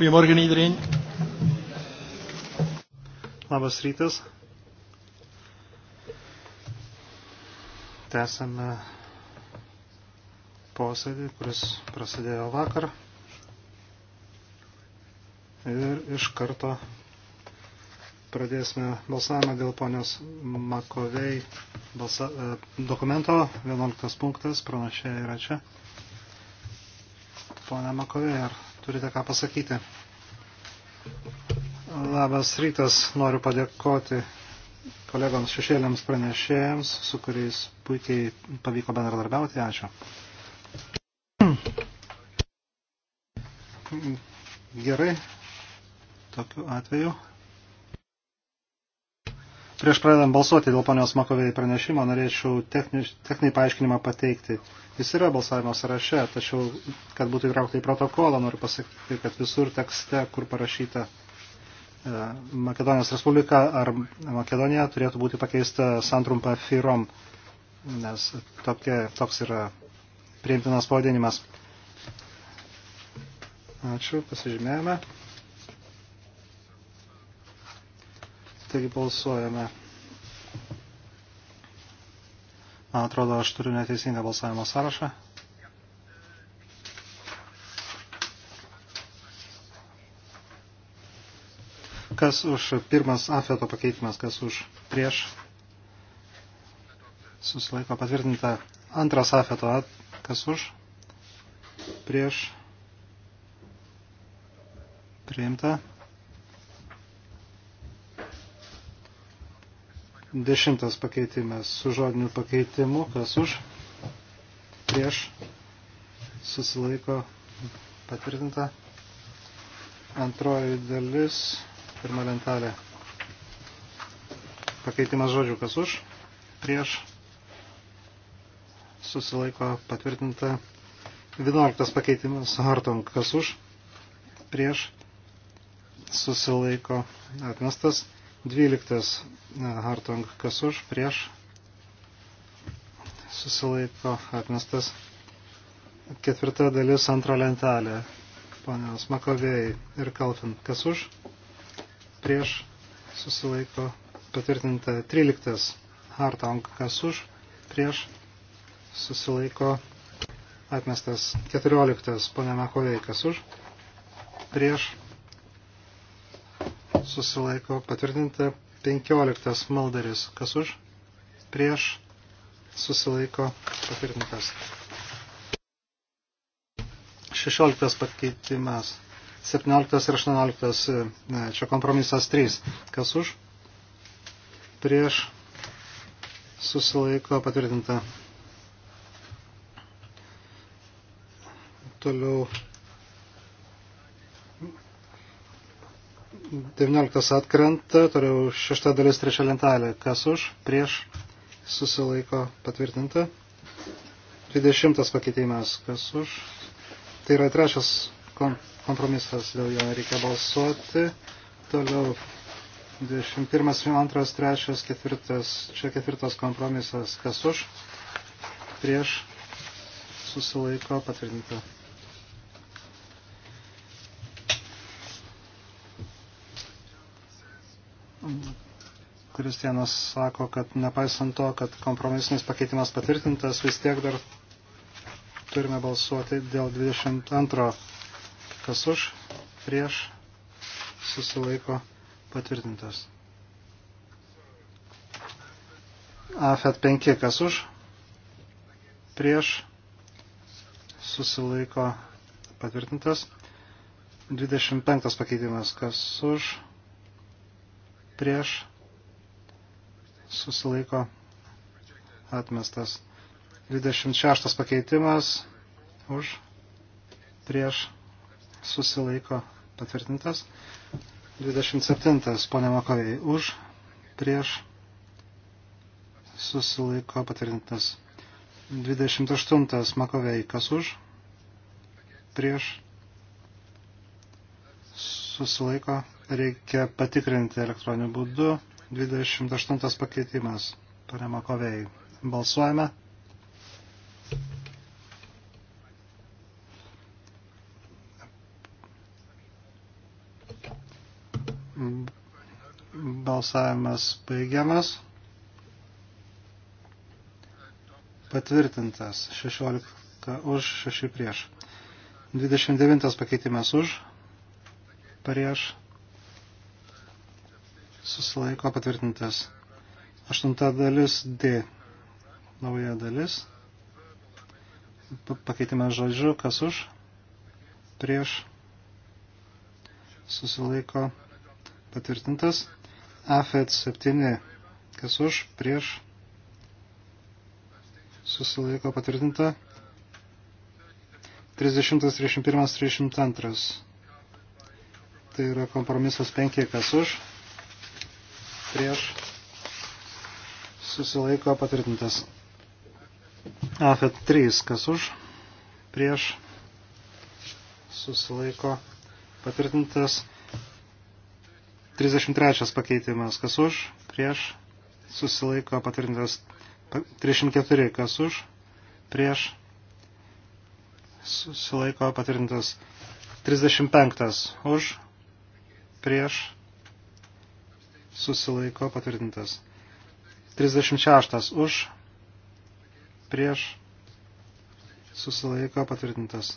Goedemorgen iedereen. Labas rytas. Tęsame posėdį, kuris prasidėjo vakar. Ir iš karto pradėsime balsavimą dėl ponios Makovei balsa, e, dokumento. 11 punktas, pranašė yra čia. Pone Makovei, ar turite ką pasakyti. Labas rytas, noriu padėkoti kolegoms šešėliams pranešėjams, su kuriais puikiai pavyko bendradarbiauti. Ačiū. Gerai, tokiu atveju. Prieš pradedant balsuoti dėl ponios Makovėjai pranešimo, norėčiau techninį paaiškinimą pateikti. Jis yra balsavimo sąraše, tačiau, kad būtų įtraukta į protokolą, noriu pasakyti, kad visur tekste, kur parašyta e, Makedonijos Respublika ar Makedonija, turėtų būti pakeista santrumpa FIROM, nes tokie, toks yra priimtinas pavadinimas. Ačiū, pasižymėjome. Taigi balsuojame. Man atrodo, aš turiu neteisingą balsavimo sąrašą. Kas už pirmas afeto pakeitimas, kas už prieš susilaiko patvirtinta. Antras afeto, kas už prieš priimta. Dešimtas pakeitimas su žodiniu pakeitimu, kas už, prieš, susilaiko, patvirtinta. Antroji dalis, pirma lentelė. Pakeitimas žodžių, kas už, prieš, susilaiko, patvirtinta. Vienuoliktas pakeitimas, hartom, kas už, prieš, susilaiko, atmestas. 12 e, Hartong kas už, prieš, susilaiko atmestas. Ketvirta dalis antra lentelė. Ponios Makovėjai ir Kalfin kas už, prieš, susilaiko patvirtinta 13 Hartong kas už, prieš, susilaiko atmestas 14 Pone Makovėjai kas už, prieš, susilaiko susilaiko patvirtinta 15 maldaris. Kas už? Prieš susilaiko patvirtintas. 16 pakeitimas. 17 ir 18. Ne, čia kompromisas 3. Kas už? Prieš susilaiko patvirtinta. Toliau 19 atkrenta, toliau šešta dalis trečia lentelė. Kas už, prieš, susilaiko patvirtinta. 20 pakeitimas, kas už. Tai yra trečias kompromisas, dėl jo reikia balsuoti. Toliau 21, 2, 3, 4, čia ketvirtas kompromisas, kas už, prieš, susilaiko patvirtinta. Kristianas sako, kad nepaisant to, kad kompromisinis pakeitimas patvirtintas, vis tiek dar turime balsuoti dėl 22. Kas už, prieš, susilaiko patvirtintas. AFET 5. Kas už, prieš, susilaiko patvirtintas. 25 pakeitimas. Kas už, prieš, susilaiko atmestas. 26 pakeitimas už prieš susilaiko patvirtintas. 27 ponė Makovai už prieš susilaiko patvirtintas. 28 Makovei kas už prieš susilaiko reikia patikrinti elektroniniu būdu. 28 pakeitimas. Pane Makovėjai. Balsuojame. Balsavimas baigiamas. Patvirtintas 16 už 6 prieš. 29 pakeitimas už prieš susilaiko patvirtintas. Aštunta dalis D. Nauja dalis. Pakeitimas žodžiu, kas už, prieš, susilaiko patvirtintas. AFET 7, kas už, prieš, susilaiko patvirtinta. 30, 31, 32. Tai yra kompromisas 5, kas už prieš susilaiko patvirtintas. AFET 3, kas už, prieš susilaiko patvirtintas. 33 pakeitimas, kas už, prieš susilaiko patvirtintas. 34, kas už, prieš susilaiko patvirtintas. 35 už, prieš susilaiko patvirtintas. 36 už, prieš, susilaiko patvirtintas.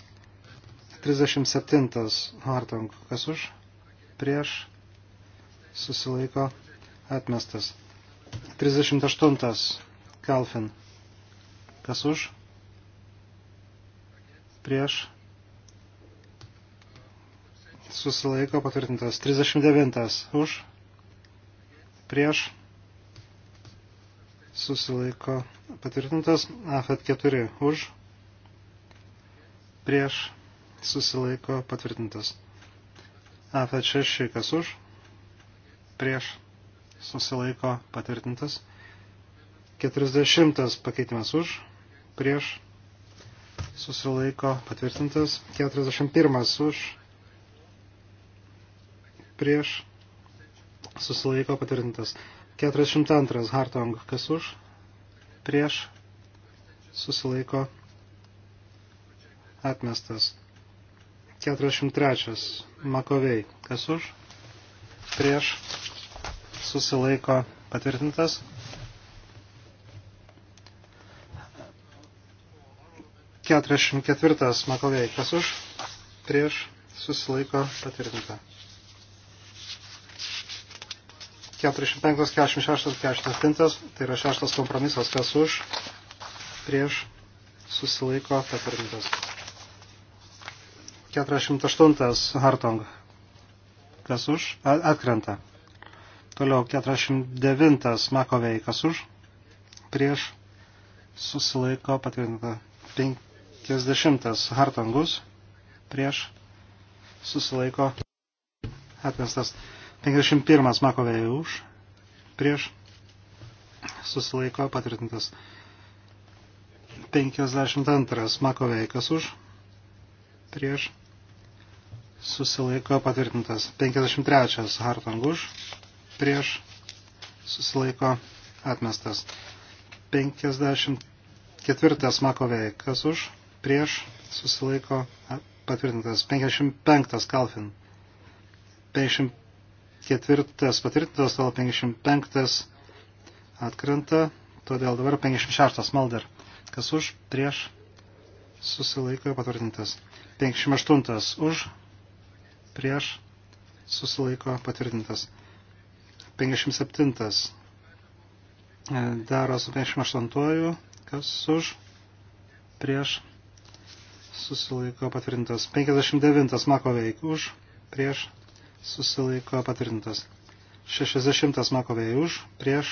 37 Hartung, kas už, prieš, susilaiko atmestas. 38 Kalfin, kas už, prieš, susilaiko patvirtintas. 39 už, prieš susilaiko patvirtintas, AFET 4 už, prieš susilaiko patvirtintas, AFET 6 kas už, prieš susilaiko patvirtintas, 40 pakeitimas už, prieš susilaiko patvirtintas, 41 už, prieš susilaiko patvirtintas. 42 Hartong, kas už, prieš, susilaiko atmestas. 43 Makovei, kas už, prieš, susilaiko patvirtintas. Keturiasdešimt ketvirtas Makovei, kas už, prieš, susilaiko patvirtinta. 45, 46, 47, tai yra šeštas kompromisas, kas už, prieš, susilaiko patvirtintas. 48 Hartong, kas už, atkrenta. Toliau 49 Makovei, kas už, prieš, susilaiko patvirtinta. 50 Hartongus, prieš, susilaiko atmestas. 51 Makovėje už, prieš, susilaiko patvirtintas. 52 Makovėje kas už, prieš, susilaiko patvirtintas. 53 Hartong už, prieš, susilaiko atmestas. 54 Makovėje kas už, prieš, susilaiko patvirtintas. 55 Kalfin. 55 ketvirtas patvirtintas, todėl 55 atkrenta, todėl dabar 56 malder. Kas už, prieš, susilaiko patvirtintas. 58 už, prieš, susilaiko patvirtintas. 57 e, daro su 58, kas už, prieš, susilaiko patvirtintas. 59 makoveik už, prieš, susilaiko patvirtintas. 60 makovėjai už, prieš,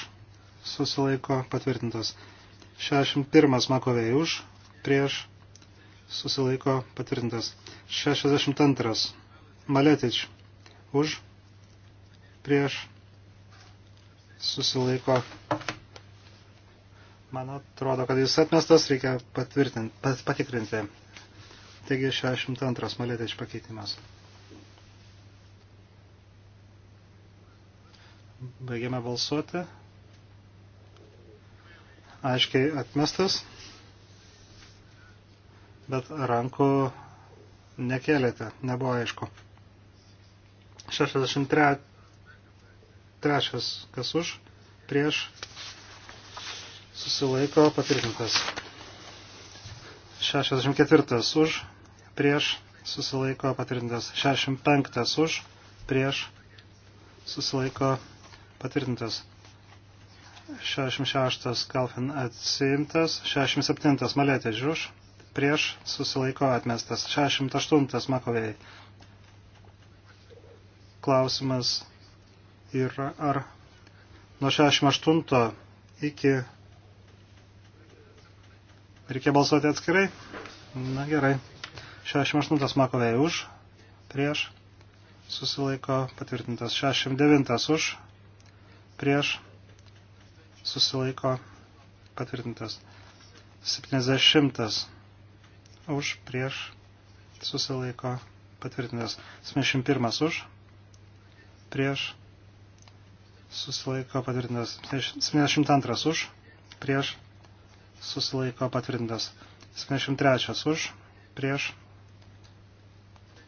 susilaiko patvirtintas. 61 makovėjai už, prieš, susilaiko patvirtintas. 62 maletič už, prieš, susilaiko. Man atrodo, kad jis atmestas, reikia patvirtinti, pat, patikrinti. Taigi 62 maletič pakeitimas. Baigiame balsuoti. Aiškiai atmestas, bet rankų nekėlėte, nebuvo aišku. 63. Kas už, prieš, susilaiko patvirtintas. 64. Už, prieš, susilaiko patvirtintas. 65. Už, prieš, susilaiko patvirtintas patvirtintas. 66 Kalfin atsiimtas, 67 Malėtė Žiūš, prieš susilaiko atmestas, 68 Makovėjai. Klausimas yra, ar nuo 68 iki reikia balsuoti atskirai? Na gerai. 68 Makovėjai už, prieš susilaiko patvirtintas, 69 už, prieš susilaiko patvirtintas. 70 už prieš susilaiko patvirtintas. 71 už prieš susilaiko patvirtintas. 72 už prieš susilaiko patvirtintas. 73 už prieš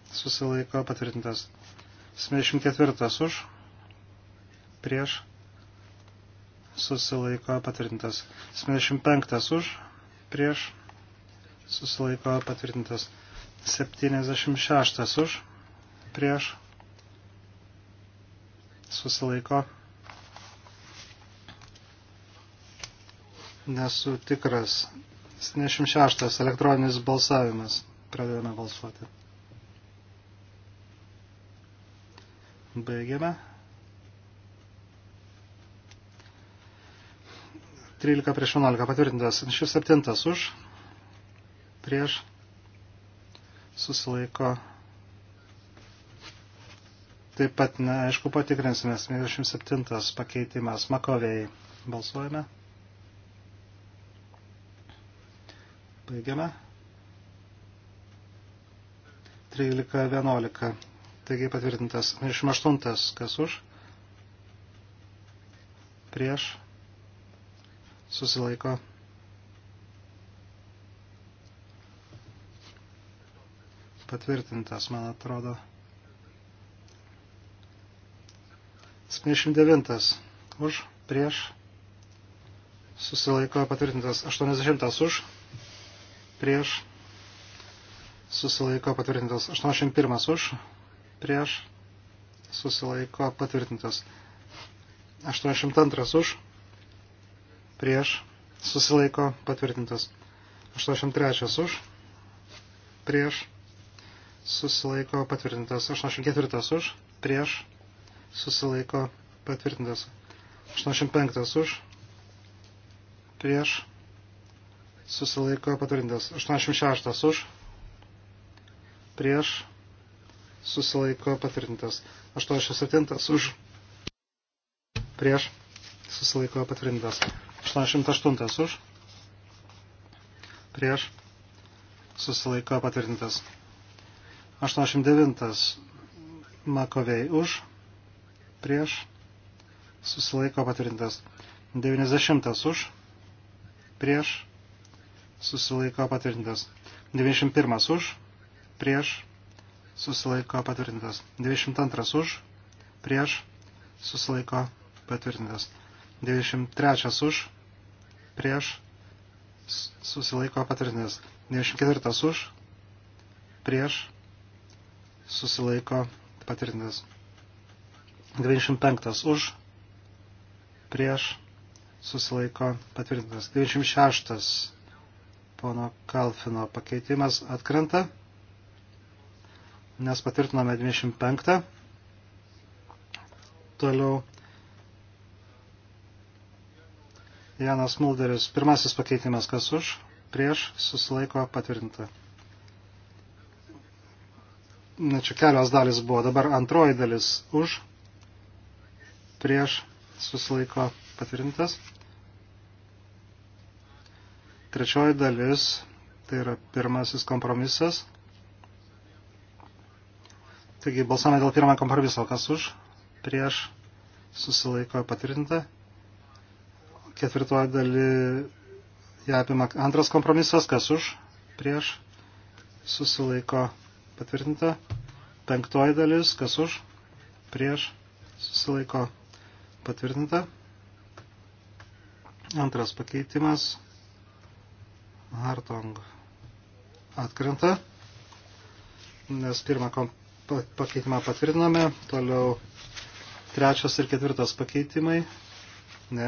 susilaiko patvirtintas. 74 už prieš susilaiko patvirtintas. 75 už, prieš, susilaiko patvirtintas. 76 už, prieš, susilaiko. Nesu tikras. 76 elektroninis balsavimas. Pradedame balsuoti. Baigiame. 13 prieš 11 patvirtintas. Šis septintas už, prieš, susilaiko. Taip pat, neaišku, patikrinsime. 27 pakeitimas. Makovėjai. Balsuojame. Baigiame. 13.11. Taigi patvirtintas. 28. Kas už? Prieš susilaiko. Patvirtintas, man atrodo. 79 už, prieš, susilaiko patvirtintas 80 už, prieš, susilaiko patvirtintas 81 už, prieš, susilaiko patvirtintas 82 už, prieš, susilaiko patvirtintas. 83 už, prieš, susilaiko patvirtintas. 84 už, prieš, susilaiko patvirtintas. 85 už, prieš, susilaiko patvirtintas. 86 už, prieš, susilaiko patvirtintas. 87 už, prieš, susilaiko patvirtintas. 88 už. Prieš. Susilaiko patvirtintas. 89 Makovei už. Prieš. Susilaiko patvirtintas. 90 už. Prieš. Susilaiko patvirtintas. 91 už. Prieš. Susilaiko patvirtintas. 22 už. Prieš. Susilaiko patvirtintas. 93 už, prieš, susilaiko patvirtintas. 94 už, prieš, susilaiko patvirtintas. 95 už, prieš, susilaiko patvirtintas. 96 pono Kalfino pakeitimas atkrenta, nes patvirtinome 25. Toliau Janas Mulderis. Pirmasis pakeitimas, kas už, prieš, susilaiko patvirtinta. Na, čia kelios dalis buvo. Dabar antroji dalis už, prieš, susilaiko patvirtintas. Trečioji dalis, tai yra pirmasis kompromisas. Taigi balsame dėl pirmojo kompromiso, kas už, prieš, susilaiko patvirtinta ketvirtoji dalį ją apima antras kompromisas, kas už, prieš, susilaiko patvirtinta. Penktoji dalis, kas už, prieš, susilaiko patvirtinta. Antras pakeitimas, Hartong atkrenta, nes pirmą pakeitimą patvirtiname, toliau trečias ir ketvirtas pakeitimai, ne,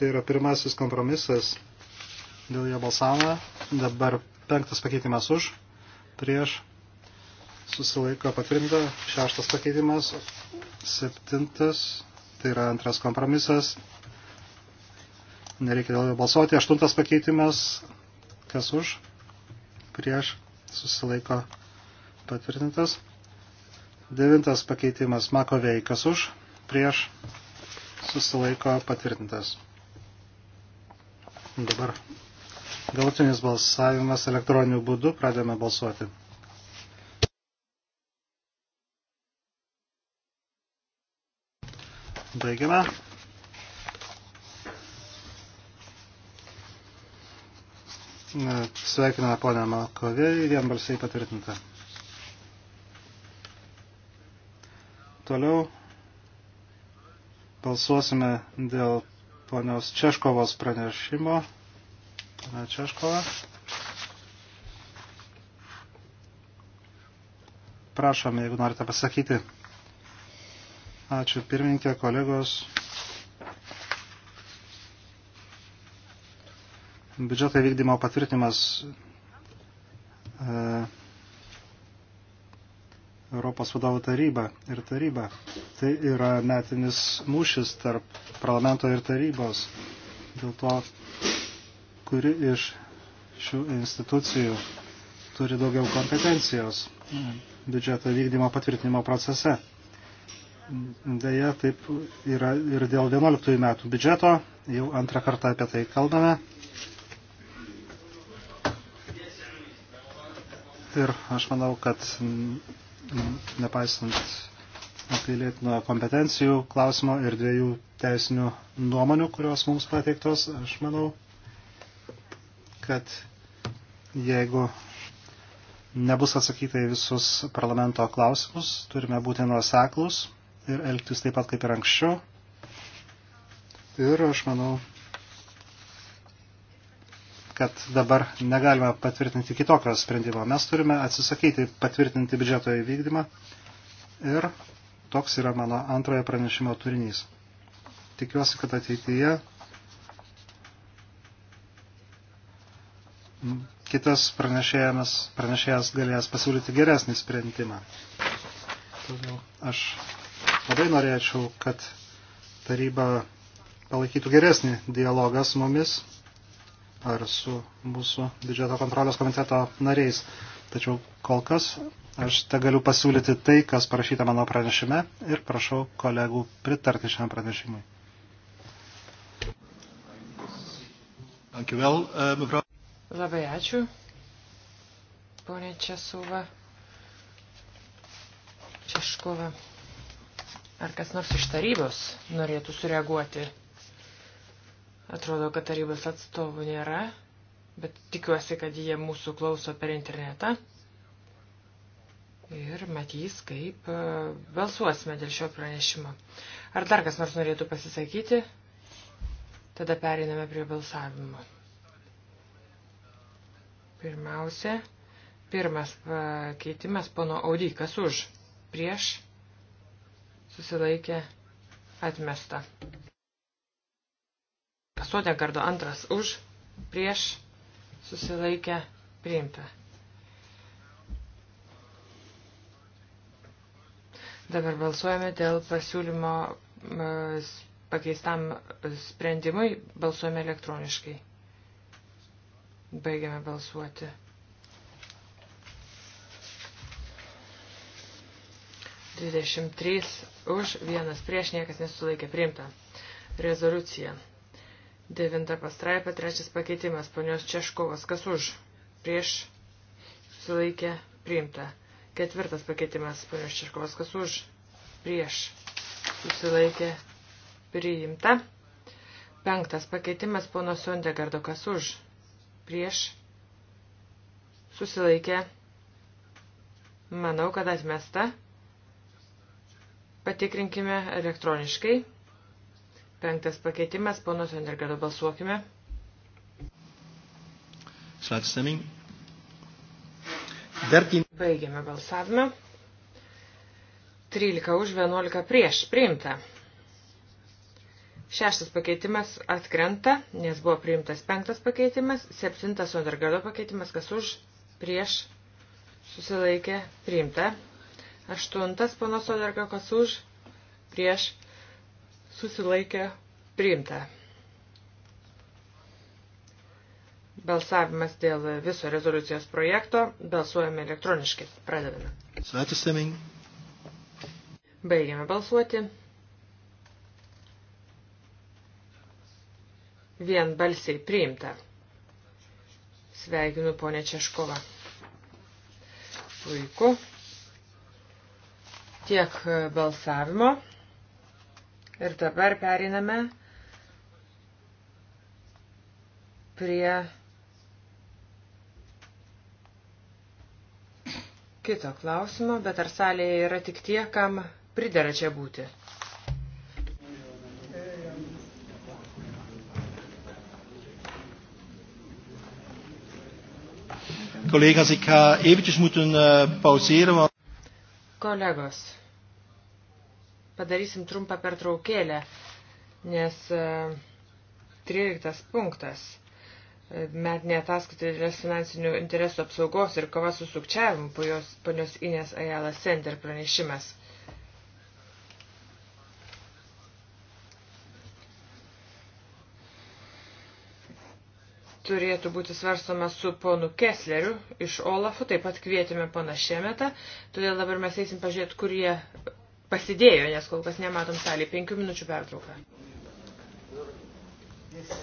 Tai yra pirmasis kompromisas. Dėl jo balsavome. Dabar penktas pakeitimas už, prieš, susilaiko patvirtinta. Šeštas pakeitimas, septintas, tai yra antras kompromisas. Nereikia dėl jo balsuoti. Aštuntas pakeitimas, kas už, prieš, susilaiko patvirtintas. Devintas pakeitimas, mako veikas už, prieš, susilaiko patvirtintas. Dabar galutinis balsavimas elektroniniu būdu. Pradėme balsuoti. Baigiame. Sveikiname ponę Malkovėjį, vienbalsiai patvirtinta. Toliau balsuosime dėl ponios Češkovos pranešimo. Pana Češkova. Prašom, jeigu norite pasakyti. Ačiū pirmininkė, kolegos. Biudžeto vykdymo patvirtinimas e, Europos vadovų taryba ir taryba. Tai yra metinis mūšis tarp parlamento ir tarybos. Dėl to, kuri iš šių institucijų turi daugiau kompetencijos biudžeto vykdymo patvirtinimo procese. Deja, taip yra ir dėl 11 metų biudžeto. Jau antrą kartą apie tai kalbame. Ir aš manau, kad nepaisant apgailėtino kompetencijų klausimo ir dviejų teisinių nuomonių, kurios mums pateiktos, aš manau, kad jeigu nebus atsakyta į visus parlamento klausimus, turime būti nuoseklus ir elgtis taip pat kaip ir anksčiau. Ir aš manau, kad dabar negalime patvirtinti kitokio sprendimo. Mes turime atsisakyti patvirtinti biudžeto įvykdymą ir toks yra mano antrojo pranešimo turinys. Tikiuosi, kad ateityje kitas pranešėjas, pranešėjas galės pasiūlyti geresnį sprendimą. Todėl aš labai norėčiau, kad taryba palaikytų geresnį dialogą su mumis ar su mūsų biudžeto kontrolės komiteto nariais. Tačiau kol kas aš te galiu pasiūlyti tai, kas parašyta mano pranešime ir prašau kolegų pritarti šiam pranešimui. Uh, Labai ačiū, ponė Česuva, Češkova. Ar kas nors iš tarybos norėtų sureaguoti? Atrodo, kad tarybos atstovų nėra, bet tikiuosi, kad jie mūsų klauso per internetą. Ir matys, kaip e, balsuosime dėl šio pranešimo. Ar dar kas nors norėtų pasisakyti? Tada periname prie balsavimo. Pirmiausia, pirmas keitimas pono Audy, kas už, prieš, susilaikė, atmesta. Sodegardo antras už, prieš, susilaikę, priimta. Dabar balsuojame dėl pasiūlymo pakeistam sprendimui, balsuojame elektroniškai. Baigiame balsuoti. Dvidešimt trys už, vienas prieš, niekas nesulaikė priimta. Rezoliucija. Devinta pastraipa, trečias pakeitimas, ponios Češkovas, kas už, prieš, susilaikė, priimta. Ketvirtas pakeitimas, ponios Češkovas, kas už, prieš, susilaikė, priimta. Penktas pakeitimas, pono Sondegardo, kas už, prieš, susilaikė, manau, kad atmesta. Patikrinkime elektroniškai. Penktas pakeitimas, ponas Endergado, balsuokime. Slatstami. Baigiame balsavimą. 13 už 11 prieš priimta. Šeštas pakeitimas atkrenta, nes buvo priimtas penktas pakeitimas, septintas Sondergado pakeitimas, kas už prieš susilaikė priimta. Aštuntas pono Soderga, kas už prieš susilaikė priimta. Balsavimas dėl viso rezoliucijos projekto. Balsuojame elektroniškai. Pradedame. Svetistemming. Baigiame balsuoti. Vien balsiai priimta. Sveikinu ponę Češkovą. Puiku. Tiek balsavimo. Ir dabar periname prie kito klausimo, bet ar salėje yra tik tie, kam pridara čia būti? Collega's, ik ga eventjes moeten uh, pauzeren. Want... Collega's padarysim trumpą pertraukėlę, nes 13 e, punktas e, metinė ataskaita dėl finansinių interesų apsaugos ir kova su sukčiavimu po jos ponios Inės Ajala Center pranešimas. turėtų būti svarstoma su ponu Kessleriu iš Olafu, taip pat kvietėme pana Šemetą, todėl dabar mes eisim pažiūrėti, kur jie pasidėjo, nes kol kas nematom salį. Penkių minučių pertrauką. Yes.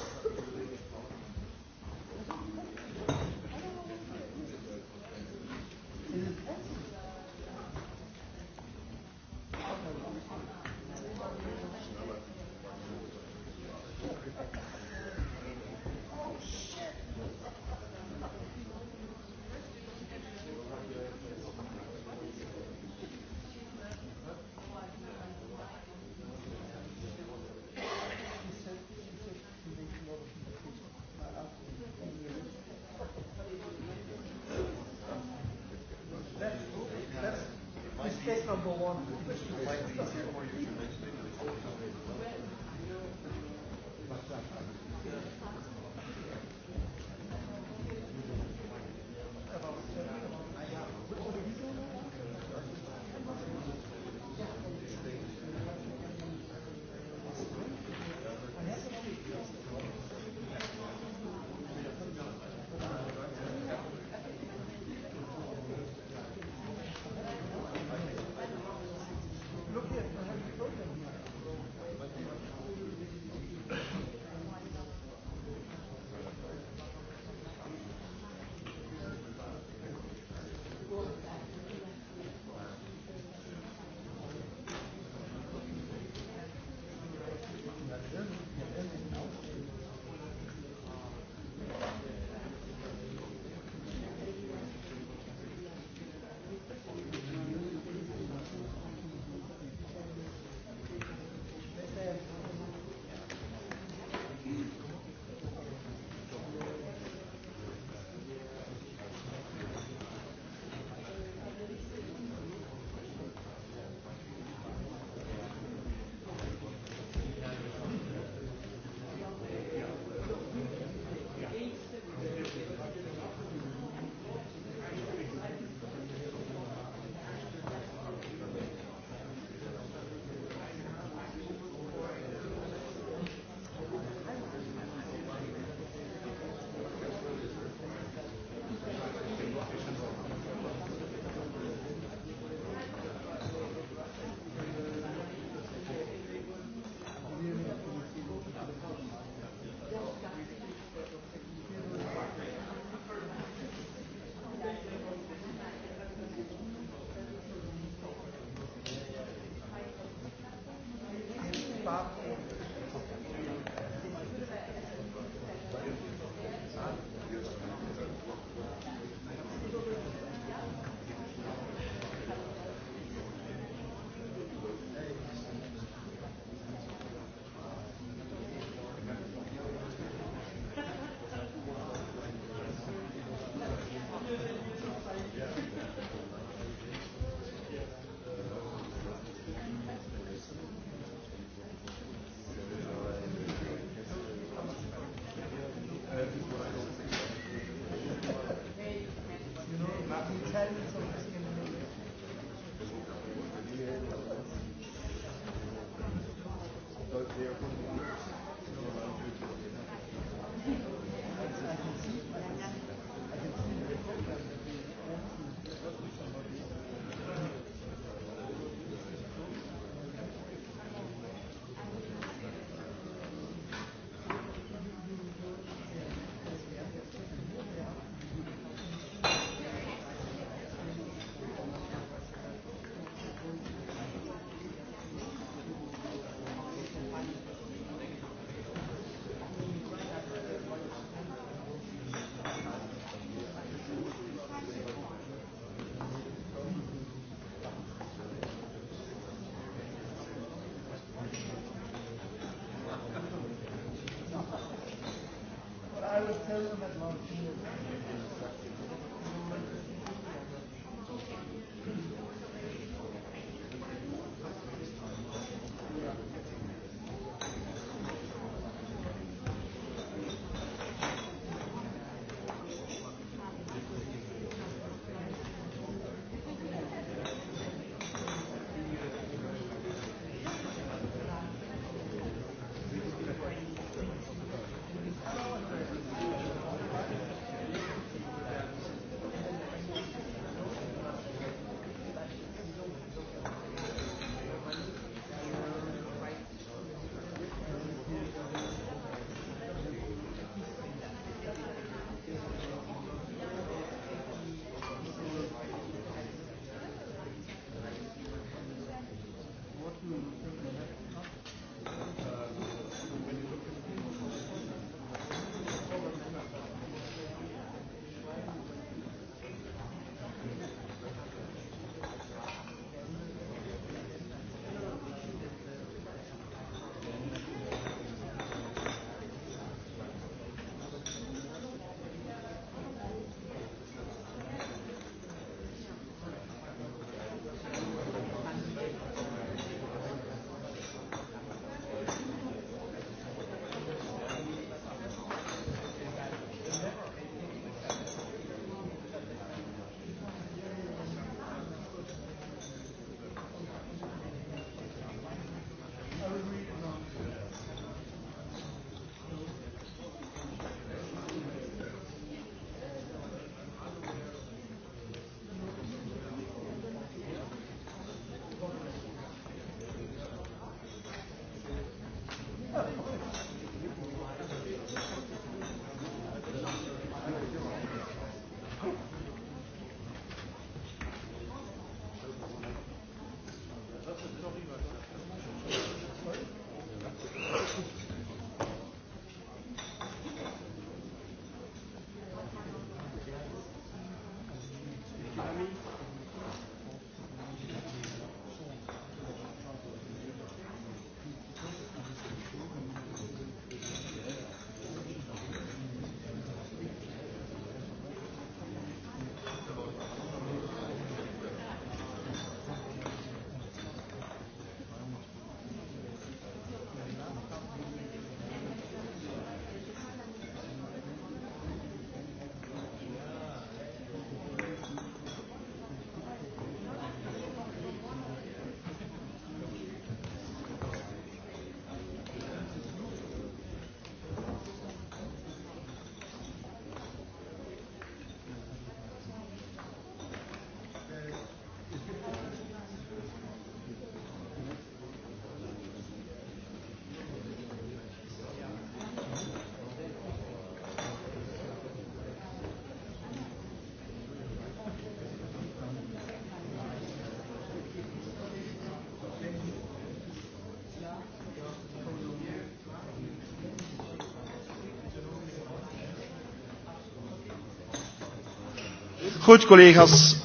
Goed, collega's.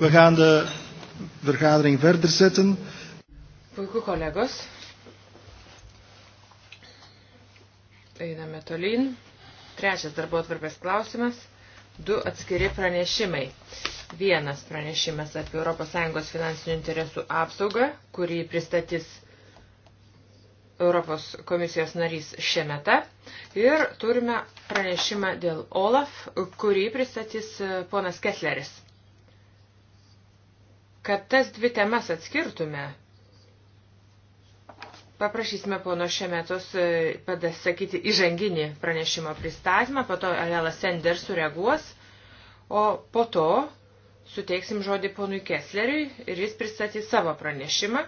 We gaan de vergadering verder zetten. Puiku, kolegos. Einame tolyn. Trečias darbo atvarkės klausimas. Du atskiri pranešimai. Vienas pranešimas apie ES finansinių interesų apsaugą, kurį pristatys Europos komisijos narys šiemeta. Ir turime pranešimą dėl OLAF kurį pristatys e, ponas Kessleris. Kad tas dvi temas atskirtume, paprašysime pono Šemetos e, padasakyti įžanginį pranešimo pristatymą, po to Alela Sender sureaguos, o po to suteiksim žodį ponui Kessleriui ir jis pristatys savo pranešimą.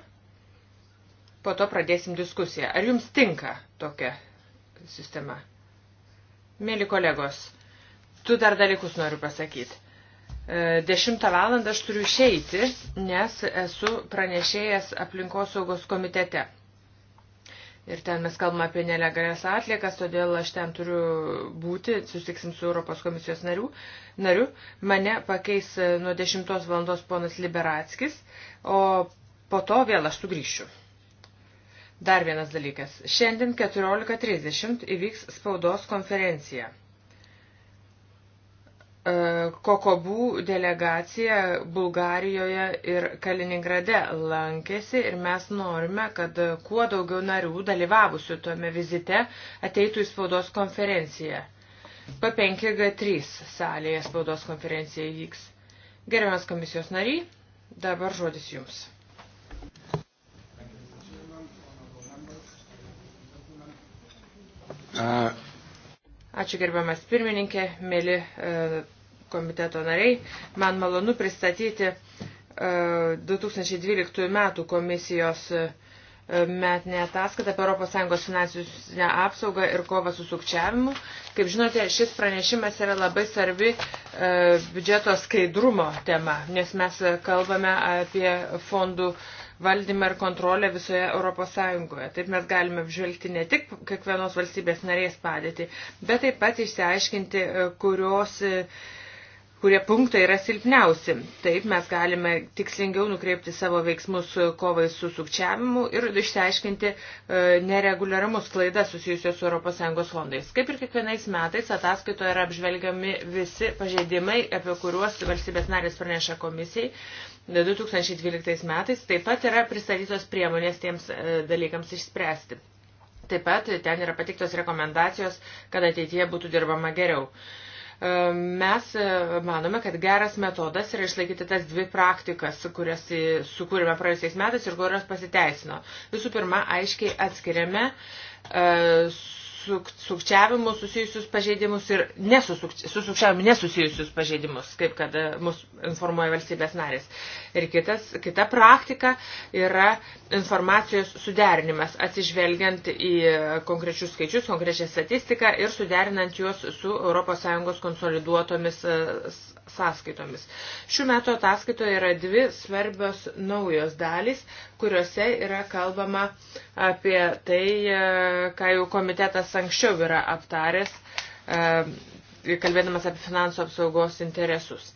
Po to pradėsim diskusiją. Ar jums tinka tokia sistema? Mėly kolegos, du dar dalykus noriu pasakyti. 10 e, valandą aš turiu išeiti, nes esu pranešėjęs aplinkosaugos komitete. Ir ten mes kalbame apie nelegalias atliekas, todėl aš ten turiu būti, susitiksim su Europos komisijos narių, nariu. Mane pakeis nuo 10 valandos ponas Liberatskis, o po to vėl aš sugrįšiu. Dar vienas dalykas. Šiandien 14.30 įvyks spaudos konferencija Kokobų delegacija Bulgarijoje ir Kaliningrade lankėsi ir mes norime, kad kuo daugiau narių dalyvavusių tome vizite ateitų į spaudos konferenciją. P5G3 salėje spaudos konferencija vyks. Gerbiamas komisijos nariai, dabar žodis jums. Uh. Ačiū gerbiamas pirmininkė, mėly uh, komiteto nariai, man malonu pristatyti 2012 e, metų komisijos e, metinė ataskaita apie ES finansinę apsaugą ir kovą su sukčiavimu. Kaip žinote, šis pranešimas yra labai svarbi e, biudžeto skaidrumo tema, nes mes kalbame apie fondų valdymą ir kontrolę visoje ES. Taip mes galime apžvelgti ne tik kiekvienos valstybės narės padėtį, bet taip pat išsiaiškinti, e, kurios e, kurie punktai yra silpniausi. Taip mes galime tikslingiau nukreipti savo veiksmus kovai su sukčiavimu ir išsiaiškinti e, nereguliaramus klaidas susijusios su ES fondais. Kaip ir kiekvienais metais ataskaitoje yra apžvelgiami visi pažeidimai, apie kuriuos valstybės narės praneša komisijai. 2012 metais taip pat yra pristatytos priemonės tiems e, dalykams išspręsti. Taip pat ten yra patiktos rekomendacijos, kad ateityje būtų dirbama geriau. Uh, E, mes e, manome, kad geras metodas yra išlaikyti tas dvi praktikas, kurias sukūrėme praėjusiais metais ir kurios pasiteisino. Visų pirma, aiškiai atskiriame e, sukčiavimu susijusius pažeidimus ir nesu sukčiavimu nesusijusius pažeidimus, kaip kad e, mus informuoja valstybės narės. Ir kitas, kita praktika yra informacijos suderinimas, atsižvelgiant į konkrečius skaičius, konkrečią statistiką ir suderinant juos su ES konsoliduotomis e, sąskaitomis. Šių metų ataskaitoje yra dvi svarbios naujos dalys, kuriuose yra kalbama apie tai, e, ką jau komitetas anksčiau yra aptaręs, e, kalbėdamas apie finansų apsaugos interesus.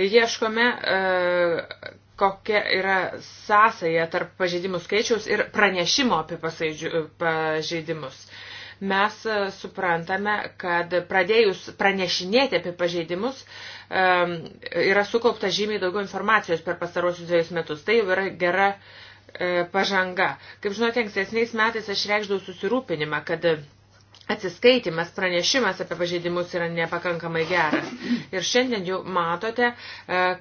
Ieškome, e, kokia yra sąsaja tarp pažeidimų skaičiaus ir pranešimo apie e, pažeidimus mes suprantame, kad pradėjus pranešinėti apie pažeidimus yra sukaupta žymiai daugiau informacijos per pastarosius dviejus metus. Tai jau yra gera pažanga. Kaip žinote, ankstesniais metais aš reikšdavau susirūpinimą, kad atsiskaitimas, pranešimas apie pažeidimus yra nepakankamai geras. Ir šiandien jau matote, e,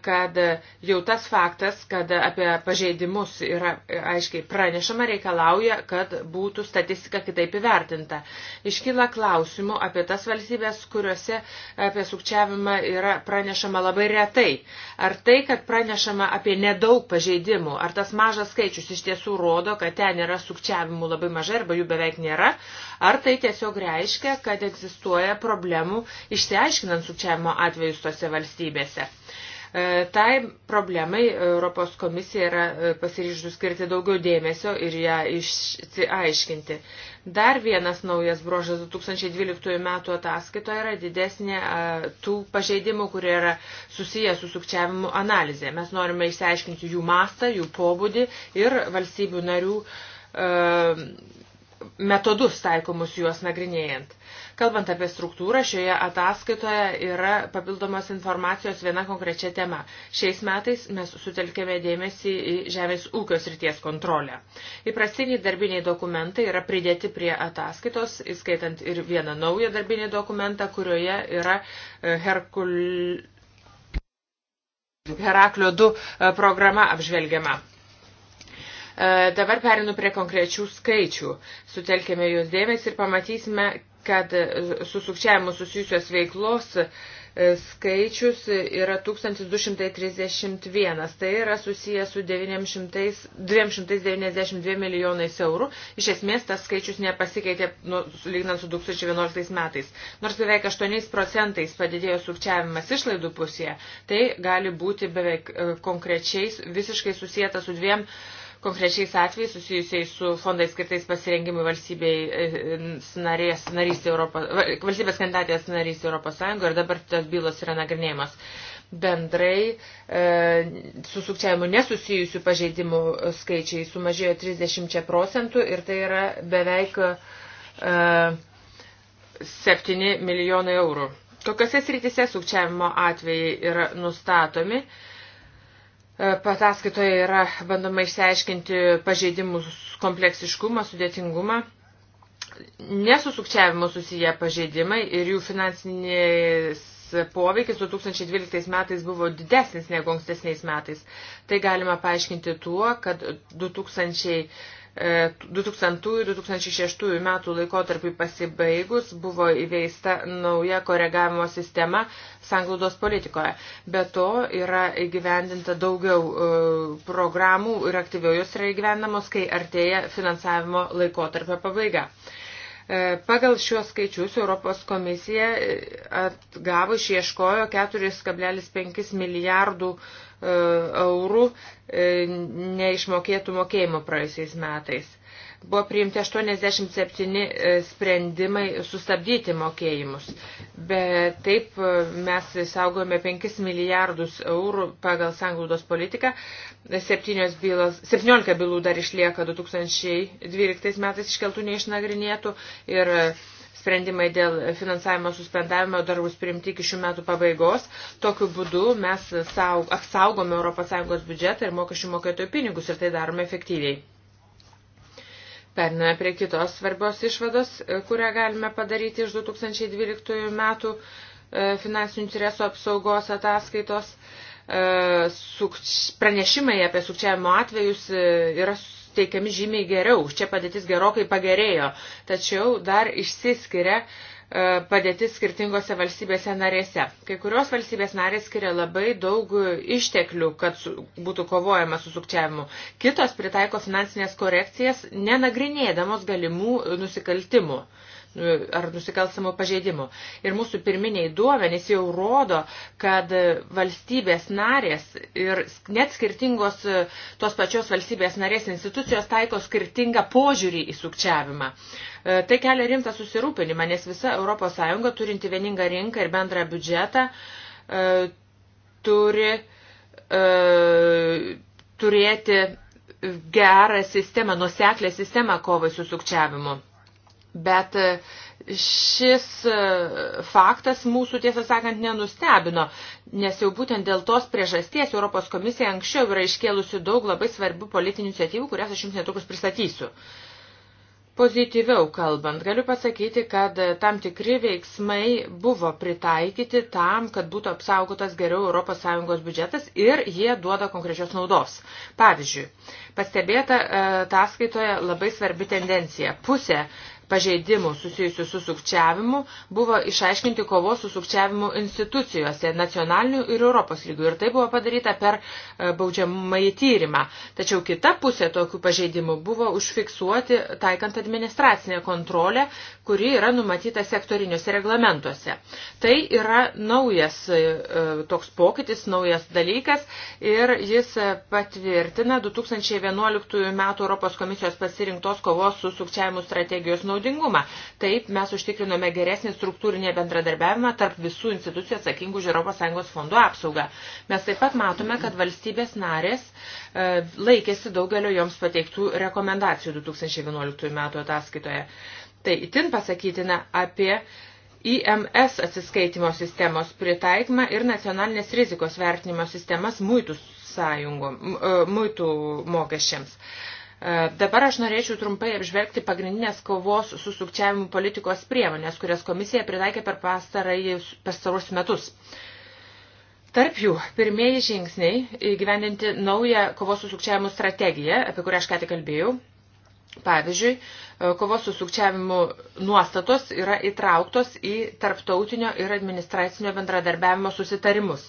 kad jau tas faktas, kad apie pažeidimus yra e, aiškiai pranešama, reikalauja, kad būtų statistika kitaip įvertinta. Iškyla klausimų apie tas valstybės, kuriuose apie sukčiavimą yra pranešama labai retai. Ar tai, kad pranešama apie nedaug pažeidimų, ar tas mažas skaičius iš tiesų rodo, kad ten yra sukčiavimų labai mažai arba jų beveik nėra, Ar tai tiesiog reiškia, kad egzistuoja problemų išsiaiškinant sukčiavimo atvejus tose valstybėse? E, tai problemai Europos komisija yra e, pasiryžus skirti daugiau dėmesio ir ją išsiaiškinti. Dar vienas naujas bruožas 2012 metų ataskaitoje yra didesnė e, tų pažeidimų, kurie yra susiję su sukčiavimu analizė. Mes norime išsiaiškinti jų mastą, jų pobūdį ir valstybių narių metodus taikomus juos nagrinėjant. Kalbant apie struktūrą, šioje ataskaitoje yra papildomos informacijos viena konkrečia tema. Šiais metais mes sutelkėme dėmesį į žemės ūkio srities kontrolę. Įprastiniai darbiniai dokumentai yra pridėti prie ataskaitos, įskaitant ir vieną naują darbinį dokumentą, kurioje yra e, Herkul... Heraklio 2 e, programa apžvelgiama. E, dabar perinu prie konkrečių skaičių. Sutelkime jūs dėmesį ir pamatysime, kad su sukčiavimu susijusios veiklos e, skaičius yra 1231. Tai yra susijęs su 900, 292 milijonais eurų. Iš esmės tas skaičius nepasikeitė nu, lygnant su 2011 metais. Nors beveik 8 procentais padidėjo sukčiavimas išlaidų pusėje, tai gali būti beveik e, konkrečiais visiškai susijęta su dviem uh, konkrečiais atvejais susijusiais su fondais skirtais pasirengimui valstybės e, narės narystė Europos, valstybės kandidatės narystė Europos Sąjungoje ir dabar tas bylos yra nagrinėjimas. Bendrai e, su sukčiavimu nesusijusių pažeidimų skaičiai sumažėjo 30 procentų ir tai yra beveik e, 7 milijonai eurų. Kokiose srityse sukčiavimo atvejai yra nustatomi? E, E, Pataskaitoje yra bandoma išsiaiškinti pažeidimų kompleksiškumą, sudėtingumą. Nesusukčiavimo susiję pažeidimai ir jų finansinės poveikis 2012 metais buvo didesnis negu ankstesniais metais. Tai galima paaiškinti tuo, kad 2000 2000-2006 e, metų laikotarpį pasibaigus buvo įveista nauja koregavimo sistema sanglaudos politikoje. Be to yra įgyvendinta daugiau e, programų ir aktyviau jos yra įgyvendamos, kai artėja finansavimo laikotarpio pabaiga. E, pagal šiuos skaičius Europos komisija atgavo išieškojo 4,5 milijardų eurų E, eurų e, neišmokėtų mokėjimo praėjusiais metais. Buvo priimti 87 e, sprendimai sustabdyti mokėjimus, bet taip mes saugojame 5 milijardus eurų pagal sanglaudos politiką. Bylos, 17 bylų dar išlieka 2012 metais iškeltų neišnagrinėtų ir sprendimai dėl finansavimo suspendavimo dar bus priimti iki šių metų pabaigos. Tokiu būdu mes saug, apsaugome ES biudžetą ir mokesčių mokėtojų pinigus ir tai darome efektyviai. Pername prie kitos svarbios išvados, e, kurią galime padaryti iš 2012 metų e, finansinių interesų apsaugos ataskaitos. E, sukč... Pranešimai apie sukčiavimo atvejus yra teikiami žymiai geriau. Čia padėtis gerokai pagerėjo, tačiau dar išsiskiria e, padėtis skirtingose valstybėse narėse. Kai kurios valstybės narės skiria labai daug išteklių, kad su, būtų kovojama su sukčiavimu. Kitos pritaiko finansinės korekcijas, nenagrinėdamos galimų nusikaltimų. Uh, ar nusikalstamo pažeidimo. Ir mūsų pirminiai duomenys jau rodo, kad valstybės narės ir net skirtingos e, tos pačios valstybės narės institucijos taiko skirtingą požiūrį į sukčiavimą. E, tai kelia rimtą susirūpinimą, nes visa ES turinti vieningą rinką ir bendrą biudžetą e, turi turėti gerą sistemą, nuseklę sistemą kovai su sukčiavimu. Bet e, šis e, faktas mūsų, tiesą sakant, nenustebino, nes jau būtent dėl tos priežasties Europos komisija anksčiau yra iškėlusi daug labai svarbių politinių iniciatyvų, kurias aš jums netrukus pristatysiu. Pozityviau kalbant, galiu pasakyti, kad e, tam tikri veiksmai buvo pritaikyti tam, kad būtų apsaugotas geriau ES biudžetas ir jie duoda konkrečios naudos. Pavyzdžiui, pastebėta ataskaitoje labai svarbi tendencija. Pusė pažeidimų susijusių su sukčiavimu buvo išaiškinti kovos su sukčiavimu institucijose nacionalinių ir Europos lygių. Ir tai buvo padaryta per e, baudžiamąjį tyrimą. Tačiau kita pusė tokių pažeidimų buvo užfiksuoti taikant administracinę kontrolę, kuri yra numatyta sektoriniuose reglamentuose. Tai yra naujas e, e, toks pokytis, naujas dalykas ir jis patvirtina 2011 m. Europos komisijos pasirinktos kovos su sukčiavimu strategijos naudojimą naudingumą. Taip mes užtikrinome geresnį struktūrinį bendradarbiavimą tarp visų institucijų atsakingų už ES fondų apsaugą. Mes taip pat matome, kad valstybės narės e, laikėsi daugelio joms pateiktų rekomendacijų 2011 metų ataskaitoje. Tai itin pasakytina apie IMS atsiskaitimo sistemos pritaikymą ir nacionalinės rizikos vertinimo sistemas muitų, sąjungo, e, muitų mokesčiams. E, dabar aš norėčiau trumpai apžvelgti pagrindinės kovos su sukčiavimu politikos priemonės, kurias komisija pritaikė per pastarus metus. Tarp jų pirmieji žingsniai įgyvendinti naują kovos su sukčiavimu strategiją, apie kurią aš ką tik kalbėjau, Pavyzdžiui, e, kovos su sukčiavimu nuostatos yra įtrauktos į tarptautinio ir administracinio bendradarbiavimo susitarimus.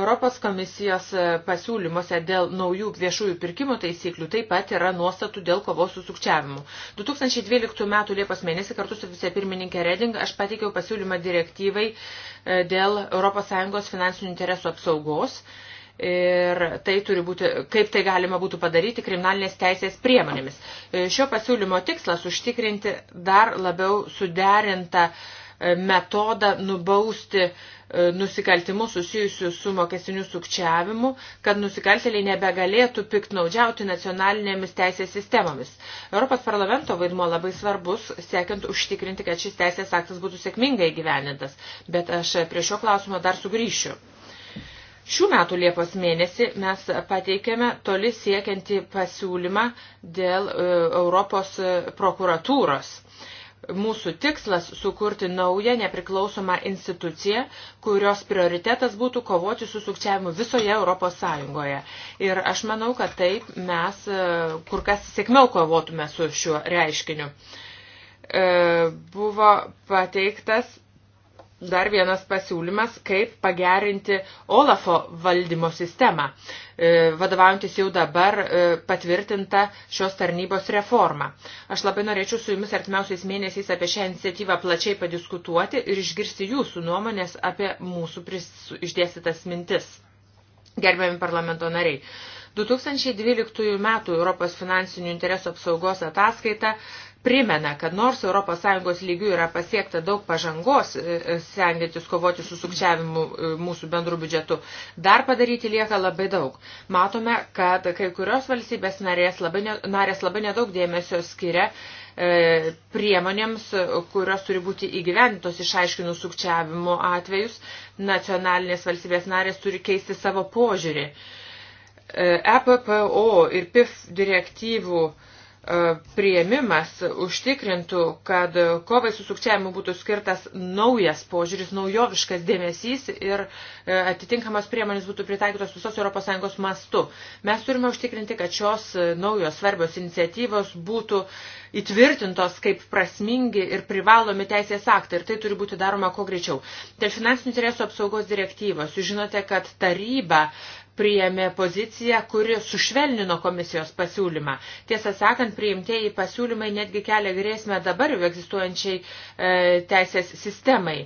Europos komisijos e, pasiūlymuose dėl naujų viešųjų pirkimų taisyklių taip pat yra nuostatų dėl kovos su sukčiavimu. 2012 m. Liepos mėnesį kartu su vicepirmininkė Reding aš pateikiau pasiūlymą direktyvai e, dėl ES finansinių interesų apsaugos ir tai turi būti, kaip tai galima būtų padaryti kriminalinės teisės priemonėmis. E, šio pasiūlymo tikslas užtikrinti dar labiau suderintą e, metodą nubausti e, nusikaltimus susijusius su mokesiniu sukčiavimu, kad nusikaltėliai nebegalėtų piktnaudžiauti nacionalinėmis teisės sistemomis. Europos parlamento vaidmo labai svarbus, siekiant užtikrinti, kad šis teisės aktas būtų sėkmingai gyvenintas, bet aš prie šio klausimo dar sugrįšiu. Šių metų Liepos mėnesį mes pateikėme toli siekiantį pasiūlymą dėl e, Europos prokuratūros. Mūsų tikslas - sukurti naują nepriklausomą instituciją, kurios prioritetas būtų kovoti su sukčiavimu visoje Europos Sąjungoje. Ir aš manau, kad taip mes e, kur kas sėkmiau kovotume su šiuo reiškiniu. E, buvo pateiktas dar vienas pasiūlymas, kaip pagerinti Olafo valdymo sistemą, e, vadovaujantis jau dabar e, patvirtinta šios tarnybos reforma. Aš labai norėčiau su jumis artimiausiais mėnesiais apie šią iniciatyvą plačiai padiskutuoti ir išgirsti jūsų nuomonės apie mūsų išdėstytas mintis. Gerbiami parlamento nariai. 2012 m. Europos finansinių interesų apsaugos ataskaita primena, kad nors ES lygių yra pasiekta daug pažangos, e, e, stengiantis kovoti su sukčiavimu e, mūsų bendru biudžetu, dar padaryti lieka labai daug. Matome, kad kai kurios valstybės narės labai, ne, narės labai nedaug dėmesio skiria priemonėms, kurios turi būti įgyvendintos išaiškinus sukčiavimo atvejus, nacionalinės valstybės narės turi keisti savo požiūrį. EPPO ir PIF direktyvų uh, prieimimas užtikrintų, kad kovai su sukčiavimu būtų skirtas naujas požiūris, naujoviškas dėmesys ir e, atitinkamas priemonės būtų pritaikytos visos ES mastu. Mes turime užtikrinti, kad šios e, naujos svarbios iniciatyvos būtų įtvirtintos kaip prasmingi ir privalomi teisės aktai ir tai turi būti daroma kuo greičiau. Dėl finansinių interesų apsaugos direktyvos, jūs žinote, kad taryba priėmė poziciją, kuri sušvelnino komisijos pasiūlymą. Tiesą sakant, priimtieji pasiūlymai netgi kelia grėsmę dabar jau egzistuojančiai e, teisės sistemai.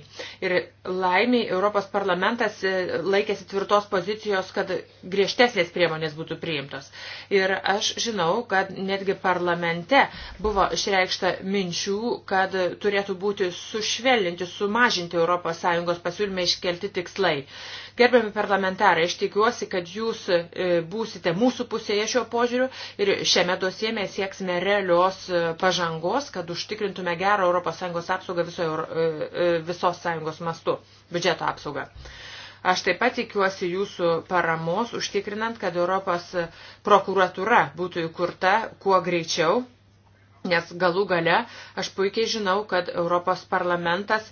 Ir laimiai Europos parlamentas e, laikėsi tvirtos pozicijos, kad griežtesnės priemonės būtų priimtos. Ir aš žinau, kad netgi parlamente buvo išreikšta minčių, kad turėtų būti sušvelninti, sumažinti ES pasiūlymai iškelti tikslai. Gerbiami parlamentarai, aš tikiuosi, kad jūs e, būsite mūsų pusėje šiuo požiūriu ir šiame dosie mes sieksime realios e, pažangos, kad užtikrintume gerą ES apsaugą viso, e, visos sąjungos mastu, biudžeto apsaugą. Aš taip pat tikiuosi jūsų paramos, užtikrinant, kad Europos prokuratura būtų įkurta kuo greičiau, nes galų gale aš puikiai žinau, kad Europos parlamentas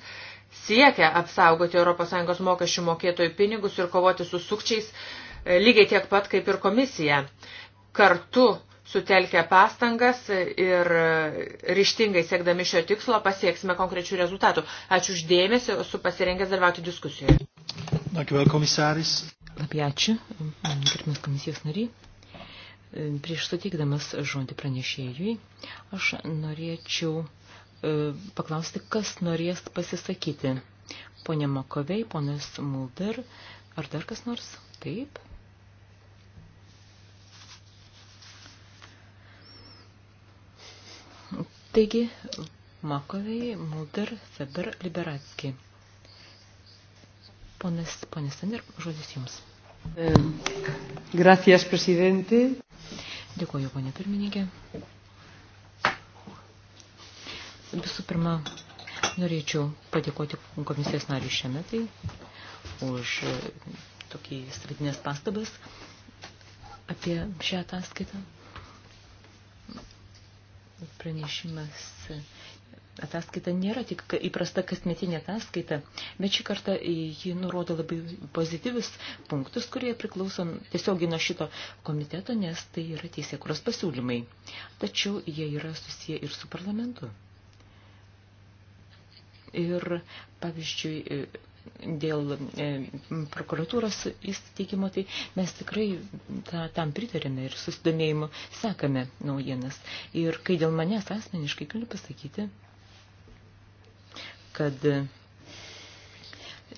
siekia apsaugoti ES mokesčių mokėtojų pinigus ir kovoti su sukčiais e, lygiai tiek pat kaip ir komisija. Kartu sutelkę pastangas ir e, ryštingai siekdami šio tikslo pasieksime konkrečių rezultatų. Ačiū uždėmesi, esu pasirengęs dalyvauti diskusijoje. Dankjewel, komisaris. Labai ačiū, gerbimas komisijos nariai. E, prieš suteikdamas žodį pranešėjui, aš norėčiau E, paklausti, kas norės pasisakyti. Pone Makovei, ponas Mulder, ar dar kas nors? Taip. Taigi, Makovei, Mulder, Feber, Liberatski. Ponas, ponas Sander, žodis jums. Gracias, presidente. Dėkuoju, ponė pirmininkė. Visų pirma, norėčiau padėkoti komisijos nariui šiametai už e, tokį stratinės pastabas apie šią ataskaitą. Pranešimas e, ataskaita nėra tik įprasta kasmetinė ataskaita, bet šį kartą ji nurodo labai pozityvius punktus, kurie priklauso tiesiogiai nuo šito komiteto, nes tai yra teisėkuros pasiūlymai. Tačiau jie yra susiję ir su parlamentu. Ir, pavyzdžiui, e, dėl e, prokuratūros įsteigimo, tai mes tikrai ta, tam pritarėme ir susidomėjimu sekame naujienas. Ir kai dėl manęs asmeniškai galiu pasakyti, kad e,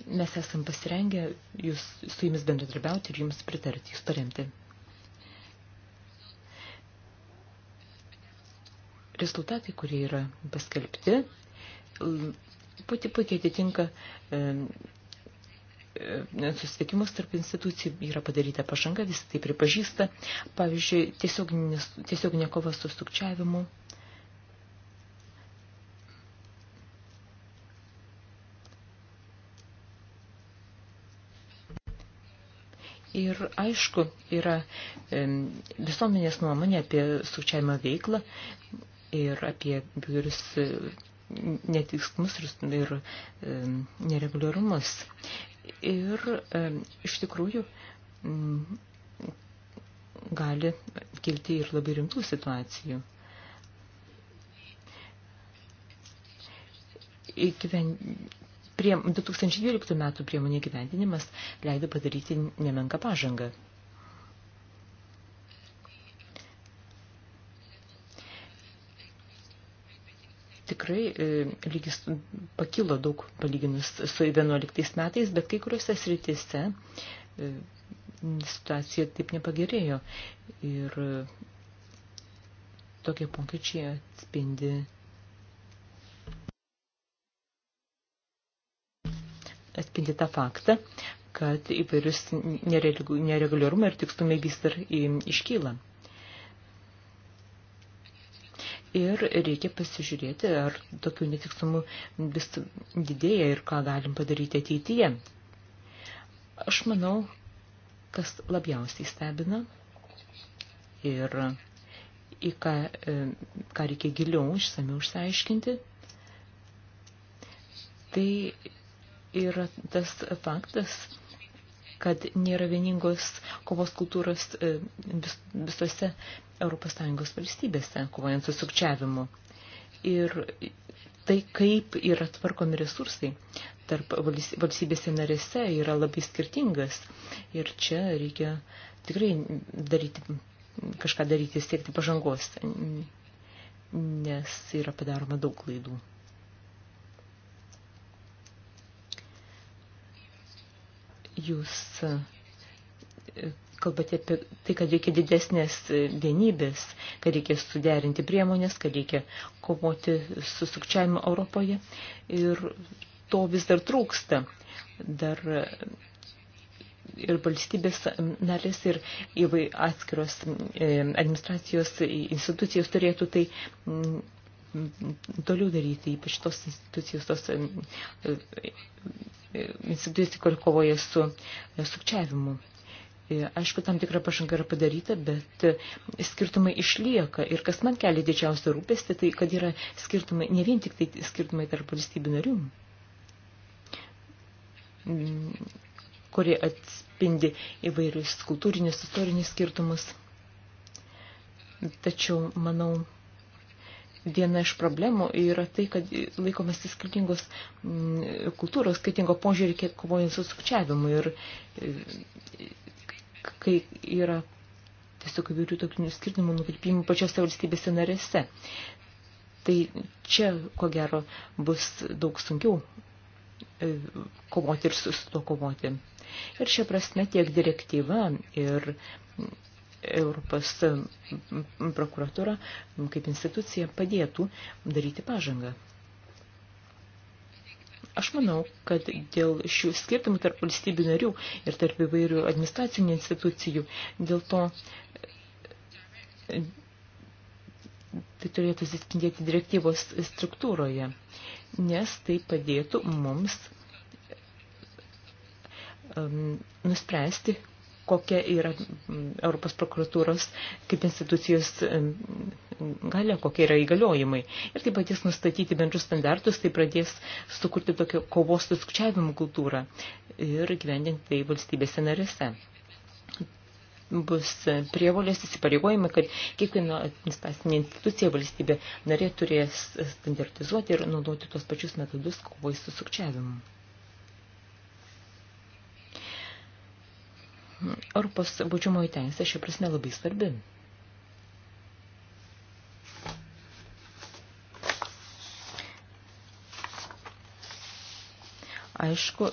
mes esam pasirengę jūs, su jumis bendradarbiauti ir jums pritarti, jūs paremti. Rezultatai, kurie yra paskelbti, puikiai, puikiai atitinka e, e, susitikimus tarp institucijų, yra padaryta pažanga, visi tai pripažįsta. Pavyzdžiui, tiesiog, nes, tiesiog nekova su stukčiavimu. Ir aišku, yra e, visuomenės nuomonė apie sukčiavimo veiklą ir apie biurius netikslumus ir, ir nereguliarumus. Ir iš tikrųjų gali kilti ir labai rimtų situacijų. Įgyven... Prie 2012 metų priemonė gyvendinimas leido padaryti nemenką pažangą. tikrai e, lygis pakilo daug palyginus su 11 metais, bet kai kuriuose sritise e, situacija taip nepagerėjo. Ir e, tokie pokyčiai atspindi atspindi tą faktą, kad įvairius nereguliarumai ir tikslumai vis dar iškyla ir reikia pasižiūrėti, ar tokių netikslumų vis didėja ir ką galim padaryti ateityje. Aš manau, kas labiausiai stebina ir į ką, e, ką reikia giliau išsamiau išsiaiškinti, tai yra tas faktas, kad nėra vieningos kovos kultūros e, vis, visose ES valstybėse, kovojant su sukčiavimu. Ir tai, kaip yra tvarkomi resursai tarp valstybėse narėse, yra labai skirtingas. Ir čia reikia tikrai daryti, kažką daryti, siekti pažangos, nes yra padaroma daug klaidų. Jūs e, kalbate apie tai, kad reikia didesnės e, vienybės, kad reikia suderinti priemonės, kad reikia kovoti su sukčiavimu Europoje ir to vis dar trūksta. Dar e, ir valstybės narės ir įvai atskiros administracijos institucijos turėtų tai toliau daryti, ypač tos institucijos, tos institucijai, kur kovoja su e, sukčiavimu. E, aišku, tam tikra pažanga yra padaryta, bet e, skirtumai išlieka. Ir kas man kelia didžiausią rūpestį, tai kad yra skirtumai, ne vien tik tai skirtumai tarp valstybių narių, mm, kurie atspindi įvairius kultūrinius, istorinius skirtumus. Tačiau, manau, Viena iš problemų yra tai, kad laikomas skirtingos mm, kultūros, skirtingo požiūrį, kiek kovojant su sukčiavimu. Ir e, kai yra tiesiog įvairių tokių skirtumų nukrypimų pačiose valstybėse narėse. Tai čia, ko gero, bus daug sunkiau e, kovoti ir su, su to kovoti. Ir šia prasme tiek direktyva ir Europos prokuratūra kaip institucija padėtų daryti pažangą. Aš manau, kad dėl šių skirtumų tarp valstybių narių ir tarp įvairių administracinių institucijų, dėl to tai turėtų atsispindėti direktyvos struktūroje, nes tai padėtų mums um, nuspręsti, kokia yra mm, Europos prokuratūros kaip institucijos mm, galia, kokie yra įgaliojimai. Ir tai patys nustatyti bendrus standartus, tai pradės sukurti tokią kovos su skčiavimu kultūrą ir gyvendinti tai valstybėse narėse bus prievolės įsipareigojimai, kad kiekviena administracinė institucija valstybė narė turės standartizuoti ir naudoti tuos pačius metodus kovai su sukčiavimu. Europos baudžiamoji teisė šia prasme labai svarbi. aišku,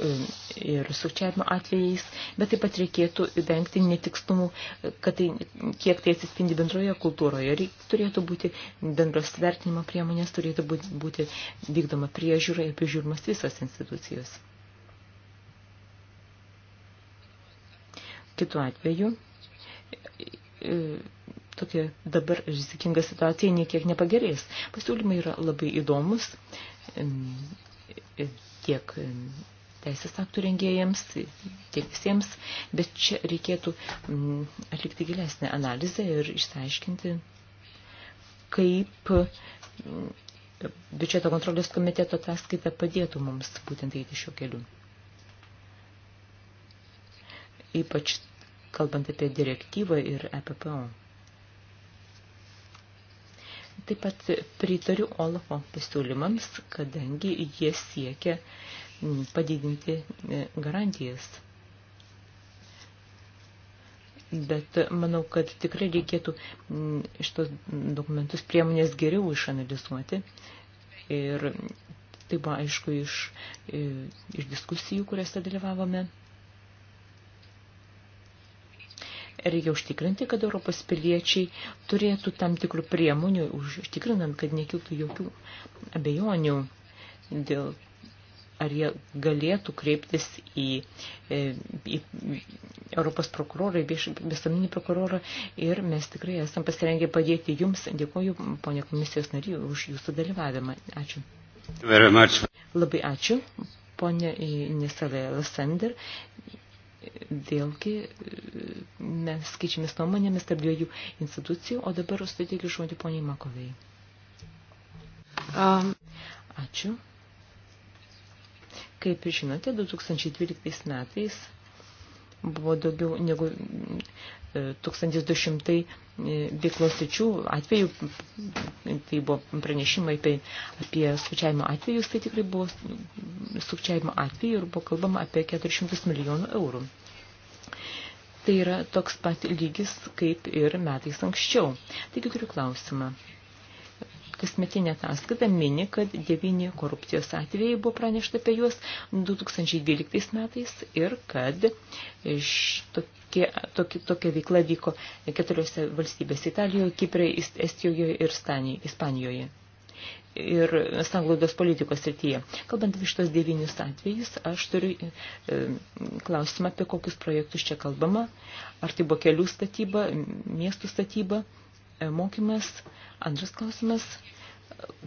ir sukčiavimo atvejais, bet taip pat reikėtų vengti netikstumų, kad tai, kiek tai atsispindi bendroje kultūroje. Reik, turėtų būti bendros vertinimo priemonės, turėtų būti, būti vykdoma priežiūra ir prižiūrimas visas institucijos. Kitu atveju, e, tokia dabar rizikinga situacija niekiek nepagerės. Pasiūlymai yra labai įdomus e, e, tiek teisės aktų rengėjams, tiek visiems, bet čia reikėtų mm, atlikti gilesnę analizę ir išsiaiškinti, kaip mm, biudžeto kontrolės komiteto ataskaita padėtų mums būtent eiti šiuo keliu. Ypač kalbant apie direktyvą ir EPPO. Taip pat pritariu Olafo pasiūlymams, kadangi jie siekia padidinti e, garantijas. Bet manau, kad tikrai reikėtų šitos dokumentus priemonės geriau išanalizuoti. Ir tai buvo aišku iš, e, iš diskusijų, kuriuose dalyvavome. reikia užtikrinti, kad Europos piliečiai turėtų tam tikrų priemonių, užtikrinant, kad nekiltų jokių abejonių dėl ar jie galėtų kreiptis į, e, į Europos prokurorą, į visuomenį prokurorą ir mes tikrai esam pasirengę padėti jums. Dėkuoju, ponia komisijos nary, už jūsų dalyvavimą. Ačiū. Very much. Labai ačiū, ponia Nisalė Lasander vėlgi mes keičiamės nuomonėmis tarp dviejų institucijų, o dabar suteikiu žodį poniai Makovei. Um. Ačiū. Kaip žinote, 2012 metais buvo daugiau negu 1200 e, e, veiklos ryčių atvejų, tai buvo pranešimai apie, apie sukčiavimo atvejus, tai tikrai buvo sukčiavimo atvejų ir buvo kalbama apie 400 milijonų eurų. Tai yra toks pat lygis kaip ir metais anksčiau. Taigi turiu klausimą kasmetinė ataskaita mini, kad devyni korupcijos atvejai buvo pranešta apie juos 2012 metais ir kad tokie tokia, tokia veikla vyko keturiose valstybėse – Italijoje, Kiprė, Estijoje ir Stanijoje, Ispanijoje ir sanglaudos politikos srityje. Kalbant apie šitos devynius atvejus, aš turiu e, klausimą, apie kokius projektus čia kalbama. Ar tai buvo kelių statyba, miestų statyba, E, mokymas. Antras klausimas,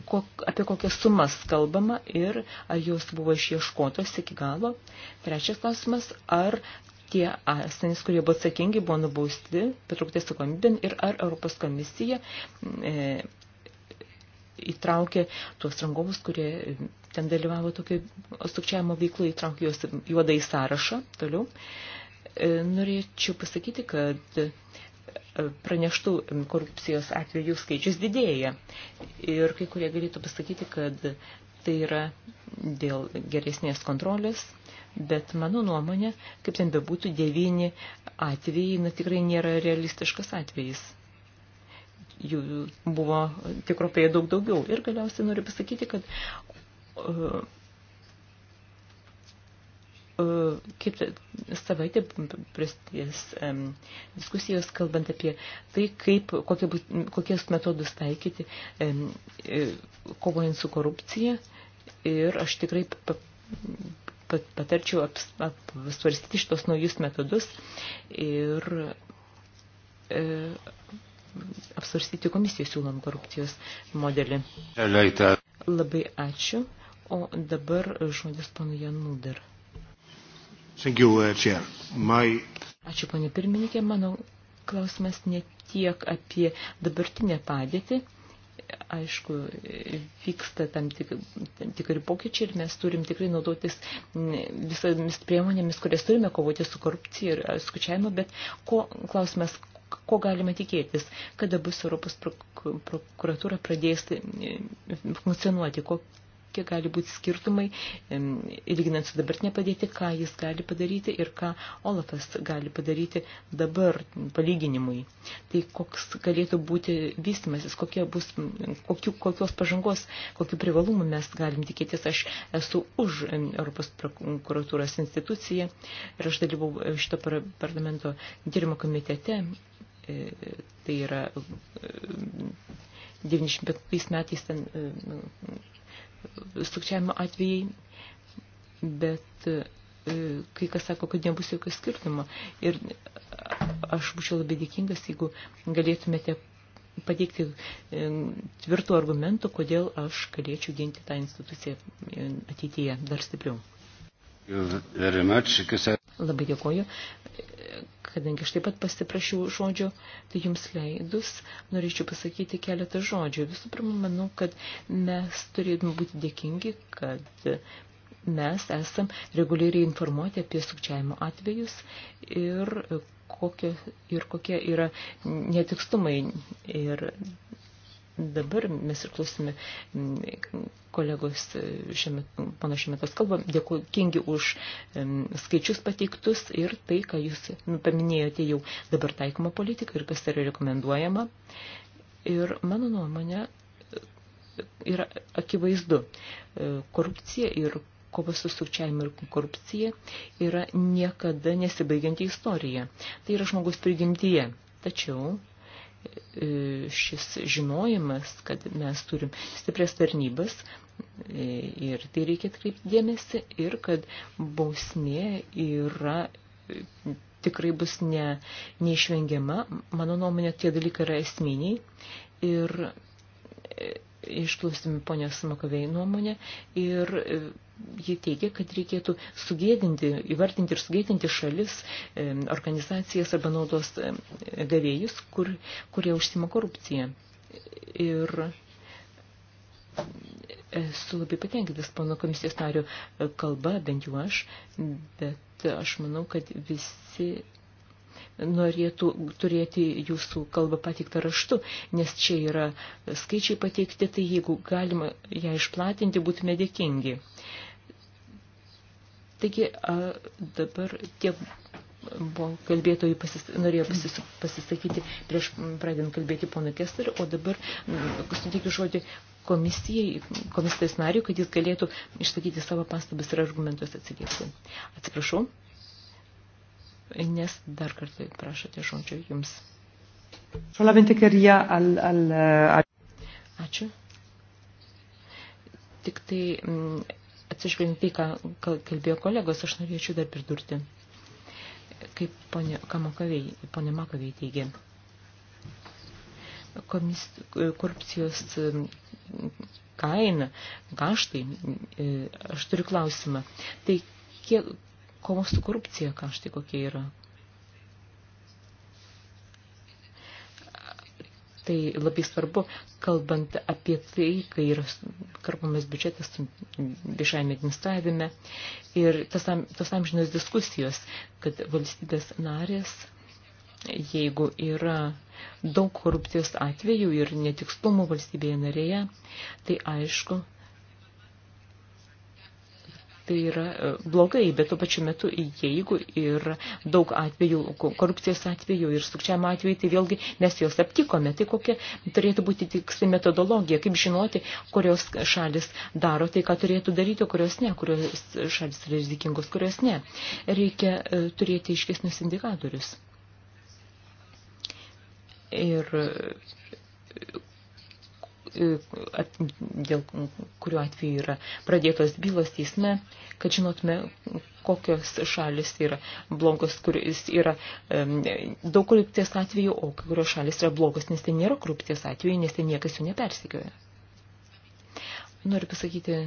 kok, apie kokias sumas kalbama ir ar jos buvo išieškotos iki galo. Trečias klausimas, ar tie asmenys, kurie buvo atsakingi, buvo nubausti, patraukti atsakomybėn ir ar Europos komisija e, įtraukė tuos rangovus, kurie ten dalyvavo tokio sukčiavimo veiklo, įtraukė juos juodai sąrašą. Toliau e, norėčiau pasakyti, kad praneštų korupcijos atvejų skaičius didėja. Ir kai kurie galėtų pasakyti, kad tai yra dėl geresnės kontrolės, bet mano nuomonė, kaip ten bebūtų, devyni atvejai, na tikrai nėra realistiškas atvejis. Jų buvo tikropėje daug daugiau. Ir galiausiai noriu pasakyti, kad uh, E, kitą savaitę prasidės diskusijos, kalbant apie tai, kaip, kokie, kokias metodus taikyti e, kovojant su korupcija. Ir aš tikrai patarčiau apsvarstyti šitos naujus metodus ir e, apsvarstyti komisijos siūlom korupcijos modelį. Labai ačiū. O dabar žodis panu Janudar. Thank you, uh, Chair. My... Ačiū, ponė pirmininkė. Mano klausimas ne tiek apie dabartinę padėtį. Aišku, vyksta tam, tik, tam tikri pokyčiai ir mes turim tikrai naudotis visomis priemonėmis, kurias turime kovoti su korupcija ir e, skučiavimu, bet ko, klausimas, ko galima tikėtis, kada bus Europos prokuratūra pradės funkcionuoti, kokie kokie gali būti skirtumai, lyginant su dabartinė padėti, ką jis gali padaryti ir ką Olafas gali padaryti dabar palyginimui. Tai koks galėtų būti vystimasis, kokie bus, kokiu, kokios pažangos, kokiu privalumu mes galim tikėtis. Aš esu už Europos prokuratūros instituciją ir aš dalyvau šito parlamento tyrimo komitete. E, tai yra 95 e, metais ten e, sukčiavimo atvejai, bet e, kai kas sako, kad nebus jokio skirtumo. Ir aš būčiau labai dėkingas, jeigu galėtumėte pateikti e, tvirtų argumentų, kodėl aš galėčiau ginti tą instituciją e, ateityje dar stipriau. Labai dėkoju, kadangi aš taip pat pasiprašiau žodžio, tai jums leidus norėčiau pasakyti keletą žodžių. Visų pirma, manau, kad mes turėtume būti dėkingi, kad mes esam reguliariai informuoti apie sukčiavimo atvejus ir kokie, ir kokie yra netikstumai ir dabar mes ir klausime mm, kolegos e, šiame, mano šiame tos kalbą, dėkingi už skaičius pateiktus ir tai, ką jūs nu, paminėjote jau dabar taikoma politika ir kas yra rekomenduojama. Ir mano nuomonė e, yra akivaizdu, e, korupcija ir kova su sukčiavimu ir korupcija yra niekada nesibaigianti istorija. Tai yra žmogus prigimtyje. Tačiau E, šis žinojimas, kad mes turim stiprias tarnybas e, ir tai reikia atkreipti dėmesį ir kad bausmė yra e, tikrai bus ne, neišvengiama. Mano nuomonė, tie dalykai yra esminiai ir išklausimi ponios Makovei nuomonę ir ji teigia, kad reikėtų sugėdinti, įvardinti ir sugėdinti šalis, e, organizacijas arba naudos e, gavėjus, kur, kurie užsima korupciją. Ir esu labai patenkintas pono komisijos nario kalba, bent jau aš, bet aš manau, kad visi norėtų turėti jūsų kalbą patiktą raštu, nes čia yra skaičiai pateikti, tai jeigu galima ją išplatinti, būtume dėkingi. Taigi a, dabar tie buvo kalbėtojai pasis, norėjo pasis, pasisakyti prieš pradedant kalbėti pono Kesterį, o dabar suteikiu žodį komisijai, komisijos nariui, kad jis galėtų išsakyti savo pastabas ir argumentus atsiliepti. Atsiprašau nes dar kartą prašote žodžio jums. Solamente quería al, al, eh, al... Ačiū. Tik tai mm, atsižvelgiant tai, ką kalbėjo kolegos, aš norėčiau dar pridurti, kaip ponė, Makavei, ponė Makavei teigė. Komis, korupcijos kaina, kaštai, e, aš turiu klausimą. Tai kiek, kovos su korupcija kaštai kokie yra. Tai labai svarbu, kalbant apie tai, kai yra karpamas biudžetas viešajame administravime ir tas, tas amžinos diskusijos, kad valstybės narės, jeigu yra daug korupcijos atvejų ir netikslumų valstybėje narėje, tai aišku, atveju tai yra e, blogai, bet tuo pačiu metu, jeigu ir daug atvejų, korupcijos atvejų ir sukčiam atveju, tai vėlgi mes juos aptikome. Tai kokia turėtų būti tiksli metodologija, kaip žinoti, kurios šalis daro tai, ką turėtų daryti, kurios ne, kurios šalis yra rizikingos, kurios ne. Reikia e, turėti iškesnius indikatorius. Ir E, at, dėl kuriuo atveju yra pradėtos bylos teisme, kad žinotume, kokios šalis yra blogos, kuris yra um, daug korupties atveju, o kurios šalis yra blogos, nes ten nėra korupties atveju, nes ten niekas jų nepersikioja. Noriu pasakyti,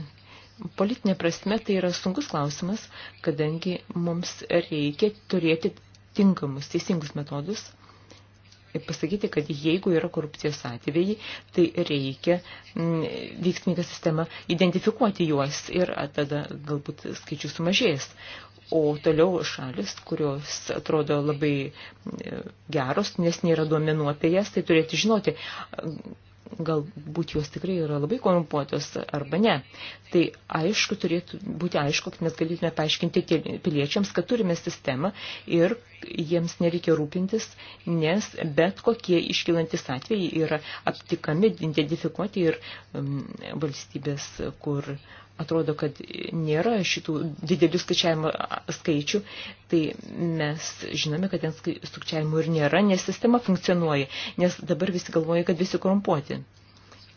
politinė prasme tai yra sunkus klausimas, kadangi mums reikia turėti tinkamus, teisingus metodus, pasakyti, kad jeigu yra korupcijos atvejai, tai reikia mm, veiksmingą sistemą identifikuoti juos ir tada galbūt skaičių sumažės. O toliau šalis, kurios atrodo labai mm, geros, nes nėra duomenų apie jas, tai turėti žinoti, galbūt jos tikrai yra labai korumpuotos arba ne. Tai aišku, turėtų būti aišku, kad mes galėtume paaiškinti piliečiams, kad turime sistemą ir jiems nereikia rūpintis, nes bet kokie iškilantis atvejai yra aptikami, identifikuoti ir um, valstybės, kur uh, atrodo, kad nėra šitų didelių skaičiavimo skaičių, tai mes žinome, kad ten sukčiavimų ir nėra, nes sistema funkcionuoja, nes dabar visi galvoja, kad visi korumpuoti.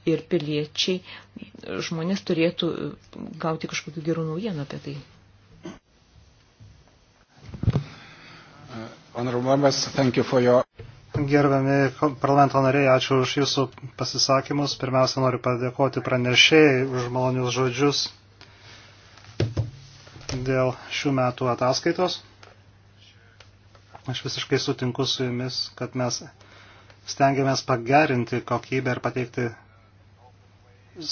Ir piliečiai, žmonės turėtų gauti kažkokių gerų naujienų apie tai. Honorable members, thank you for your... Gerbiami parlamento nariai, ačiū už jūsų pasisakymus. Pirmiausia, noriu padėkoti pranešėjai už malonius žodžius dėl šių metų ataskaitos. Aš visiškai sutinku su jumis, kad mes stengiamės pagerinti kokybę ir pateikti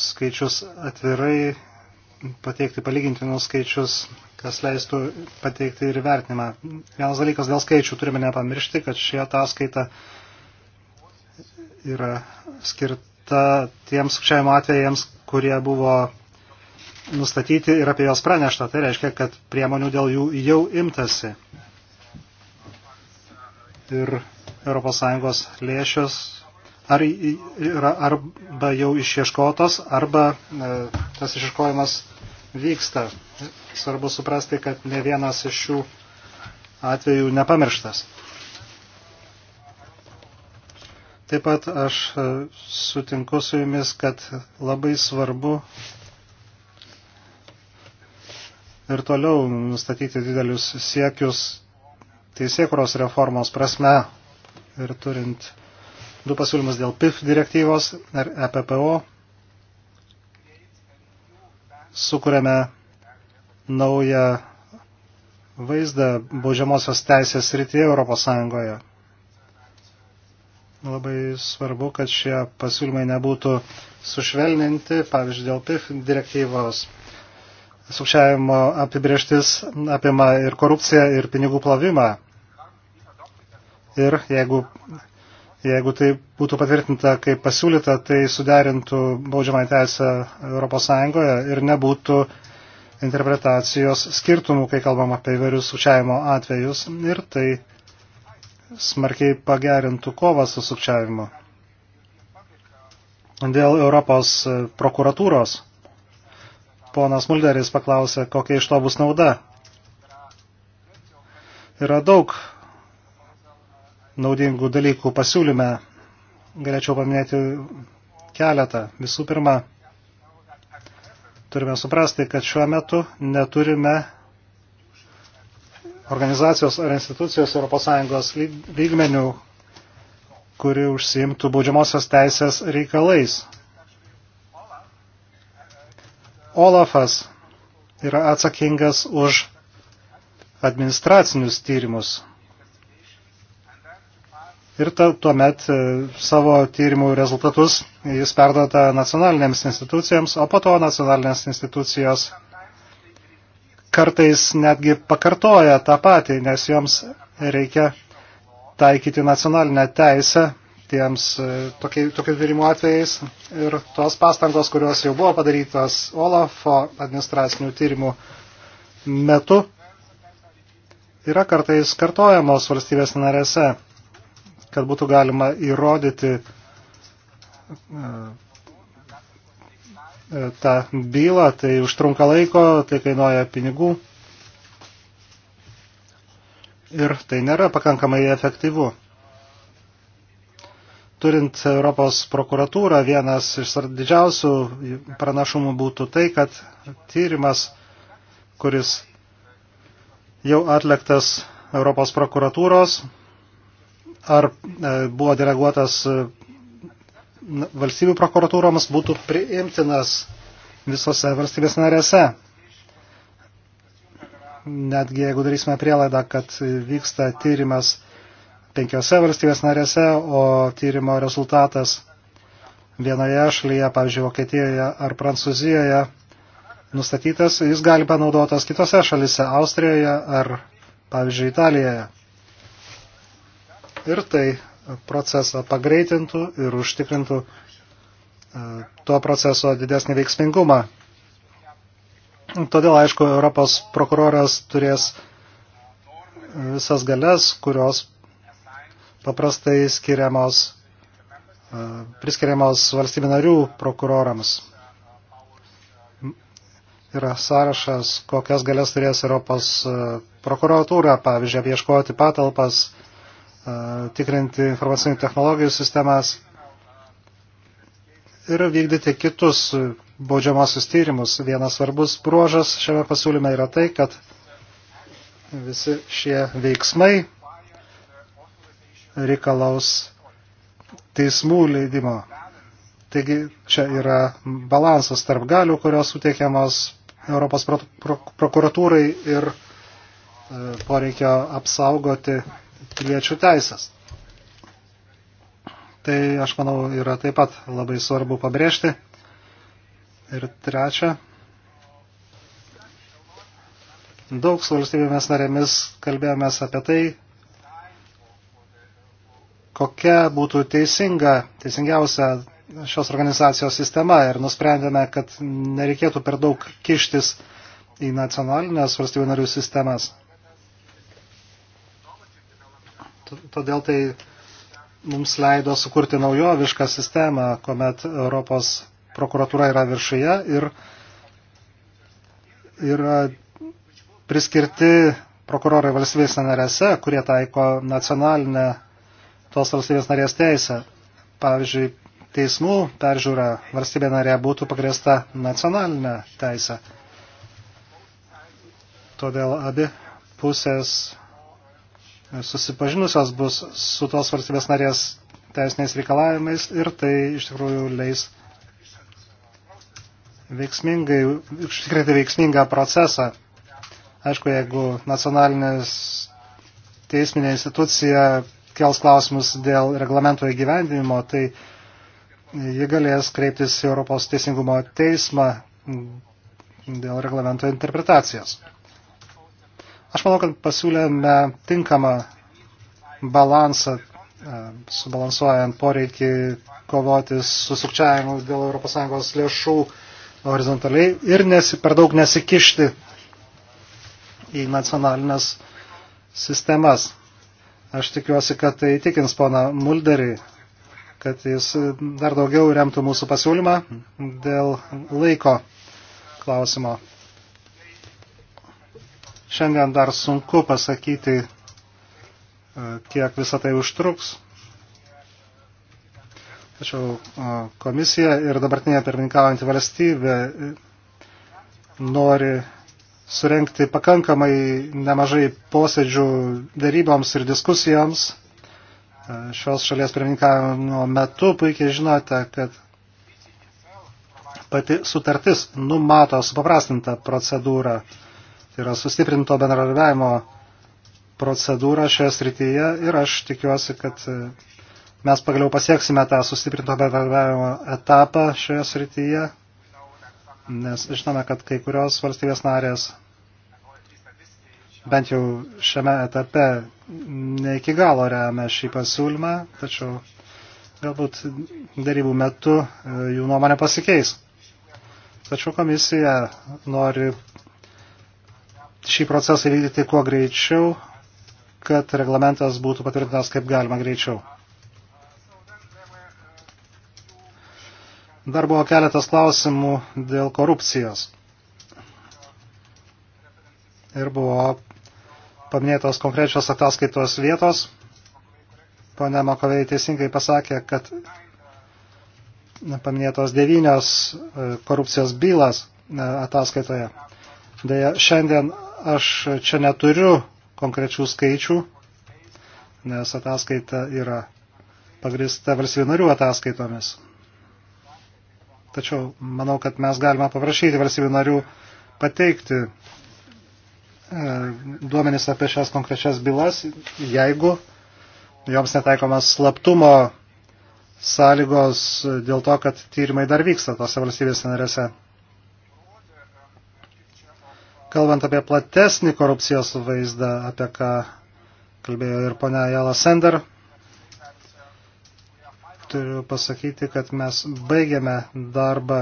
skaičius atvirai pateikti palygintinus skaičius, kas leistų pateikti ir vertinimą. Vienas dalykas dėl skaičių turime nepamiršti, kad ši ataskaita yra skirta tiems sukčiavimo atvejams, kurie buvo nustatyti ir apie juos pranešta. Tai reiškia, kad priemonių dėl jų jau imtasi. Ir ES lėšios ar yra arba jau išieškotos, arba e, tas išieškojimas vyksta. Svarbu suprasti, kad ne vienas iš šių atvejų nepamirštas. Taip pat aš e, sutinku su jumis, kad labai svarbu ir toliau nustatyti didelius siekius teisėkuros reformos prasme ir turint du pasiūlymus dėl PIF direktyvos ir EPPO. Sukūrėme naują vaizdą baudžiamosios teisės rytyje Europos Sąjungoje. Labai svarbu, kad šie pasiūlymai nebūtų sušvelninti, pavyzdžiui, dėl PIF direktyvos. Sukčiavimo apibrieštis apima ir korupciją, ir pinigų plovimą. Ir jeigu Jeigu tai būtų patvirtinta kaip pasiūlyta, tai suderintų baudžiamą teisę ES ir nebūtų interpretacijos skirtumų, kai kalbam apie įvairius sukčiavimo atvejus ir tai smarkiai pagerintų kovą su sukčiavimu. Dėl Europos prokuratūros ponas Mulderis paklausė, kokia iš to bus nauda. Yra daug naudingų dalykų pasiūlyme. Galėčiau paminėti keletą. Visų pirma, turime suprasti, kad šiuo metu neturime organizacijos ar institucijos ES lygmenių, kuri užsiimtų baudžiamosios teisės reikalais. Olafas yra atsakingas už administracinius tyrimus ir ta, tuomet e, savo tyrimų rezultatus jis perdata nacionalinėms institucijams, o po to nacionalinės institucijos kartais netgi pakartoja tą patį, nes joms reikia taikyti nacionalinę teisę tiems e, tokių tyrimų atvejais ir tos pastangos, kurios jau buvo padarytos Olafo administracinių tyrimų metu, yra kartais kartojamos valstybės narėse kad būtų galima įrodyti e, e, tą bylą, tai užtrunka laiko, tai kainuoja pinigų ir tai nėra pakankamai efektyvu. Turint Europos prokuratūrą, vienas iš didžiausių pranašumų būtų tai, kad tyrimas, kuris jau atliktas Europos prokuratūros, ar e, buvo deleguotas e, valstybių prokuratūroms būtų priimtinas visose valstybės narėse. Netgi jeigu darysime prielaidą, kad vyksta tyrimas penkiose valstybės narėse, o tyrimo rezultatas vienoje šalyje, pavyzdžiui, Vokietijoje ar Prancūzijoje, nustatytas, jis gali panaudotas kitose šalise, Austrijoje ar, pavyzdžiui, Italijoje ir tai procesą pagreitintų ir užtikrintų e, to proceso didesnį veiksmingumą. Todėl, aišku, Europos prokuroras turės visas galės, kurios paprastai skiriamos, e, priskiriamos valstybių narių prokurorams. Yra sąrašas, kokias galės turės Europos e, prokuratūra, pavyzdžiui, apieškoti patalpas, tikrinti informacinių technologijų sistemas ir vykdyti kitus baudžiamosius tyrimus. Vienas svarbus bruožas šiame pasiūlyme yra tai, kad visi šie veiksmai reikalaus teismų leidimo. Taigi čia yra balansas tarp galių, kurios suteikiamos Europos prokuratūrai ir e, poreikio apsaugoti piliečių teisės. Tai aš manau yra taip pat labai svarbu pabrėžti. Ir trečia, daug su valstybėmis narėmis kalbėjomės apie tai, kokia būtų teisinga, teisingiausia šios organizacijos sistema ir nusprendėme, kad nereikėtų per daug kištis į nacionalinės valstybių narių sistemas. Todėl tai mums leido sukurti naujovišką sistemą, kuomet Europos prokuratūra yra viršuje ir yra priskirti prokurorai valstybės narėse, kurie taiko nacionalinę tos valstybės narės teisę. Pavyzdžiui, teismų peržiūra valstybė narė būtų pagrėsta nacionalinė teisė. Todėl abi pusės susipažinusios bus su tos valstybės narės teisiniais reikalavimais ir tai iš tikrųjų leis veiksmingai, ištikrinti veiksmingą procesą. Aišku, jeigu nacionalinės teisminė institucija kels klausimus dėl reglamento įgyvendinimo, tai ji galės kreiptis į Europos teisingumo teismą dėl reglamento interpretacijos. Aš manau, kad pasiūlėme tinkamą balansą, e, subalansuojant poreikį kovoti su sukčiavimu dėl ES lėšų horizontaliai ir nesi, per daug nesikišti į nacionalinės sistemas. Aš tikiuosi, kad tai įtikins pana Mulderį, kad jis dar daugiau remtų mūsų pasiūlymą dėl laiko klausimo. Šiandien dar sunku pasakyti, e, kiek visą tai užtruks. Tačiau e, komisija ir dabartinė pirmininkaujantį valstybę e, nori surenkti pakankamai nemažai posėdžių daryboms ir diskusijoms. Šios šalies pirmininkavimo metu puikiai žinote, kad pati sutartis numato supaprastintą procedūrą Tai yra sustiprinto bendradarbiavimo procedūra šioje srityje ir aš tikiuosi, kad e, mes pagaliau pasieksime tą sustiprinto bendradarbiavimo etapą šioje srityje, nes žinome, kad kai kurios valstybės narės bent jau šiame etape ne iki galo remia šį pasiūlymą, tačiau galbūt darybų metu e, jų nuomonė pasikeis. Tačiau komisija nori šį procesą vykdyti kuo greičiau, kad reglamentas būtų patvirtintas kaip galima greičiau. Dar buvo keletas klausimų dėl korupcijos. Ir buvo paminėtos konkrečios ataskaitos vietos. Pane Makovei teisingai pasakė, kad paminėtos devynios e, korupcijos bylas e, ataskaitoje. Deja, šiandien Aš čia neturiu konkrečių skaičių, nes ataskaita yra pagrista valstybinarių ataskaitomis. Tačiau manau, kad mes galime paprašyti valstybinarių pateikti e, duomenys apie šias konkrečias bylas, jeigu joms netaikomas slaptumo sąlygos dėl to, kad tyrimai dar vyksta tose valstybėse narėse. Kalbant apie platesnį korupcijos vaizdą, apie ką kalbėjo ir ponia Jala Sender, turiu pasakyti, kad mes baigėme darbą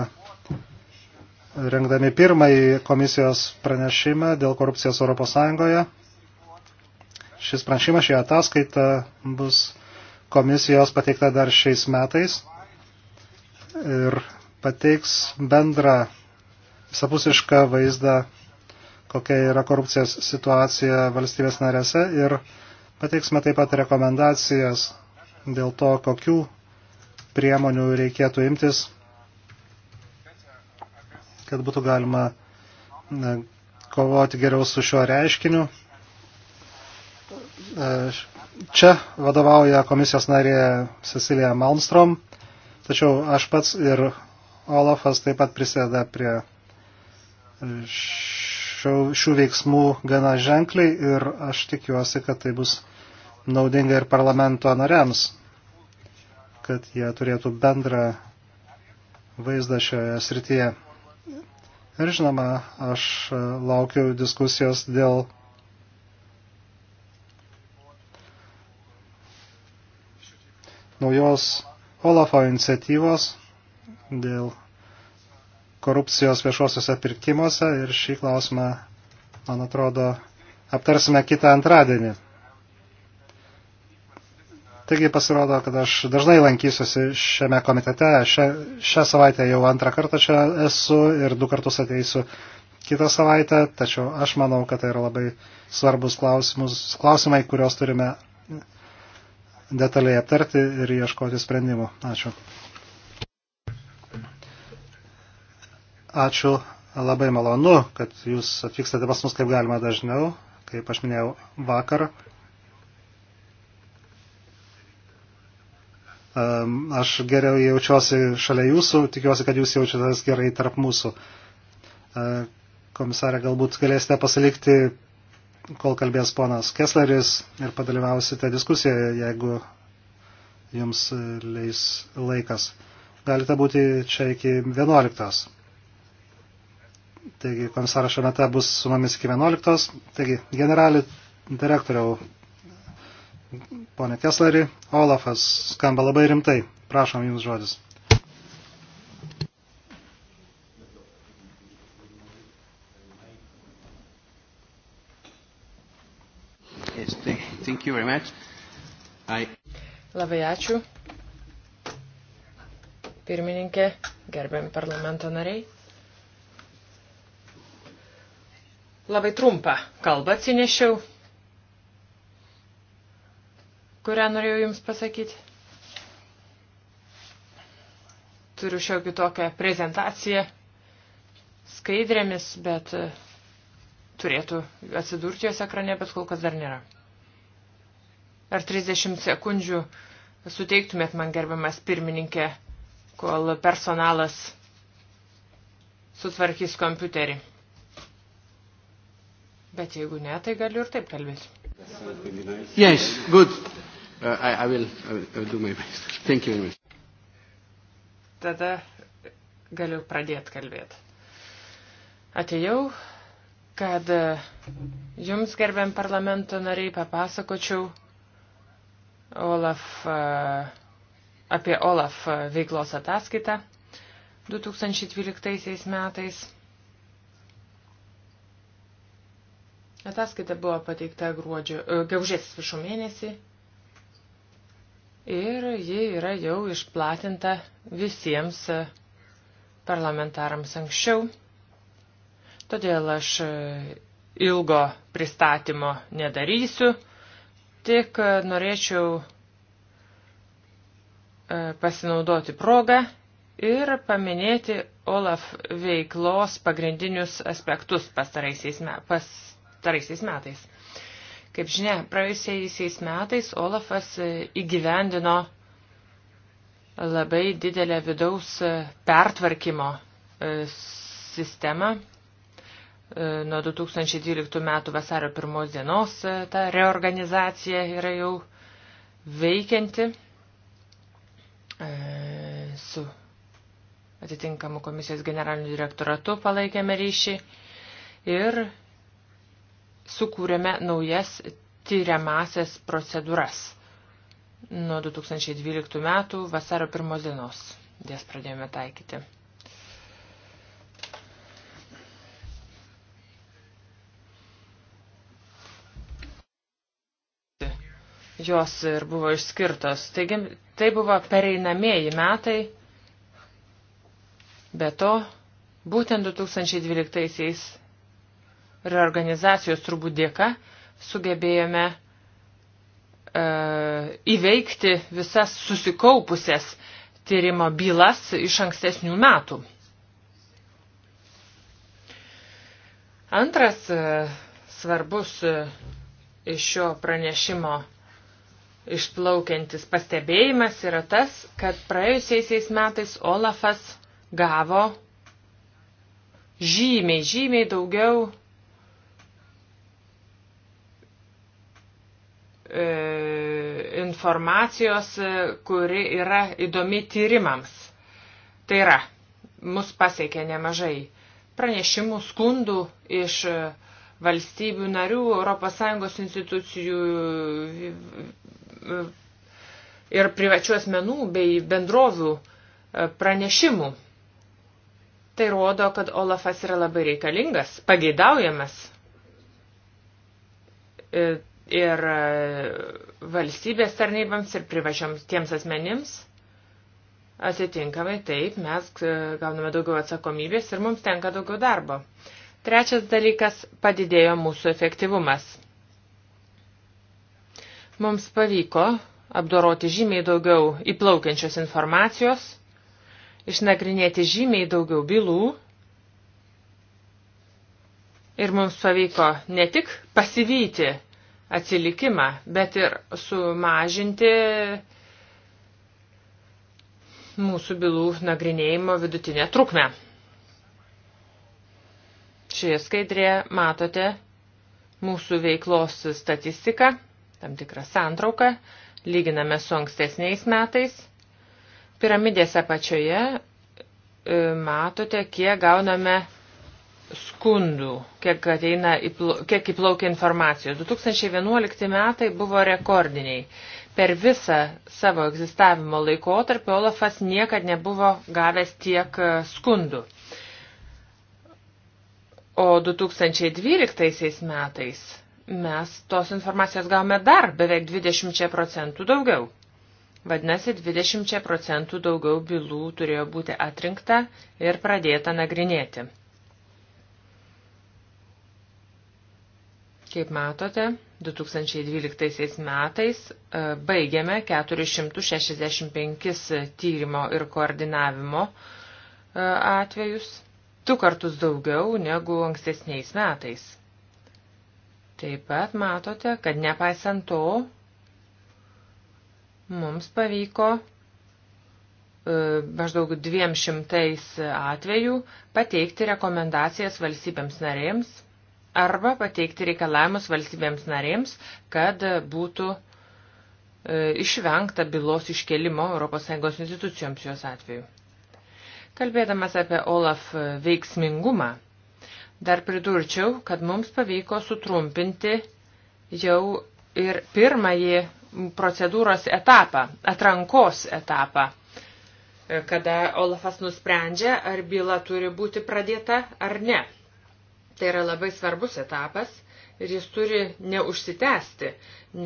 rengdami pirmąjį komisijos pranešimą dėl korupcijos Europos Sąjungoje. Šis pranešimas, šį ataskaitą bus komisijos pateikta dar šiais metais ir pateiks bendrą visapusišką vaizdą kokia yra korupcijos situacija valstybės narėse ir pateiksime taip pat rekomendacijas dėl to, kokių priemonių reikėtų imtis, kad būtų galima kovoti geriau su šiuo reiškiniu. E, čia vadovauja komisijos narė Cecilija Malmstrom, tačiau aš pats ir Olafas taip pat prisėda prie š šio, šių veiksmų gana ženkliai ir aš tikiuosi, kad tai bus naudinga ir parlamento nariams, kad jie turėtų bendrą vaizdą šioje srityje. Ir žinoma, aš laukiu diskusijos dėl naujos Olafo iniciatyvos dėl korupcijos viešuosiuose pirkimuose ir šį klausimą, man atrodo, aptarsime kitą antradienį. Taigi pasirodo, kad aš dažnai lankysiuosi šiame komitete. Šią, šią savaitę jau antrą kartą čia esu ir du kartus ateisiu kitą savaitę, tačiau aš manau, kad tai yra labai svarbus klausimus, klausimai, kuriuos turime detaliai aptarti ir ieškoti sprendimų. Ačiū. Ačiū, labai malonu, kad jūs atvykstate pas mus kaip galima dažniau, kaip aš minėjau vakar. Ehm, aš geriau jaučiuosi šalia jūsų, tikiuosi, kad jūs jaučiatės gerai tarp mūsų. Ehm, komisarė, galbūt galėsite pasilikti, kol kalbės ponas Kessleris ir padalyvausite diskusijoje, jeigu jums leis laikas. Galite būti čia iki 11. Taigi komisaras Šemeta bus su mumis iki 11. Taigi generalį direktoriau ponė Keslerį, Olafas skamba labai rimtai. Prašom jums žodis. Yes, thank, thank you very much. I... Labai ačiū. Pirmininkė, gerbiami parlamento nariai. Labai trumpą kalbą atsinešiau, kurią norėjau Jums pasakyti. Turiu šiokį tokią prezentaciją skaidrėmis, bet e, turėtų atsidurti jos ekrane, bet kol kas dar nėra. Ar 30 sekundžių suteiktumėt man gerbiamas pirmininkė, kol personalas sutvarkys kompiuterį? Bet jeigu ne, tai galiu ir taip kalbėti. Yes, good. Uh, I, I, will, I, will, I will do my best. Thank you very much. Tada galiu pradėti kalbėti. Atėjau, kad uh, jums, gerbiam parlamento nariai, papasakočiau Olaf, uh, apie Olaf uh, veiklos ataskaitą 2012 metais. Ataskaita buvo pateikta gruodžio, e, gaužės viršų mėnesį ir ji yra jau išplatinta visiems e, parlamentarams anksčiau. Todėl aš e, ilgo pristatymo nedarysiu, tik norėčiau pasinaudoti progą ir paminėti Olaf veiklos pagrindinius aspektus pastaraisiais metais pastaraisiais metais. Kaip žinia, praėjusiais metais Olafas e, įgyvendino labai didelę vidaus e, pertvarkymo e, sistemą. Nuo 2012 metų vasario pirmos dienos ta reorganizacija yra jau veikianti su atitinkamu komisijos generaliniu direktoratu palaikėme ryšį ir sukūrėme naujas tyriamasias procedūras nuo 2012 metų vasario pirmos dienos, jas pradėjome taikyti. Jos ir buvo išskirtos. Taigi, tai buvo pereinamieji metai, be to, būtent 2012 reorganizacijos turbūt dėka sugebėjome e, įveikti visas susikaupusias tyrimo bylas iš ankstesnių metų. Antras e, svarbus e, iš šio pranešimo išplaukiantis pastebėjimas yra tas, kad praėjusiais metais Olafas gavo žymiai, žymiai daugiau E, informacijos, e, kuri yra įdomi tyrimams. Tai yra, mus pasiekė nemažai pranešimų, skundų iš e, valstybių narių, ES institucijų ir privačių asmenų bei bendrovių pranešimų. Tai rodo, kad Olafas yra labai reikalingas, pageidaujamas ir e, valstybės tarnybams, ir privačioms tiems asmenims. Atitinkamai taip, mes e, gauname daugiau atsakomybės ir mums tenka daugiau darbo. Trečias dalykas – padidėjo mūsų efektyvumas. Mums pavyko apdoroti žymiai daugiau įplaukiančios informacijos, išnagrinėti žymiai daugiau bylų ir mums pavyko ne tik pasivyti atsilikimą, bet ir sumažinti mūsų bylų nagrinėjimo vidutinę trukmę. Šioje skaidrėje matote mūsų veiklos statistiką, tam tikrą santrauką, lyginame su ankstesniais metais. Piramidės apačioje e, matote, kiek gauname skundų, kiek, ateina, kiek įplaukia informacijos. 2011 metai buvo rekordiniai. Per visą savo egzistavimo laikotarpį Olafas niekad nebuvo gavęs tiek e, skundų. O 2012 metais mes tos informacijos gavome dar beveik 20 procentų daugiau. Vadinasi, 20 procentų daugiau bylų turėjo būti atrinkta ir pradėta nagrinėti. Kaip matote, 2012 metais e, baigėme 465 tyrimo ir koordinavimo e, atvejus, du kartus daugiau negu ankstesniais metais. Taip pat matote, kad nepaisant to, mums pavyko e, maždaug 200 atvejų pateikti rekomendacijas valstybėms narėms arba pateikti reikalavimus valstybėms narėms, kad būtų e, išvengta bylos iškelimo ES institucijoms jos atveju. Kalbėdamas apie OLAF veiksmingumą, dar pridurčiau, kad mums pavyko sutrumpinti jau ir pirmąjį procedūros etapą, atrankos etapą, e, kada Olafas nusprendžia, ar byla turi būti pradėta ar ne. Tai yra labai svarbus etapas ir jis turi neužsitęsti,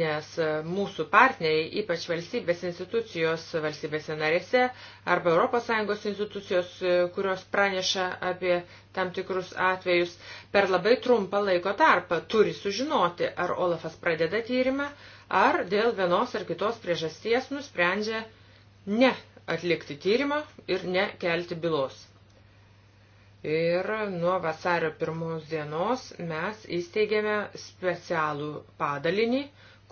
nes mūsų partneriai, ypač valstybės institucijos valstybėse narėse arba ES institucijos, kurios praneša apie tam tikrus atvejus, per labai trumpą laiko tarpą turi sužinoti, ar Olafas pradeda tyrimą, ar dėl vienos ar kitos priežasties nusprendžia ne atlikti tyrimą ir nekelti bylos. Ir nuo vasario pirmos dienos mes įsteigėme specialų padalinį,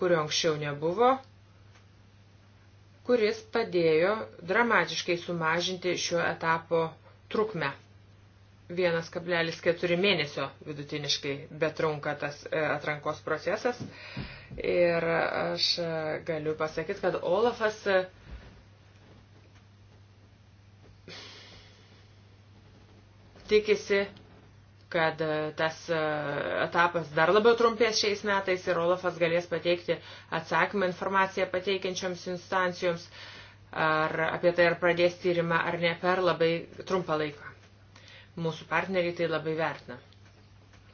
kurio anksčiau nebuvo, kuris padėjo dramatiškai sumažinti šio etapo trukmę. 1,4 mėnesio vidutiniškai betrunka tas e, atrankos procesas. Ir aš e, galiu pasakyti, kad Olafas tikisi, kad e, tas e, etapas dar labiau trumpės šiais metais ir Olafas galės pateikti atsakymą informaciją pateikiančioms instancijoms ar apie tai ar pradės tyrimą ar ne per labai trumpą laiką. Mūsų partneriai tai labai vertina.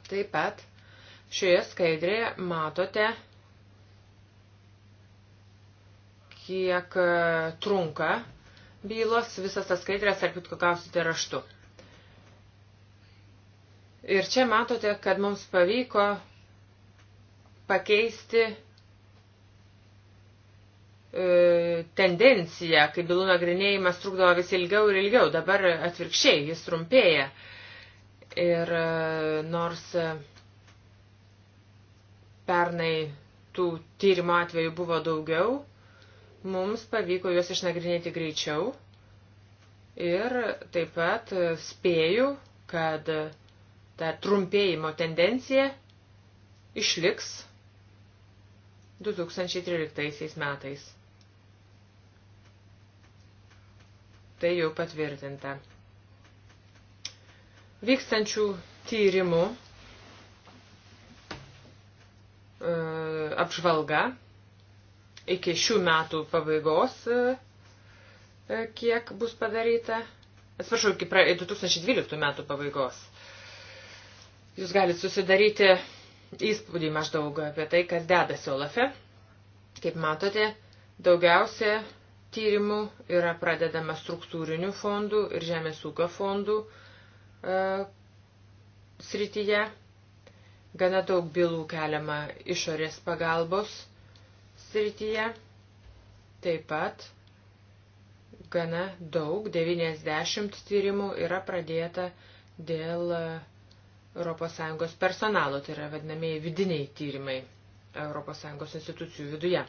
Taip pat šioje skaidrėje matote, kiek e, trunka bylos, visas tas skaidrės, ar kitko gausite raštu. Ir čia matote, kad mums pavyko pakeisti e, tendencija, kai bylų nagrinėjimas trukdavo vis ilgiau ir ilgiau, dabar atvirkščiai jis trumpėja. Ir e, nors e, pernai tų tyrimo atvejų buvo daugiau, mums pavyko juos išnagrinėti greičiau. Ir taip pat spėju, kad ta trumpėjimo tendencija išliks 2013 metais. Tai jau patvirtinta. Vykstančių tyrimų e, apžvalga iki šių metų pabaigos, e, kiek bus padaryta. Atsiprašau, iki 2012 metų pabaigos. Jūs galite susidaryti įspūdį maždaug apie tai, kas dedasi Olafe. Kaip matote, daugiausia tyrimų yra pradedama struktūrinių fondų ir žemės ūkio fondų e, srityje. Gana daug bylų keliama išorės pagalbos srityje. Taip pat gana daug, 90 tyrimų yra pradėta dėl e, ES personalo, tai yra vadinamieji vidiniai tyrimai ES institucijų viduje.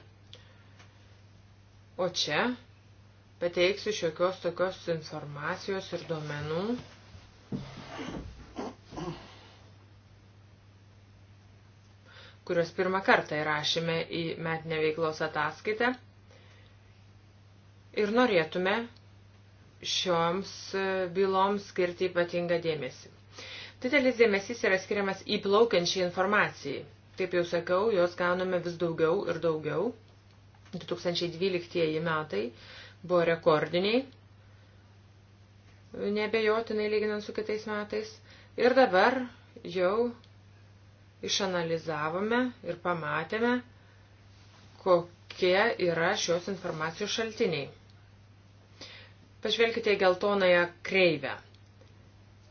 O čia pateiksiu šiokios tokios informacijos ir duomenų. kurios pirmą kartą įrašėme į metinę veiklos ataskaitą. Ir norėtume šioms byloms skirti ypatingą dėmesį. Didelis dėmesys yra skiriamas įplaukiančiai informacijai. Kaip jau sakiau, jos gauname vis daugiau ir daugiau. 2012 metai buvo rekordiniai, nebejotinai lyginant su kitais metais. Ir dabar jau išanalizavome ir pamatėme, kokie yra šios informacijos šaltiniai. Pažvelkite į geltonąją kreivę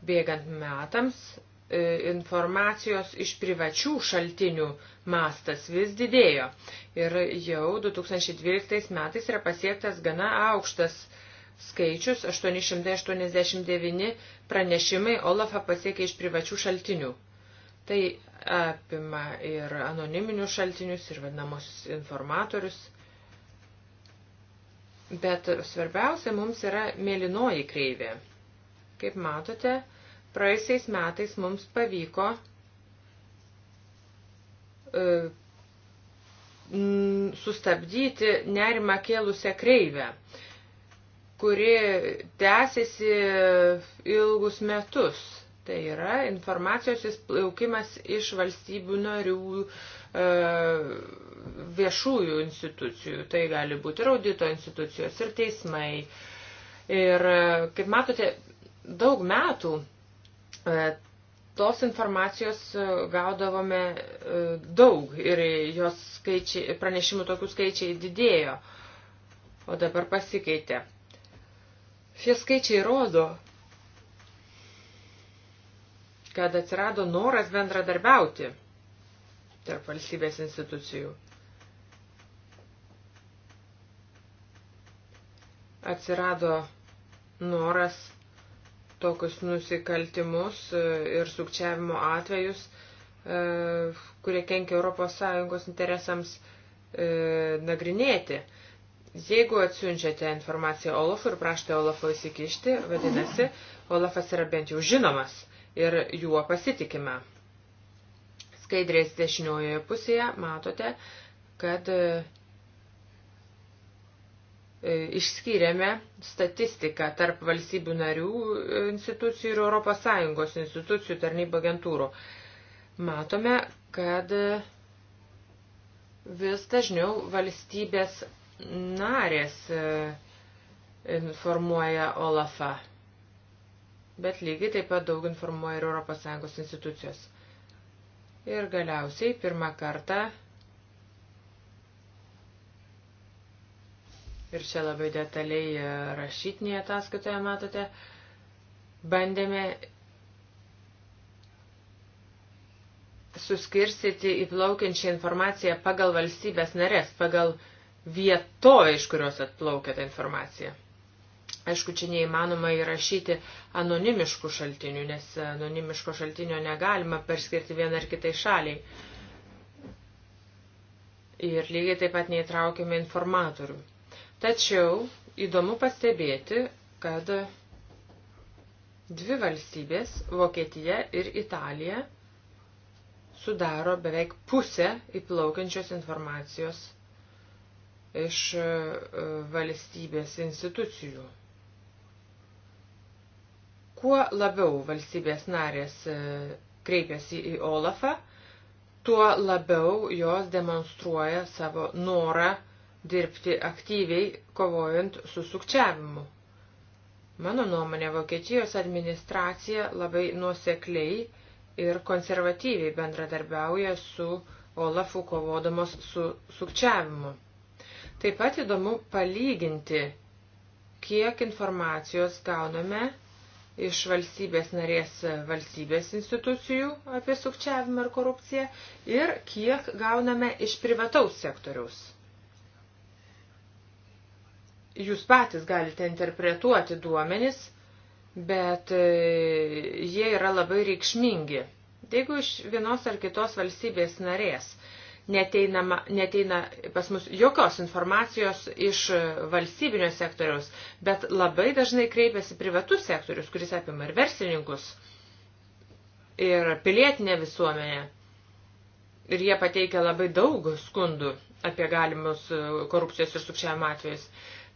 bėgant metams e, informacijos iš privačių šaltinių mastas vis didėjo. Ir jau 2012 metais yra pasiektas gana aukštas skaičius 889 pranešimai Olafą pasiekė iš privačių šaltinių. Tai apima ir anoniminius šaltinius, ir vadinamosius informatorius. Bet svarbiausia mums yra mėlynoji kreivė. Kaip matote, Praėjusiais metais mums pavyko e, sustabdyti nerimą kėlusią kreivę, kuri tęsiasi ilgus metus. Tai yra informacijos įsplaukimas iš valstybių narių e, viešųjų institucijų. Tai gali būti ir audito institucijos, ir teismai. Ir, e, kaip matote, daug metų E, tos informacijos e, gaudavome e, daug ir jos skaičiai, pranešimų tokių skaičiai didėjo, o dabar pasikeitė. Šie skaičiai rodo, kad atsirado noras bendradarbiauti tarp valstybės institucijų. Atsirado noras tokius nusikaltimus e, ir sukčiavimo atvejus, e, kurie kenkia ES interesams e, nagrinėti. Jeigu atsiunčiate informaciją Olafui ir prašote Olafo įsikišti, vadinasi, Olafas yra bent jau žinomas ir juo pasitikime. Skaidrės dešiniojoje pusėje matote, kad E, išskyrėme statistiką tarp valstybių narių e, institucijų ir ES institucijų tarnybų agentūrų. Matome, kad vis dažniau valstybės narės e, informuoja OLAFą, bet lygiai taip pat daug informuoja ir ES institucijos. Ir galiausiai pirmą kartą ir čia labai detaliai e, rašytinėje ataskaitoje matote, bandėme suskirstyti įplaukiančią informaciją pagal valstybės narės, pagal vieto, iš kurios atplaukia ta informacija. Aišku, čia neįmanoma įrašyti anonimiškų šaltinių, nes anonimiško šaltinio negalima perskirti vieną ar kitai šaliai. Ir lygiai taip pat neįtraukime informatorių. Tačiau įdomu pastebėti, kad dvi valstybės - Vokietija ir Italija - sudaro beveik pusę įplaukiančios informacijos iš e, valstybės institucijų. Kuo labiau valstybės narės e, kreipiasi į Olafą, tuo labiau jos demonstruoja savo norą dirbti aktyviai kovojant su sukčiavimu. Mano nuomonė, Vokietijos administracija labai nuosekliai ir konservatyviai bendradarbiauja su Olafu kovodamos su sukčiavimu. Taip pat įdomu palyginti, kiek informacijos gauname iš valstybės narės valstybės institucijų apie sukčiavimą ir korupciją ir kiek gauname iš privataus sektoriaus jūs patys galite interpretuoti duomenis, bet e, jie yra labai reikšmingi. Jeigu iš vienos ar kitos valstybės narės neteina, neteina pas mus jokios informacijos iš valstybinio sektoriaus, bet labai dažnai kreipiasi privatus sektorius, kuris apima ir verslininkus, ir pilietinę visuomenę. Ir jie pateikia labai daug skundų apie galimus e, korupcijos ir sukčiavimo atvejus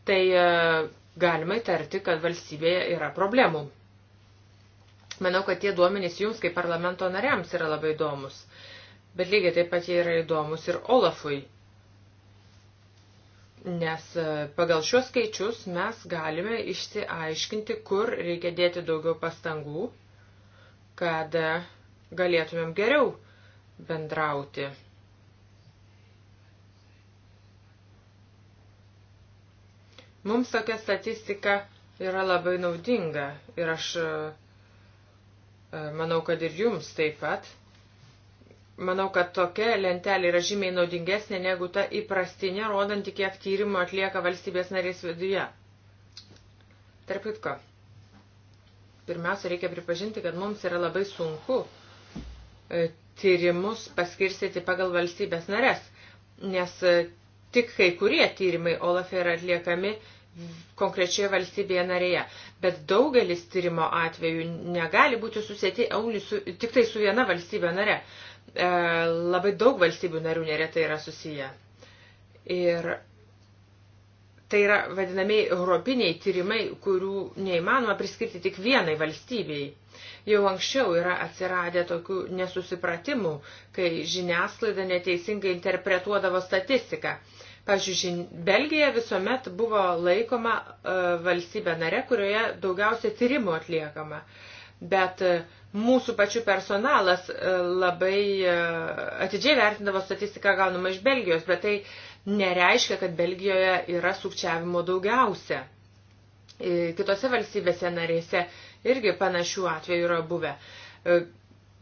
tai e, galima įtarti, kad valstybėje yra problemų. Manau, kad tie duomenys jums kaip parlamento nariams yra labai įdomus, bet lygiai taip pat jie yra įdomus ir Olafui. Nes e, pagal šios skaičius mes galime išsiaiškinti, kur reikia dėti daugiau pastangų, kad e, galėtumėm geriau bendrauti. Mums tokia statistika yra labai naudinga ir aš e, e, manau, kad ir jums taip pat. Manau, kad tokia lentelė yra žymiai naudingesnė negu ta įprastinė, rodanti, kiek tyrimų atlieka valstybės narės viduje. Tarp kitko, pirmiausia, reikia pripažinti, kad mums yra labai sunku e, tyrimus paskirstyti pagal valstybės narės, nes tik kai kurie tyrimai Olaf yra atliekami konkrečioje valstybėje narėje. Bet daugelis tyrimo atvejų negali būti susėti su, tik tai su viena valstybė nare. E, labai daug valstybių narių neretai yra susiję. Ir tai yra vadinamiai europiniai tyrimai, kurių neįmanoma priskirti tik vienai valstybei. Jau anksčiau yra atsiradę tokių nesusipratimų, kai žiniasklaida neteisingai interpretuodavo statistiką. Pavyzdžiui, Belgija visuomet buvo laikoma e, valstybė nare, kurioje daugiausia tyrimų atliekama. Bet e, mūsų pačių personalas e, labai atidžiai vertindavo statistiką gaunamą iš Belgijos, bet tai nereiškia, kad Belgijoje yra sukčiavimo daugiausia. Kitose valstybėse narėse irgi panašių atvejų yra buvę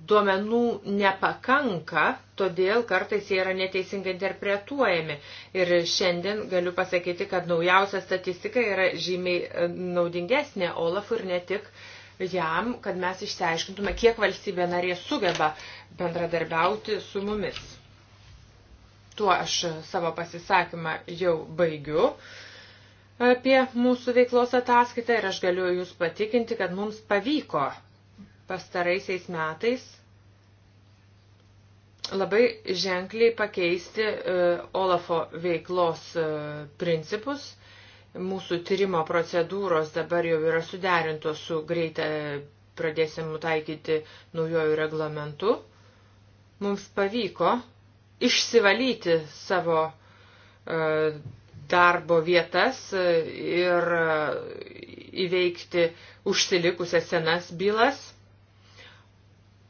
duomenų nepakanka, todėl kartais jie yra neteisingai interpretuojami. Ir šiandien galiu pasakyti, kad naujausia statistika yra žymiai e, naudingesnė Olafui ir ne tik jam, kad mes išsiaiškintume, kiek valstybė narė sugeba bendradarbiauti su mumis. Tuo aš savo pasisakymą jau baigiu apie mūsų veiklos ataskaitą ir aš galiu Jūs patikinti, kad mums pavyko pastaraisiais metais labai ženkliai pakeisti e, Olafo veiklos e, principus. Mūsų tyrimo procedūros dabar jau yra suderintos su greitą pradėsimu taikyti naujojų reglamentu. Mums pavyko išsivalyti savo e, darbo vietas ir įveikti užsilikusias senas bylas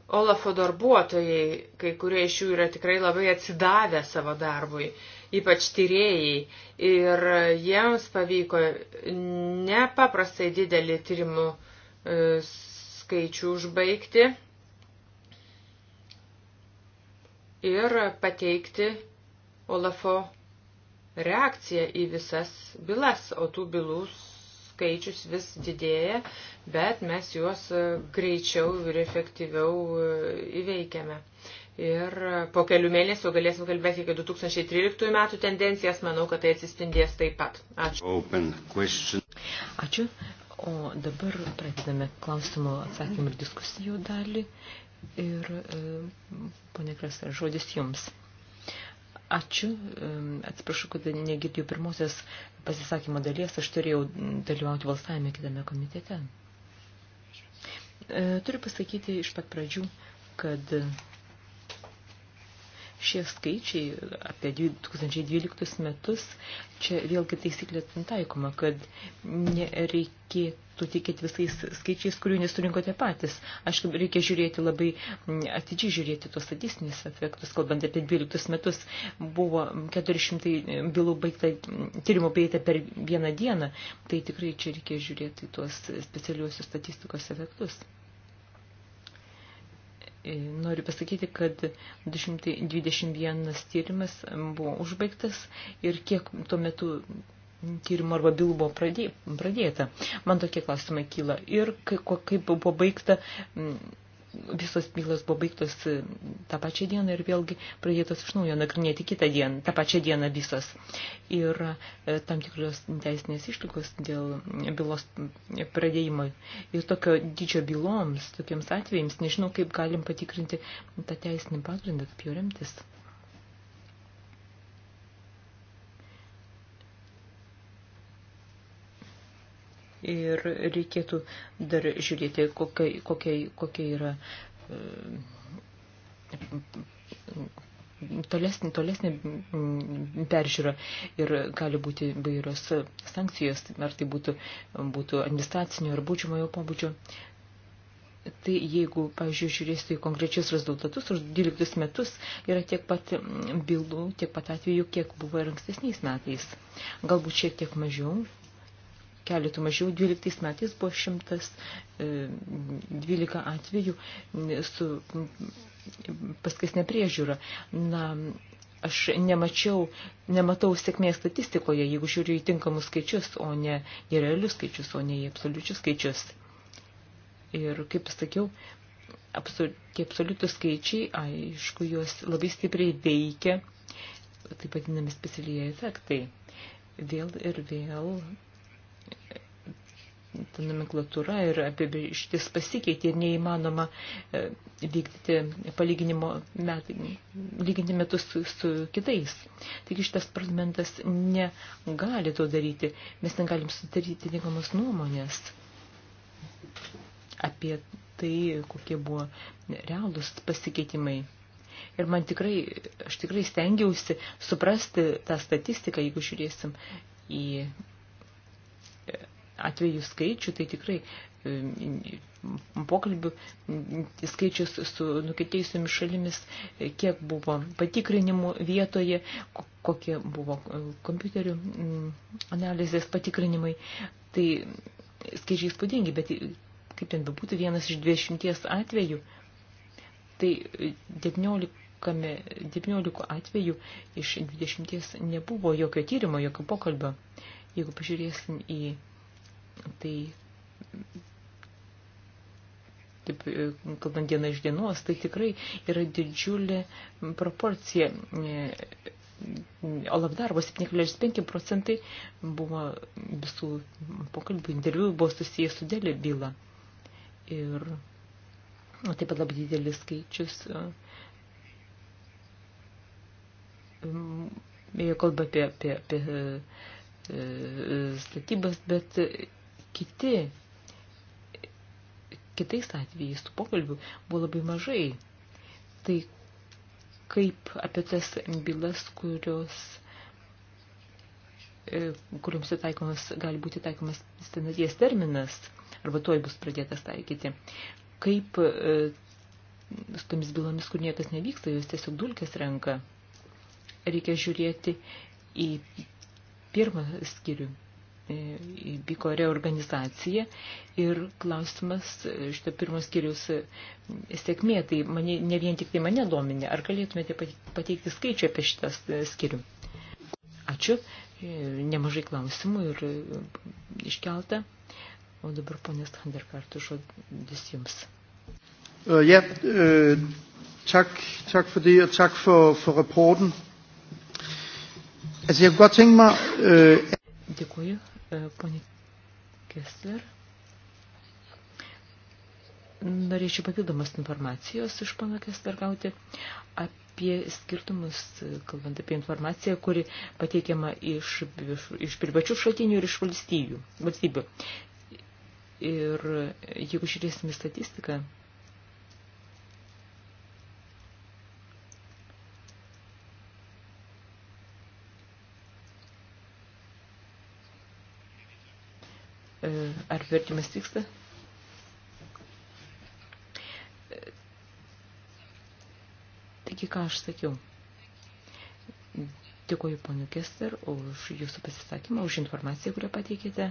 Olafo darbuotojai, kai kurie iš jų yra tikrai labai atsidavę savo darbui, ypač tyrėjai, ir jiems pavyko nepaprastai didelį tyrimų e, skaičių užbaigti ir pateikti Olafo reakciją į visas bylas, o tų bylus skaičius vis didėja, bet mes juos e, greičiau ir efektyviau e, įveikiame. Ir e, po kelių mėnesių galėsim kalbėti apie 2013 metų tendencijas, manau, kad tai atsispindės taip pat. Ačiū. Ačiū. O dabar pradedame klausimo atsakymų ir diskusijų dalį. Ir e, ponė Krasa, žodis jums. Ačiū. Atsiprašau, kad negirdėjau pirmosios pasisakymo dalies. Aš turėjau dalyvauti valstavime kitame komitete. E, turiu pasakyti iš pat pradžių, kad Šie skaičiai apie 2012 metus, čia vėlgi taisyklė taikoma, kad nereikėtų tikėti visais skaičiais, kurių nesurinkote patys. Aišku, reikia žiūrėti labai atidžiai žiūrėti tos statistinius efektus, kalbant apie 12 metus, buvo 400 bylų baigta, tyrimo baigta per vieną dieną, tai tikrai čia reikia žiūrėti tuos specialiuosius statistikos efektus. E, noriu pasakyti, kad 221 tyrimas buvo užbaigtas ir kiek tuo metu tyrimo arba bylų buvo pradėta. Man tokie klausimai kyla. Ir kaip buvo baigta visos bylos buvo baigtos e, tą pačią dieną ir vėlgi pradėtos iš naujo nagrinėti kitą dieną, tą pačią dieną visos. Ir e, tam tikros teisinės išlygos dėl bylos pradėjimo. Ir tokio didžio byloms, tokiems atvejams, nežinau, kaip galim patikrinti tą teisinį pagrindą, kaip jau remtis. ir reikėtų dar žiūrėti, kokia, kokia, kokia yra e, tolesnė, tolesnė mm, peržiūra ir gali būti vairios sankcijos, ar tai būtų, būtų administracinio ar būdžiamojo pobūdžio. Tai jeigu, pavyzdžiui, žiūrėsiu į konkrečius rezultatus, už 12 metus yra tiek pat mm, bylų, tiek pat atvejų, kiek buvo ir ankstesniais metais. Galbūt šiek tiek mažiau, keletų mažiau, 12 metais buvo 112 e, atvejų su paskesnė priežiūra. Na, aš nemačiau, nematau sėkmės statistikoje, jeigu žiūriu į tinkamus skaičius, o ne į realius skaičius, o ne į absoliučius skaičius. Ir kaip sakiau, absol, tie absoliutų skaičiai, aišku, juos labai stipriai veikia, taip pat specialieji efektai. Vėl ir vėl ta nomenklatūra ir apibrištis pasikeitė ir neįmanoma e, vykdyti palyginimo met, lyginti metus su, su kitais. Taigi šitas parlamentas negali to daryti. Mes negalim sudaryti tinkamos nuomonės apie tai, kokie buvo realūs pasikeitimai. Ir man tikrai, aš tikrai stengiausi suprasti tą statistiką, jeigu žiūrėsim į atvejų skaičių, tai tikrai pokalbių skaičius su nukentėjusiamis šalimis, kiek buvo patikrinimų vietoje, kokie buvo e, kompiuterių analizės patikrinimai. Tai skaičiai spūdingi, bet kaip ten bebūtų, vienas iš dviešimties atvejų, tai 19, 19 atvejų iš dvidešimties nebuvo jokio tyrimo, jokio pokalbio. Jeigu pažiūrėsim į Tai taip, kalbant dieną iš dienos, tai tikrai yra didžiulė proporcija. Olaf darbo 7,5 procentai buvo visų pokalbių interviu buvo susijęs su dėlė byla. Ir taip pat labai didelis skaičius e, kalba apie, apie, apie e, e, statybas, bet kiti, kitais atvejais tų pokalbių buvo labai mažai. Tai kaip apie tas bylas, kurios e, kuriuoms taikomas, gali būti taikomas senaties terminas, arba tuoj bus pradėtas taikyti. Kaip e, su tomis bylomis, kur niekas nevyksta, jos tiesiog dulkės renka. Reikia žiūrėti į pirmą skyrių, E, vyko reorganizacija ir klausimas e, šito pirmo skiriaus e, sėkmė, tai mane, ne vien tik tai mane dominė. Ar galėtumėte pateikti skaičių apie šitą skirių? Ačiū, nemažai klausimų ir iškelta. O dabar ponės Handerkartų žodis jums. Uh, ja, uh, tak, tak for det, og tak for, for rapporten. Altså, jeg kunne godt tænke mig... Øh... Dėkuoju E, pone Kessler. Norėčiau papildomas informacijos iš pana Kessler gauti apie skirtumus, kalbant apie informaciją, kuri pateikiama iš, iš, iš privačių šaltinių ir iš valstybių. valstybių. Ir jeigu žiūrėsime statistiką, Vertimas vyksta. Taigi, ką aš sakiau. Dėkuoju poniu Kester už jūsų pasisakymą, už informaciją, kurią pateikėte.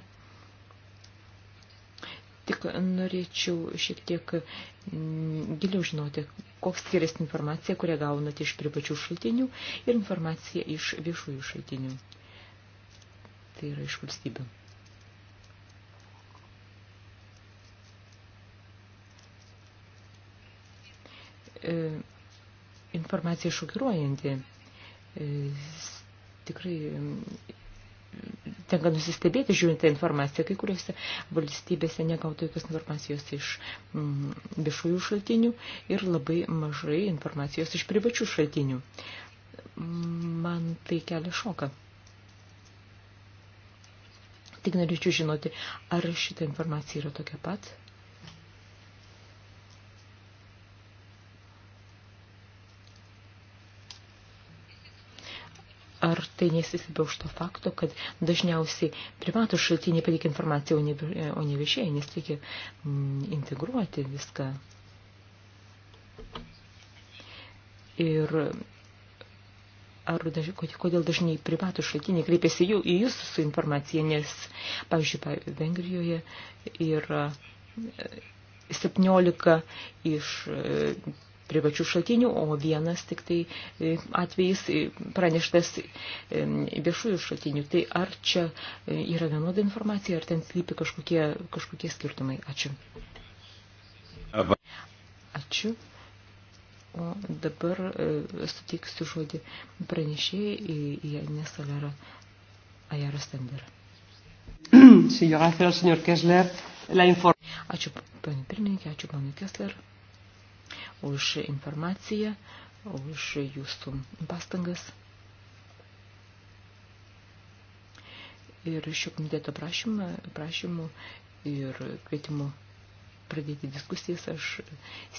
Tik norėčiau šiek tiek mm, giliau žinoti, koks skiriasi informacija, kurią gaunate iš privačių šaltinių ir informacija iš viešųjų šaltinių. Tai yra iš valstybių. informacija šokiruojanti. E, tikrai mm, tenka nusistebėti žiūrint tą informaciją. Kai kuriuose valstybėse negautų jokios informacijos iš mm, viešųjų šaltinių ir labai mažai informacijos iš privačių šaltinių. Man tai kelia šoką. Tik norėčiau žinoti, ar šita informacija yra tokia pat tai nesisibė už to fakto, kad dažniausiai privatų šaltiniai pateikia informaciją, o ne viešieji, nes reikia mm, integruoti viską. Ir ar daž, kodėl dažnai privatų šaltiniai kreipiasi jų, į jūsų su informacija, nes, pavyzdžiui, Vengrijoje yra 17 e, iš e, privačių šaltinių, o vienas tik tai e, atvejis e, praneštas e, viešųjų šaltinių. Tai ar čia yra vienoda informacija, ar ten slypi kažkokie, kažkokie skirtumai? Ačiū. Ačiū. O dabar sutiksiu žodį pranešėjai į Janis Alera Ajara Stender. Sí, yo gracias al señor Kessler la información. Ačiū, panė pirmininkė, ačiū, panė Kessler už informaciją, už jūsų pastangas. Ir šio komiteto prašymą, prašymų ir kvietimų pradėti diskusijas aš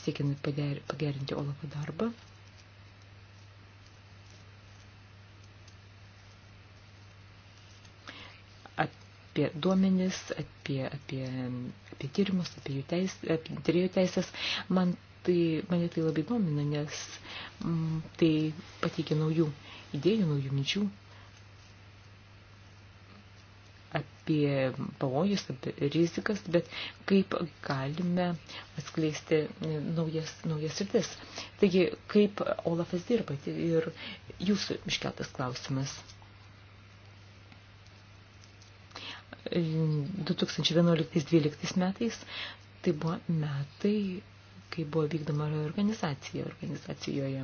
siekiant pagerinti Olafo darbą. apie duomenis, apie, apie, apie tyrimus, apie jų teis, apie tyrėjų teisės. Man tai mane tai labai domina, nes mm, tai pateikia naujų idėjų, naujų minčių apie pavojus, apie rizikas, bet kaip galime atskleisti e, naujas, naujas rytis. Taigi, kaip Olafas dirba tai ir jūsų iškeltas klausimas. 2011-2012 e, metais tai buvo metai kai buvo vykdoma organizacija organizacijoje.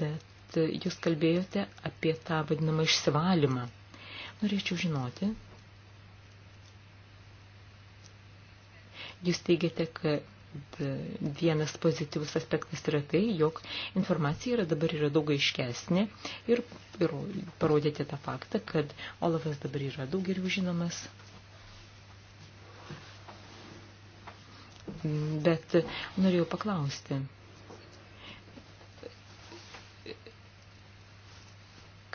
Bet jūs kalbėjote apie tą vadinamą išsivalymą. Norėčiau žinoti, jūs teigiate, kad vienas pozityvus aspektas yra tai, jog informacija yra dabar yra daug aiškesnė ir parodėte tą faktą, kad Olafas dabar yra daug geriau žinomas bet norėjau paklausti.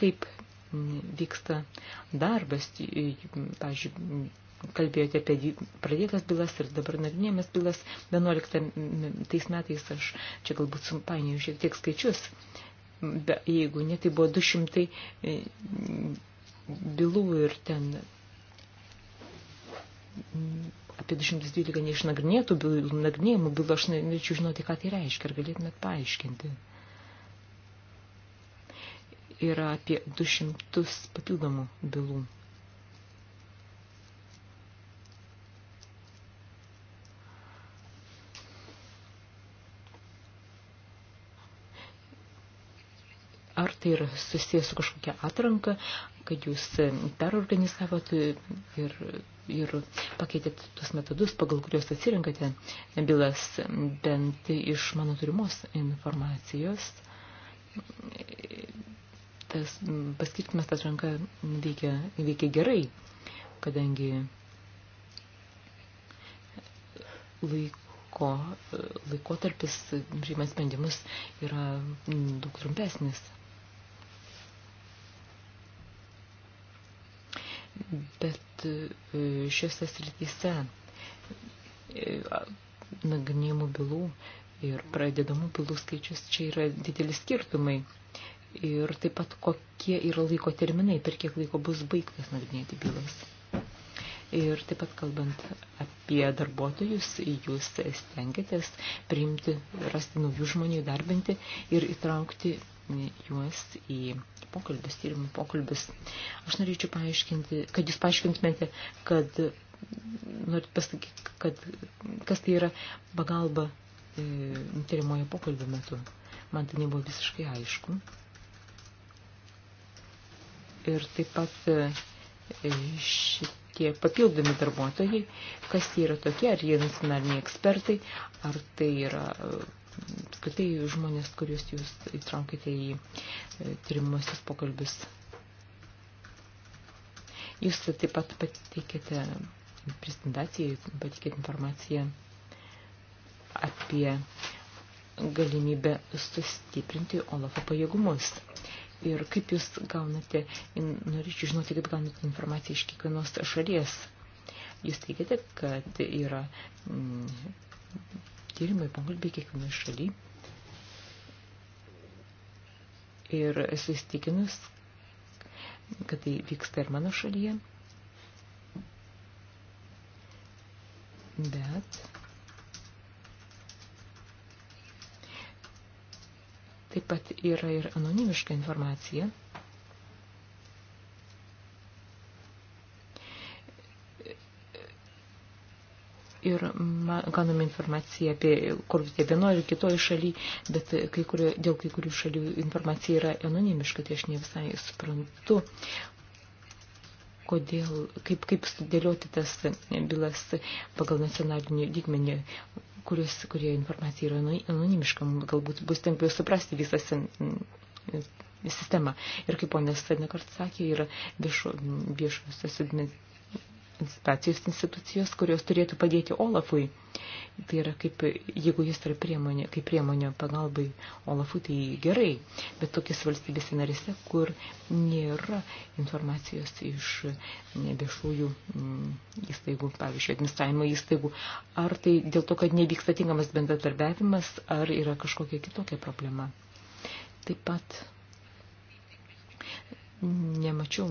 Kaip vyksta darbas, pavyzdžiui, kalbėjote apie pradėtas bylas ir dabar nagrinėjamas bylas, 11 metais aš čia galbūt sumpainėjau šiek tiek skaičius, be, jeigu ne, tai buvo 200 e, bylų ir ten apie 212 neišnagrinėtų bylų, nagrinėjimų bylų, aš norėčiau žinoti, ką tai reiškia, ar galėtumėt paaiškinti. Yra apie 200 papildomų bylų. tai yra susijęs su kažkokia atranka, kad jūs perorganizavot ir, ir pakeitėt tuos metodus, pagal kuriuos atsirinkate bylas bent iš mano turimos informacijos. Tas paskirtimas atranka veikia, veikia gerai, kadangi laikų laiko, laikotarpis priimant sprendimus yra daug trumpesnis. bet e, šiuose srityse e, nagrinėjimų bylų ir pradedamų bylų skaičius čia yra dideli skirtumai. Ir taip pat kokie yra laiko terminai, per kiek laiko bus baigtas nagrinėti bylas. Ir taip pat kalbant apie darbuotojus, jūs stengiatės priimti, rasti naujų žmonių, darbinti ir įtraukti juos į pokalbius, tyrimų pokalbius. Aš norėčiau paaiškinti, kad jūs paaiškintumėte, kad norit pasakyti, kad kas tai yra pagalba e, tyrimojo pokalbio metu. Man tai nebuvo visiškai aišku. Ir taip pat e, šitie papildomi darbuotojai, kas jie yra tokie, ar jie nacionaliniai ekspertai, ar tai yra e, apskritai žmonės, kuriuos jūs įtraukite į e, tyrimuosius pokalbius. Jūs taip pat pateikėte prezentaciją, pateikėte informaciją apie galimybę sustiprinti Olafo pajėgumus. Ir kaip jūs gaunate, norėčiau žinoti, kaip gaunate informaciją iš kiekvienos šalies. Jūs teigiate, kad yra mm, tyrimai, pokalbiai kiekvienoje šalyje. Ir esu įstikinus, kad tai vyksta ir mano šalyje. Bet taip pat yra ir anonimiška informacija. ir gauname informaciją apie korupciją vienoje ir kitoje šalyje, bet kai kurio, dėl kai kurių šalių informacija yra anonimiška, tai aš ne visai suprantu, kodėl, kaip, kaip sudėlioti tas bylas pagal nacionalinį lygmenį, kurios, kurie informacija yra anonimiška, galbūt bus lengviau suprasti visą sistemą. Ir kaip ponės nekart sakė, yra viešosios administracijos administracijos institucijos, kurios turėtų padėti Olafui. Tai yra kaip, jeigu jis yra priemonė, kaip priemonė pagalbai Olafui, tai gerai, bet tokias valstybės narėse, kur nėra informacijos iš viešųjų mm, įstaigų, pavyzdžiui, administravimo įstaigų, ar tai dėl to, kad nevyksta tinkamas bendradarbiavimas, ar yra kažkokia kitokia problema. Taip pat Nemačiau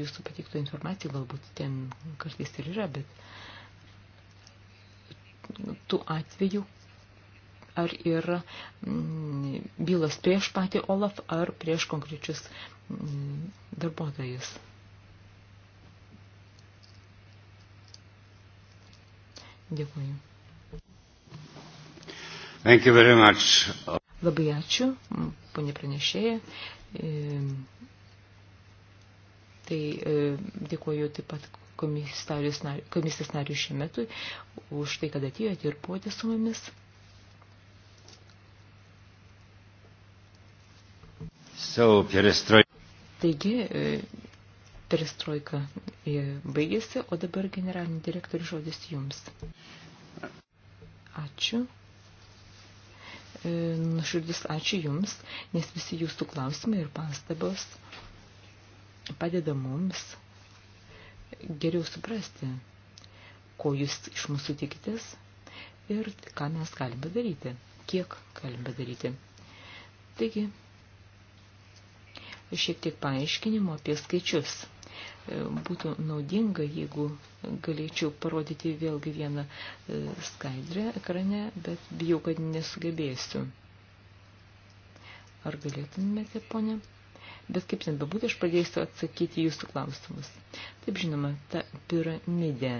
jūsų patikto informacijų, galbūt ten kartais ir yra, bet tų atvejų, ar yra mm, bylas prieš patį Olaf, ar prieš konkrečius mm, darbuotojus. Dėkuoju. Thank you very much. Labai ačiū, mm, ponė pranešėja Tai e, dėkuoju taip pat komisijos narių šiemetui už tai, kad atėjote ir buvote su mumis. So, perestroj... Taigi, e, perestroika e, baigėsi, o dabar generalinį direktorių žodis jums. Ačiū. Nuširdis ačiū jums, nes visi jūsų klausimai ir pastabos padeda mums geriau suprasti, ko jūs iš mūsų tikitės ir ką mes galime daryti, kiek galime daryti. Taigi, šiek tiek paaiškinimo apie skaičius. E, būtų naudinga, jeigu galėčiau parodyti vėlgi vieną e, skaidrę ekrane, bet bijau, kad nesugebėsiu. Ar galėtumėte, ponė? Bet kaip ten bebūtų, aš pradėsiu atsakyti jūsų klausimus. Taip žinoma, ta piramidė.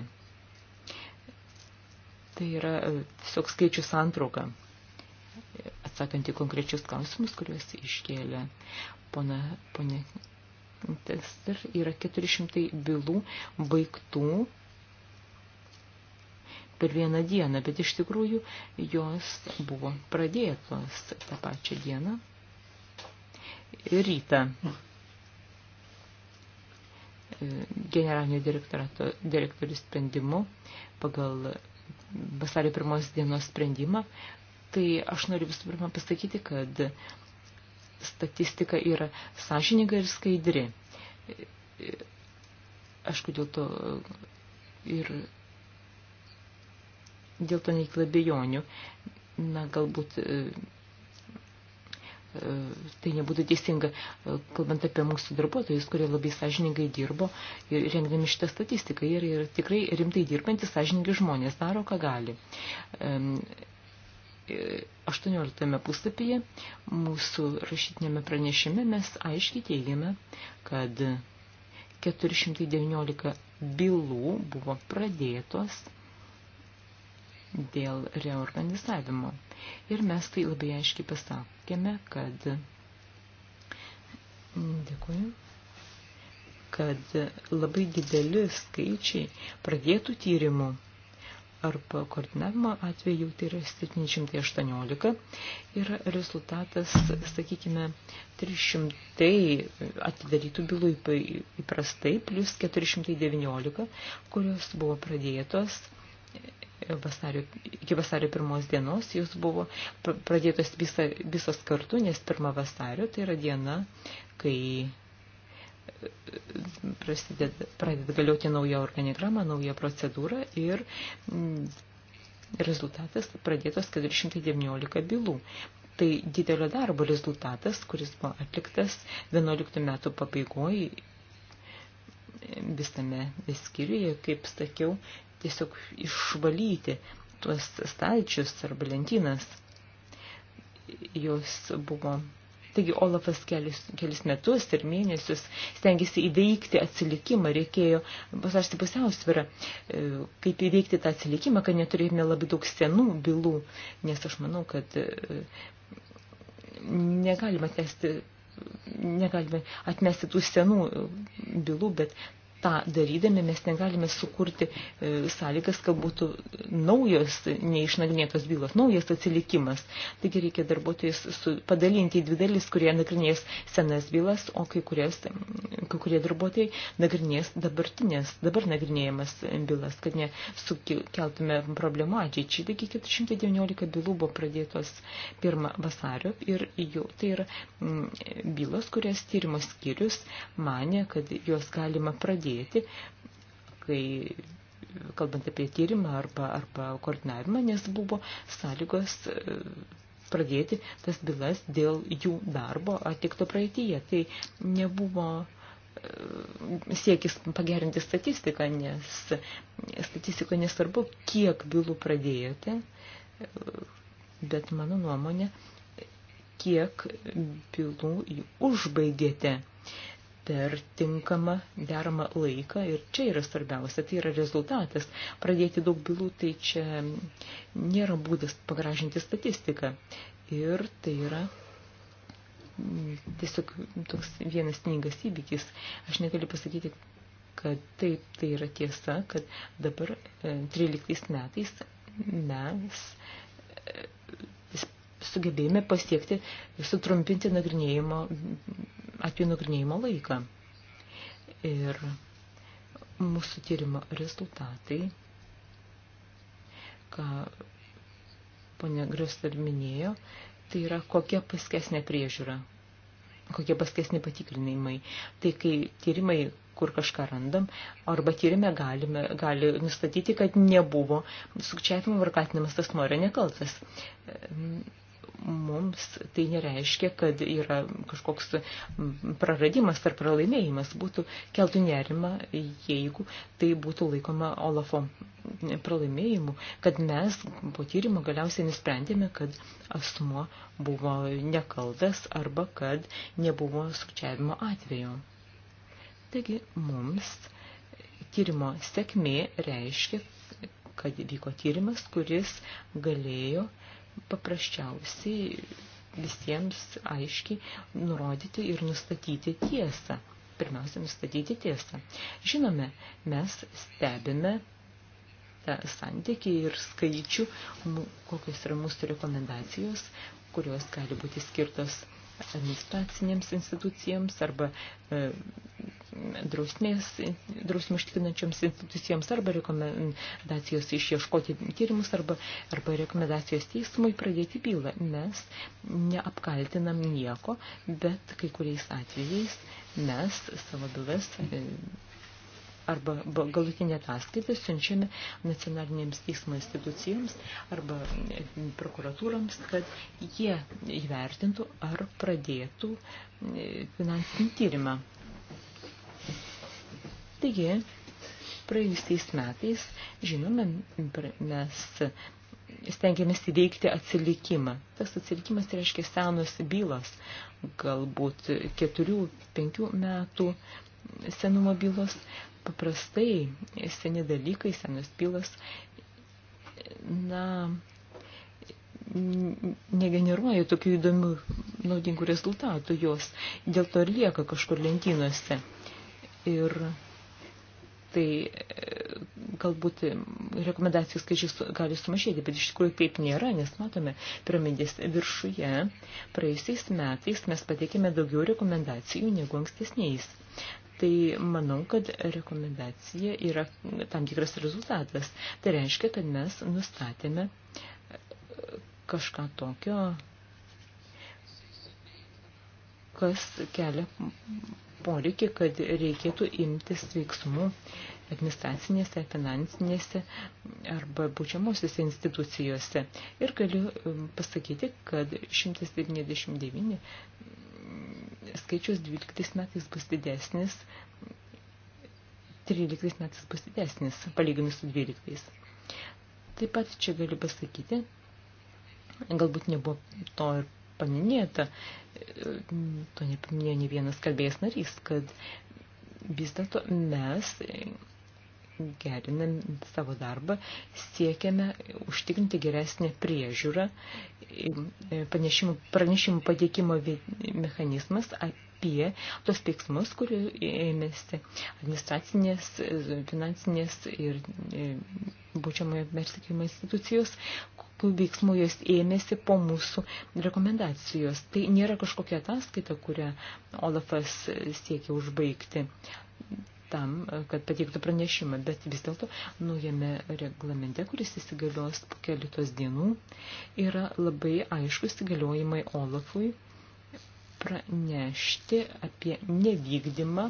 Tai yra e, tiesiog skaičių santrauka, atsakant į konkrečius klausimus, kuriuos iškėlė pona, ponė Tester. Yra 400 bylų baigtų per vieną dieną, bet iš tikrųjų jos buvo pradėtos tą pačią dieną rytą generalinio direktorių sprendimu pagal vasario pirmos dienos sprendimą, tai aš noriu visų pirma pasakyti, kad statistika yra sąžininga ir skaidri. Aišku, dėl to ir dėl to neikla bejonių. Na, galbūt E, tai nebūtų teisinga, e, kalbant apie mūsų darbuotojus, kurie labai sąžiningai dirbo ir rengdami šitą statistiką ir, ir tikrai rimtai dirbantys sąžiningai žmonės daro, ką gali. 18 e, puslapyje mūsų rašytinėme pranešime mes aiškiai teigiame, kad 419 bylų buvo pradėtos dėl reorganizavimo. Ir mes tai labai aiškiai pasakome sakėme, kad dėkuoju, kad labai dideli skaičiai pradėtų tyrimų arba koordinavimo atveju, tai yra 718, yra rezultatas, sakykime, 300 atidarytų bylų įprastai, plus 419, kurios buvo pradėtos vasario, iki vasario pirmos dienos jos buvo pradėtos visa, visas kartu, nes pirmą vasario tai yra diena, kai e, prasideda, pradeda galioti naują organigramą, naują procedūrą ir mm, rezultatas pradėtos 419 bylų. Tai didelio darbo rezultatas, kuris buvo atliktas 11 metų pabaigoje visame skyriuje, kaip sakiau, tiesiog išvalyti tuos stalčius arba lentynas. Jos buvo. Taigi Olafas kelis, kelis metus ir mėnesius stengiasi įveikti atsilikimą, reikėjo, pasarsti pusiausvyrą, e, kaip įveikti tą atsilikimą, kad neturėjome labai daug senų bylų, nes aš manau, kad e, negalima tęsti negalime atmesti tų senų bylų, bet tą darydami mes negalime sukurti e, sąlygas, kad būtų naujos neišnagrinėtos bylos, naujas atsilikimas. Taigi reikia darbuotojus padalinti į dvi dalis, kurie nagrinės senas bylas, o kai, kurias, kai kurie darbuotojai nagrinės dabartinės, dabar nagrinėjamas bylas, kad nesukeltume problemų ateičiai. Taigi 419 bylų buvo pradėtos 1 vasario ir jau tai yra bylos, kurias tyrimo skyrius mane, kad juos galima pradėti padėti, kai kalbant apie tyrimą arba, arba koordinavimą, nes buvo sąlygos e, pradėti tas bylas dėl jų darbo atlikto praeitįje. Tai nebuvo e, siekis pagerinti statistiką, nes statistiko nesvarbu, kiek bylų pradėjote, e, bet mano nuomonė, kiek bylų užbaigėte per tinkamą, deramą laiką ir čia yra svarbiausia, tai yra rezultatas. Pradėti daug bylų, tai čia nėra būdas pagražinti statistiką. Ir tai yra mm, tiesiog toks vienas knygas įvykis. Aš negaliu pasakyti, kad taip, tai yra tiesa, kad dabar 13 e, metais mes e, sugebėjome pasiekti, sutrumpinti nagrinėjimo atvejų nagrinėjimo laiką. Ir mūsų tyrimo rezultatai, ką ponė Gröster minėjo, tai yra kokia paskesnė priežiūra, kokie paskesni patikrinimai. Tai kai tyrimai, kur kažką randam, arba tyrime galime, gali nustatyti, kad nebuvo sukčiavimo varkatinimas tas nori nekaltas mums tai nereiškia, kad yra kažkoks praradimas ar pralaimėjimas. Būtų keltų nerima, jeigu tai būtų laikoma Olafo pralaimėjimu, kad mes po tyrimo galiausiai nusprendėme, kad asmo buvo nekaldas arba kad nebuvo sukčiavimo atveju. Taigi mums tyrimo sėkmė reiškia, kad vyko tyrimas, kuris galėjo paprasčiausiai visiems aiškiai nurodyti ir nustatyti tiesą. Pirmiausia, nustatyti tiesą. Žinome, mes stebime tą santykį ir skaičių, kokios yra mūsų rekomendacijos, kurios gali būti skirtos administracinėms institucijoms arba e, drausmės, drausmė užtikrinančioms institucijoms arba rekomendacijos išieškoti tyrimus arba, arba rekomendacijos teismui pradėti bylą. Mes neapkaltinam nieko, bet kai kuriais atvejais mes savo bylas e, arba galutinė ataskaita siunčiame nacionalinėms teismo institucijoms arba prokuratūrams, kad jie įvertintų ar pradėtų finansinį tyrimą. Taigi, praėjusiais metais, žinome, mes stengiamės įveikti atsilikimą. Tas atsilikimas tai reiškia senos bylos, galbūt keturių, penkių metų senumo bylos, paprastai seni dalykai, senos pilas, na, negeneruoja tokių įdomių naudingų rezultatų jos, dėl to ir lieka kažkur lentynuose. Ir tai e, galbūt rekomendacijų skaičius gali sumažėti, bet iš tikrųjų taip nėra, nes matome piramidės viršuje. Praėjusiais metais mes pateikėme daugiau rekomendacijų negu ankstesniais tai manau, kad rekomendacija yra tam tikras rezultatas. Tai reiškia, kad mes nustatėme kažką tokio, kas kelia poreikį, kad reikėtų imtis veiksmų administracinėse, finansinėse arba būčiamosiose institucijose. Ir galiu um, pasakyti, kad 199 skaičius 12 metais bus didesnis, 13 metais bus didesnis, palyginus su 12. Taip pat čia galiu pasakyti, galbūt nebuvo to ir paminėta, to nepaminėjo ne vienas kalbėjęs narys, kad vis dėlto mes gerinam savo darbą, siekiame užtikrinti geresnę priežiūrą, pranešimų, pranešimų pateikimo mechanizmas apie tos veiksmus, kurių ėmėsi administracinės, finansinės ir e, būčiamojo persikėjimo institucijos, kokių veiksmų jos ėmėsi po mūsų rekomendacijos. Tai nėra kažkokia ataskaita, kurią Olafas siekia užbaigti tam, kad pateiktų pranešimą, bet vis dėlto naujame reglamente, kuris įsigalios po keletos dienų, yra labai aiškus įgaliojimai Olafui pranešti apie nevykdymą,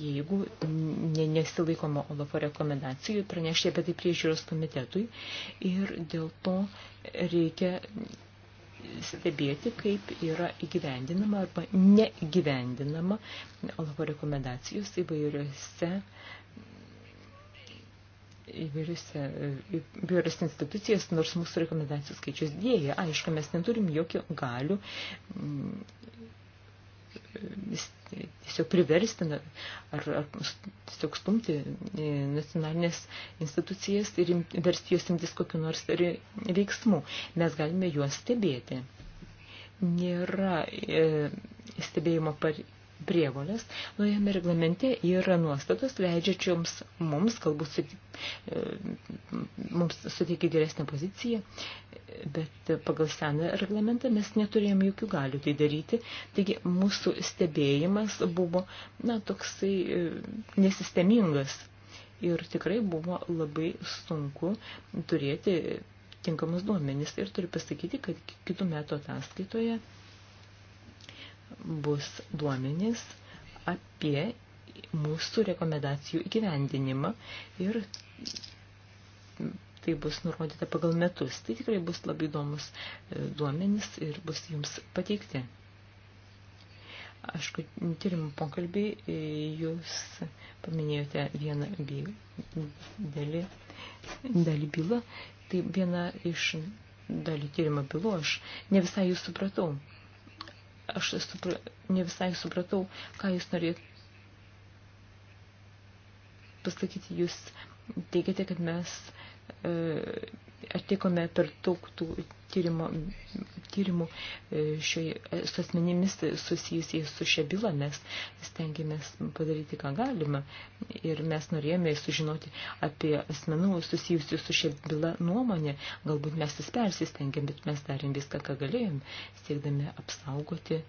jeigu nesilaikoma Olafo rekomendacijų, pranešti apie tai priežiūros komitetui ir dėl to reikia stebėti, kaip yra įgyvendinama arba negyvendinama Olafo rekomendacijos įvairiose įvairiose, įvairiose institucijas, nors mūsų rekomendacijų skaičius dėja. Aišku, mes neturim jokių galių mm, tiesiog priversti ar, ar tiesiog stumti nacionalinės institucijas ir versti juos imtis kokiu nors veiksmu. Mes galime juos stebėti. Nėra e, stebėjimo par, prievolės, naujame reglamente yra nuostatos leidžiačioms mums, galbūt suti, e, mums suteikia geresnę poziciją, bet pagal seną reglamentą mes neturėjome jokių galių tai daryti, taigi mūsų stebėjimas buvo, na, toksai e, nesistemingas ir tikrai buvo labai sunku turėti tinkamus duomenis ir turiu pasakyti, kad kitų metų ataskaitoje bus duomenys apie mūsų rekomendacijų įgyvendinimą ir tai bus nurodyta pagal metus. Tai tikrai bus labai įdomus e, duomenys ir bus jums pateikti. Aišku, tyrimų pokalbį e, jūs paminėjote vieną dalį, dalį bylą. Tai viena iš dalį tyrimo bylų aš ne visai jūs supratau. Aš supra, ne visai supratau, ką jūs norėt pasakyti. Jūs teigiate, kad mes e, atlikome per daug tų tyrimo, tyrimų e, šioje, e, su asmenimis susijusiais su šia byla, mes stengiamės padaryti, ką galima. Ir mes norėjome sužinoti apie asmenų susijusių su šia byla nuomonė. Galbūt mes vis persistengėm, bet mes darėm viską, ką galėjom, siekdami apsaugoti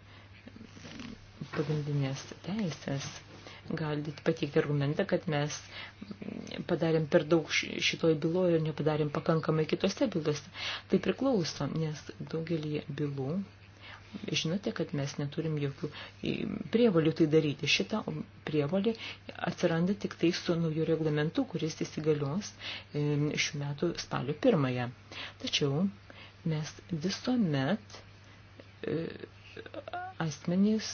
pagrindinės teisės galit pateikti argumentą, kad mes padarėm per daug šitoje byloje ir nepadarėm pakankamai kitose bylose. Tai priklauso, nes daugelį bylų žinote, kad mes neturim jokių prievalių tai daryti. Šitą prievalį atsiranda tik tai su nauju reglamentu, kuris įsigalios šių metų spalio pirmąją. Tačiau mes visuomet e, asmenys,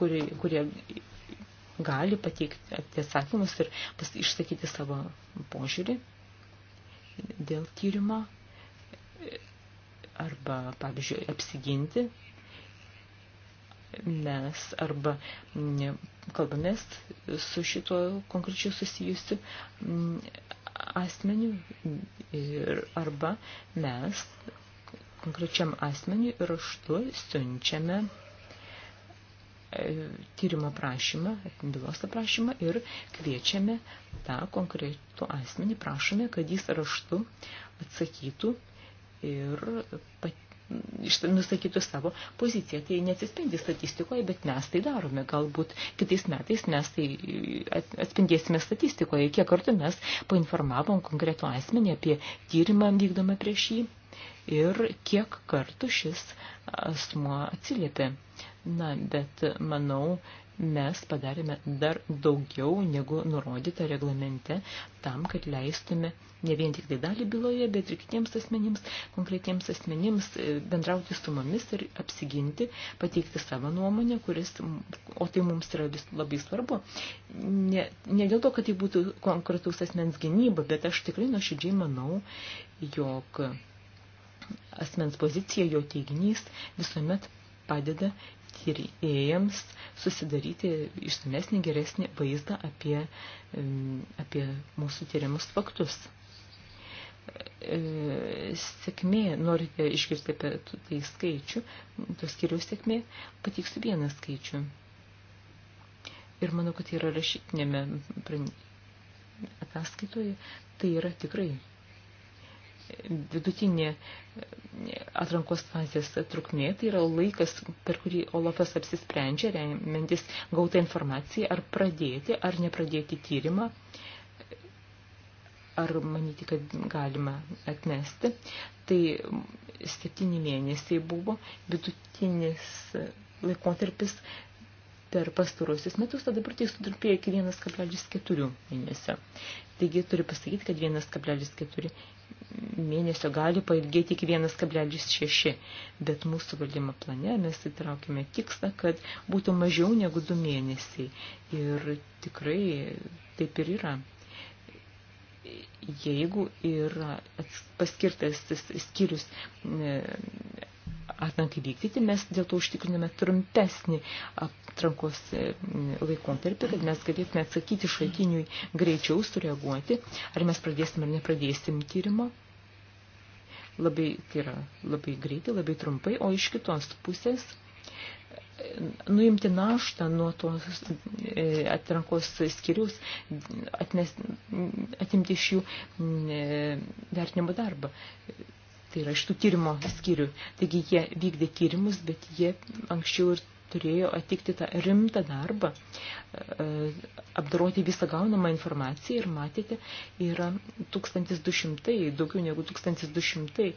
kurie, kurie gali pateikti atsakymus ir pas, išsakyti savo požiūrį dėl tyrimo arba, pavyzdžiui, apsiginti. Mes arba kalbamės su šituo konkrečiu susijusiu mm, asmeniu ir arba mes konkrečiam asmeniu raštu siunčiame E, tyrimo prašymą, bylos aprašymą ir kviečiame tą konkretų asmenį, prašome, kad jis raštu atsakytų ir pat, nusakytų savo poziciją. Tai neatsispindi statistikoje, bet mes tai darome. Galbūt kitais metais mes tai atspindėsime statistikoje, kiek kartų mes painformavom konkretų asmenį apie tyrimą vykdomą prieš jį ir kiek kartų šis asmuo atsiliepė Na, bet manau, mes padarėme dar daugiau negu nurodyta reglamente tam, kad leistume ne vien tik tai dalį byloje, bet ir kitiems asmenims, konkretiems asmenims e, bendrauti su mumis ir apsiginti, pateikti savo nuomonę, kuris, o tai mums yra vis, labai svarbu. Ne, ne dėl to, kad tai būtų konkretaus asmens gynyba, bet aš tikrai nuoširdžiai manau, jog asmens pozicija, jo teiginys visuomet padeda tyrėjams susidaryti išsamesnį geresnį vaizdą apie, apie mūsų tyriamus faktus. E, sėkmė, norite išgirsti apie tai skaičių, to skiriaus sėkmė, patiksiu vieną skaičių. Ir manau, kad tai yra rašytinėme ataskaitoje, tai yra tikrai vidutinė e, atrankos fazės trukmė, tai yra laikas, per kurį Olafas apsisprendžia, remiantis gautą informaciją, ar pradėti, ar nepradėti tyrimą, ar manyti, kad galima atmesti. Tai septyni mėnesiai buvo vidutinis laikotarpis per pastarosius metus, tada dabar tai sutrumpėjo iki 1,4 mėnesio. Taigi turiu pasakyti, kad 1,4 mėnesio gali pailgėti iki 1,6, bet mūsų valdymo plane mes įtraukime tikslą, kad būtų mažiau negu 2 mėnesiai. Ir tikrai taip ir yra. Jeigu yra paskirtas skyrius atrankai vykdyti, mes dėl to užtikriname trumpesnį atrankos e, laikotarpį, kad mes galėtume atsakyti šaltiniui greičiau, sureaguoti, ar mes pradėsim ar nepradėsim tyrimo. Labai, tai yra labai greitai, labai trumpai, o iš kitos pusės e, nuimti naštą nuo tos e, atrankos skiriaus, atnes, atimti iš jų vertinimo darbą tai yra šitų tyrimo skyrių. Taigi jie vykdė tyrimus, bet jie anksčiau ir turėjo atlikti tą rimtą darbą, e, apdaroti visą gaunamą informaciją ir matėte, yra 1200, daugiau negu 1200.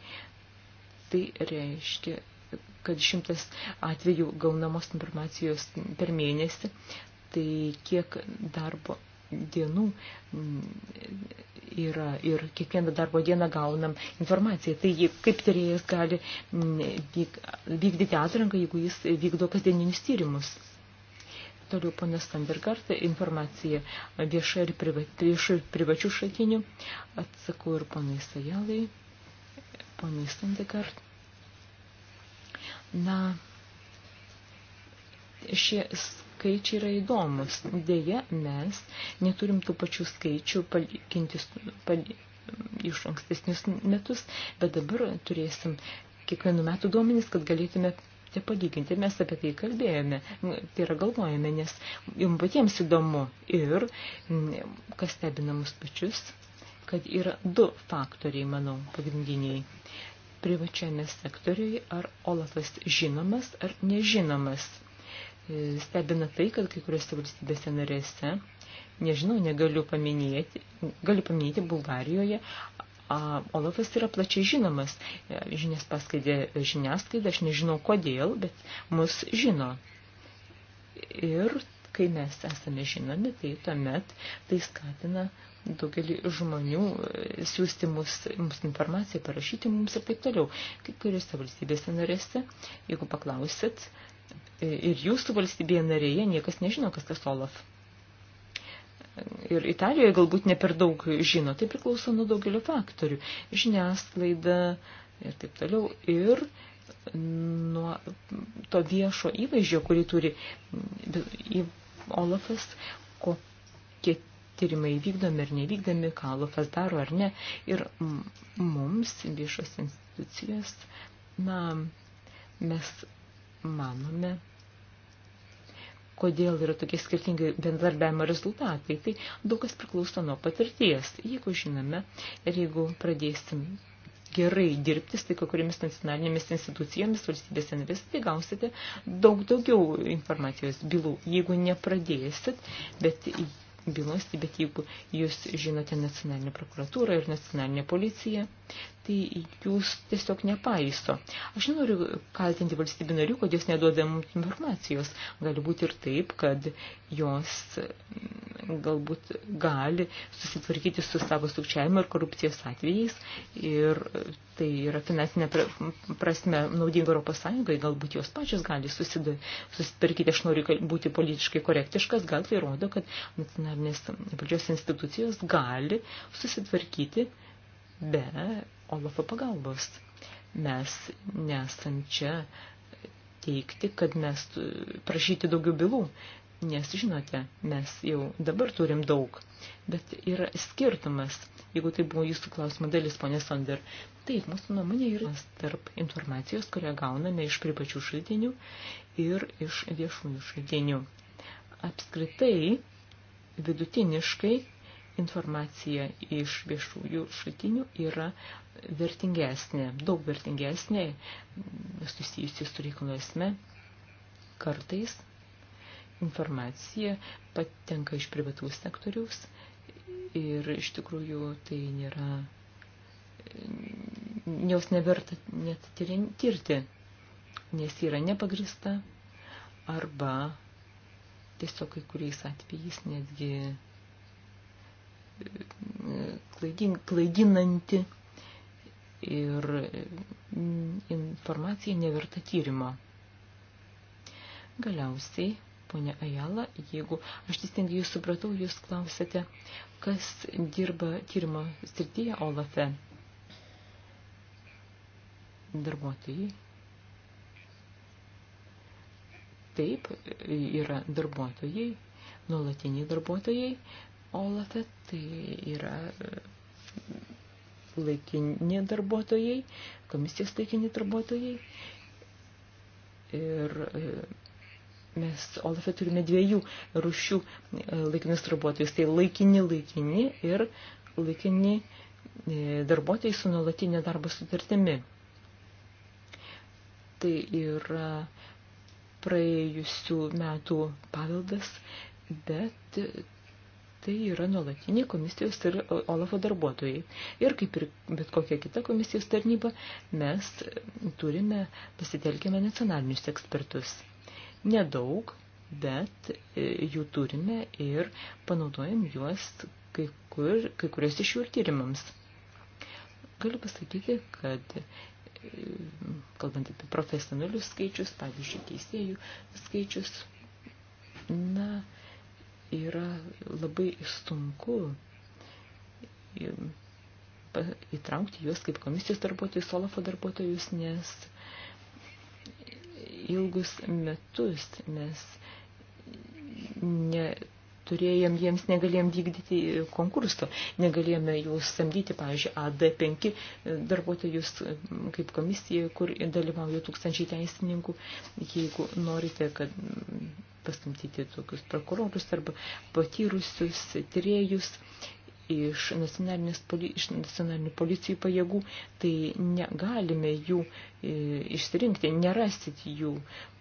Tai reiškia, kad šimtas atvejų gaunamos informacijos per mėnesį, tai kiek darbo dienų mm, yra ir kiekvieną darbo dieną gaunam informaciją. Tai kaip tyrėjas gali mm, vykdyti atranką, jeigu jis vykdo kasdieninius tyrimus. Toliau ponas Sandergart, informacija vieša ir, priva, vieša ir privačių šaltinių. Atsakau ir ponai Sajalai, ponai Sandergart. Na, šie skaičiai yra įdomus. Deja, mes neturim tų pačių skaičių palikintis pal, iš ankstesnius metus, bet dabar turėsim kiekvienų metų duomenis, kad galėtume tai palyginti. Mes apie tai kalbėjome, tai yra galvojame, nes jums patiems įdomu ir mm, kas stebina mus pačius, kad yra du faktoriai, manau, pagrindiniai privačiame sektoriuje, ar Olafas žinomas ar nežinomas stebina tai, kad kai kuriuose valstybėse narėse, nežinau, negaliu paminėti, galiu paminėti Bulgarijoje, Olafas yra plačiai žinomas. E, žinias paskaidė žiniasklaida, aš nežinau kodėl, bet mus žino. Ir kai mes esame žinomi, tai tuomet tai skatina daugelį žmonių e, siūsti mus, mums informaciją, parašyti mums ir taip toliau. Kai kuriuose valstybėse narėse, jeigu paklausit, ir jūsų valstybėje narėje niekas nežino, kas tas Olaf. Ir Italijoje galbūt ne per daug žino, tai priklauso nuo daugelio faktorių. Žiniasklaida ir taip toliau. Ir nuo to viešo įvaizdžio, kurį turi Olafas, kokie tyrimai vykdomi ir nevykdomi, ką Olafas daro ar ne. Ir mums viešos institucijos, na, mes manome, kodėl yra tokie skirtingi bendarbiavimo rezultatai. Tai daug kas priklauso nuo patirties. Jeigu žinome ir jeigu pradėsim gerai dirbti su kai kuriamis nacionalinėmis institucijomis, valstybės narės, tai gausite daug daugiau informacijos bylų. Jeigu nepradėsit, bet bylos, bet jeigu jūs žinote nacionalinę prokuratūrą ir nacionalinę policiją, tai jūs tiesiog nepaiso. Aš nenoriu kaltinti valstybių narių, kad jos neduoda mums informacijos. Gali būti ir taip, kad jos mm, galbūt gali susitvarkyti su savo sukčiavimo ir korupcijos atvejais ir tai yra finansinė prasme naudinga Europos Sąjungai, galbūt jos pačios gali susitvarkyti, aš noriu būti politiškai korektiškas, gal tai rodo, kad nacionalinės valdžios institucijos gali susitvarkyti be Olafo pagalbos. Mes nesam čia teikti, kad mes e, prašyti daugiau bylų, nes, žinote, mes jau dabar turim daug, bet yra skirtumas, jeigu tai buvo jūsų klausimo dalis, ponė Sonder, taip, mūsų nuomonė yra tarp informacijos, kurią gauname iš pripačių šaltinių ir iš viešųjų šaltinių. Apskritai, vidutiniškai informacija iš viešųjų šaltinių yra vertingesnė, daug vertingesnė, susijusi su reikalo esme. Kartais informacija patenka iš privataus sektoriaus ir iš tikrųjų tai nėra, jos neverta net tirti, nes yra nepagrista arba tiesiog kai kuriais atvejais netgi klaidin, klaidinanti ir mm, informacija neverta tyrimo. Galiausiai, ponia Ajala, jeigu aš teisingai jūs supratau, jūs klausėte, kas dirba tyrimo srityje Olafe. Darbuotojai. Taip, yra darbuotojai, nuolatiniai darbuotojai, Olafe, tai yra e, laikini darbuotojai, komisijos laikini darbuotojai. Ir e, mes Olafe turime dviejų rušių e, laikinus darbuotojus. Tai laikini laikini ir laikini darbuotojai su nuolatinė darbo sutartimi. Tai yra praėjusių metų paveldas, bet tai yra nuolatiniai komisijos ir Olafo darbuotojai. Ir kaip ir bet kokia kita komisijos tarnyba, mes turime, pasitelkime nacionalinius ekspertus. Nedaug, bet e, jų turime ir panaudojam juos kai, kur, kai kurios iš jų ir tyrimams. Galiu pasakyti, kad e, kalbant apie profesionalius skaičius, pavyzdžiui, teisėjų skaičius, na, yra labai sunku įtraukti juos kaip komisijos darbuotojus, Olafo darbuotojus, nes ilgus metus mes neturėjom, jiems negalėjom vykdyti konkurso, negalėjome jų samdyti, pavyzdžiui, AD5 darbuotojus kaip komisija, kur dalyvauja tūkstančiai teisininkų. Jeigu norite, kad pasamtyti tokius prokurorus arba patyrusius tyrėjus iš, iš nacionalinių policijų pajėgų, tai negalime jų e, išsirinkti, nerasit jų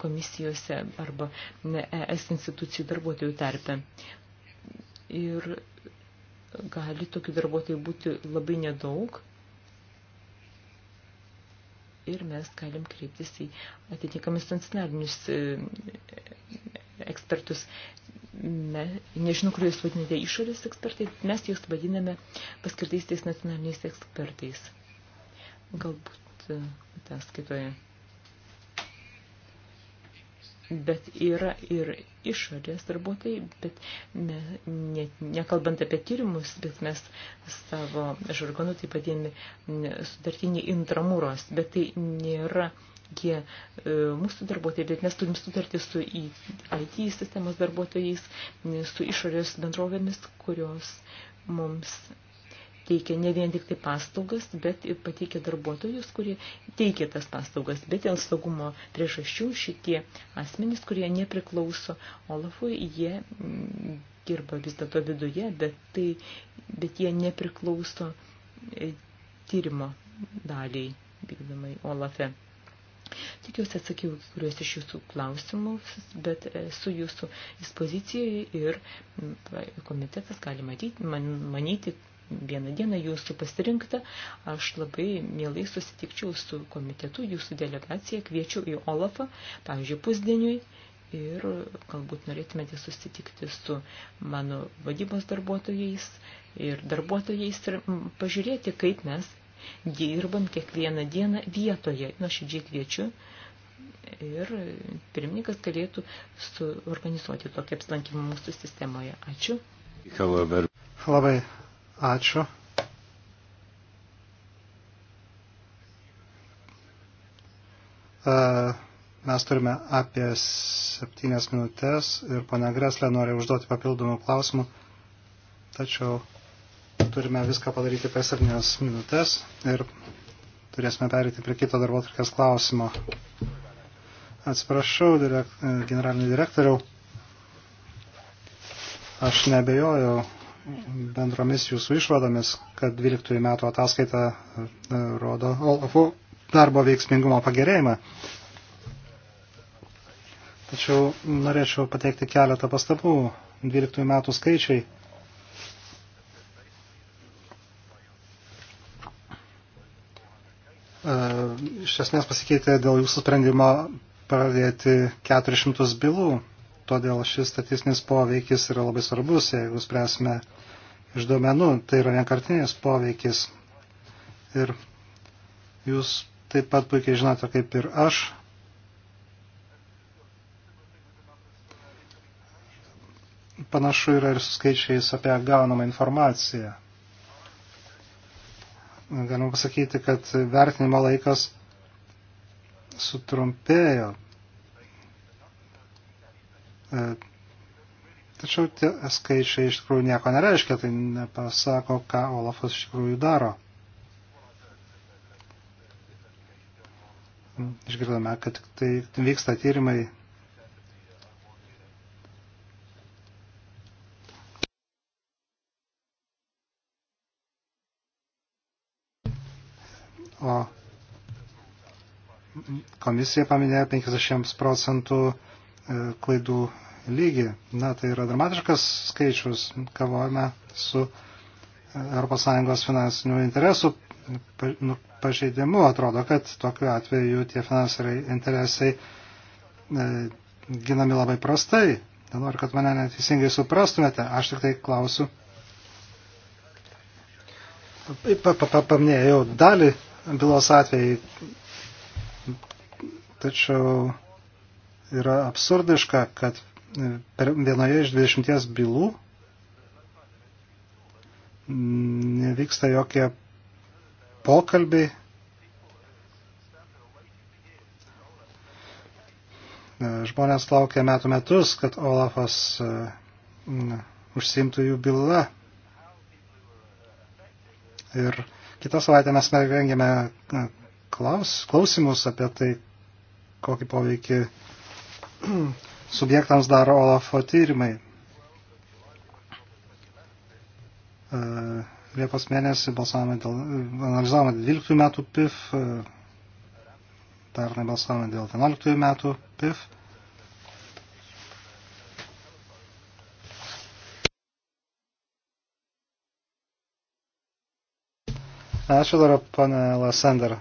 komisijose arba ES institucijų darbuotojų tarpe. Ir gali tokių darbuotojų būti labai nedaug. Ir mes galim kreiptis į atitinkamus nacionalinius e, ekspertus. Me, nežinau, kur jūs vadinate išorės ekspertai, mes jūs vadiname paskirtais tais nacionaliniais ekspertais. Galbūt e, ataskaitoje. Bet yra ir išorės darbuotojai, bet ne, ne, nekalbant apie tyrimus, bet mes savo žargonu taip vadiname sudartinį intramuros, bet tai nėra uh, jie e, mūsų darbuotojai, bet mes turim sutartį su IT sistemos darbuotojais, su išorės bendrovėmis, kurios mums teikia ne vien tik tai paslaugas, bet ir pateikia darbuotojus, kurie teikia tas paslaugas. Bet dėl saugumo priežasčių šitie asmenys, kurie nepriklauso Olafui, jie mm, dirba vis dėlto viduje, bet, tai, bet jie nepriklauso e, tyrimo daliai vykdomai Olafe. Tikiuosi atsakiau kuriuos iš jūsų klausimų, bet esu jūsų dispozicijoje ir komitetas gali matyti, man, manyti vieną dieną jūsų pasirinktą. Aš labai mielai susitikčiau su komitetu, jūsų delegacija, kviečiu į Olafą, pavyzdžiui, pusdieniui. Ir galbūt norėtumėte susitikti su mano vadybos darbuotojais ir darbuotojais ir pažiūrėti, kaip mes dirbam kiekvieną dieną vietoje. Nuoširdžiai kviečiu ir pirmininkas galėtų suorganizuoti tokią apsilankymą mūsų sistemoje. Ačiū. Labai ačiū. E, mes turime apie septynės minutės ir ponia Greslė nori užduoti papildomų klausimų, tačiau turime viską padaryti per 7 minutės ir turėsime perėti prie kito darbo atvarkės klausimo. Atsiprašau, direkt, generalinį direktoriau, aš nebejoju bendromis jūsų išvadomis, kad 12 metų ataskaita e, rodo Olafų darbo veiksmingumo pagerėjimą. Tačiau norėčiau pateikti keletą pastabų. 12 metų skaičiai E, iš esmės pasikeitė dėl jūsų sprendimo pradėti 400 bylų. Todėl šis statistinis poveikis yra labai svarbus, jeigu spręsime iš duomenų. Tai yra vienkartinis poveikis. Ir jūs taip pat puikiai žinote, kaip ir aš, panašu yra ir su skaičiais apie gaunamą informaciją galima pasakyti, kad vertinimo laikas sutrumpėjo. E, tačiau tie skaičiai iš tikrųjų nieko nereiškia, tai nepasako, ką Olafas iš tikrųjų daro. Išgirdome, kad tai vyksta tyrimai o komisija paminėjo 50 procentų e, klaidų lygį. Na, tai yra dramatiškas skaičius, kavojame su ES finansinių interesų nu, pažeidimu. Atrodo, kad tokiu atveju tie finansiniai interesai e, ginami labai prastai. Nenoriu, kad mane neteisingai suprastumėte, aš tik tai klausiu. Paminėjau dalį bylos atvejai. Tačiau yra absurdiška, kad per vienoje iš 20 bylų nevyksta jokie pokalbiai. Žmonės laukia metų metus, kad Olafas e, užsimtų jų bylą. Ir Kitą savaitę mes rengėme klaus, klausimus apie tai, kokį poveikį subjektams daro Olafo tyrimai. E, Liepos mėnesį balsavome dėl, analizavome 12 metų PIF, e, pernai balsavome dėl 11 metų PIF. Ačiū dar, pane Lasander.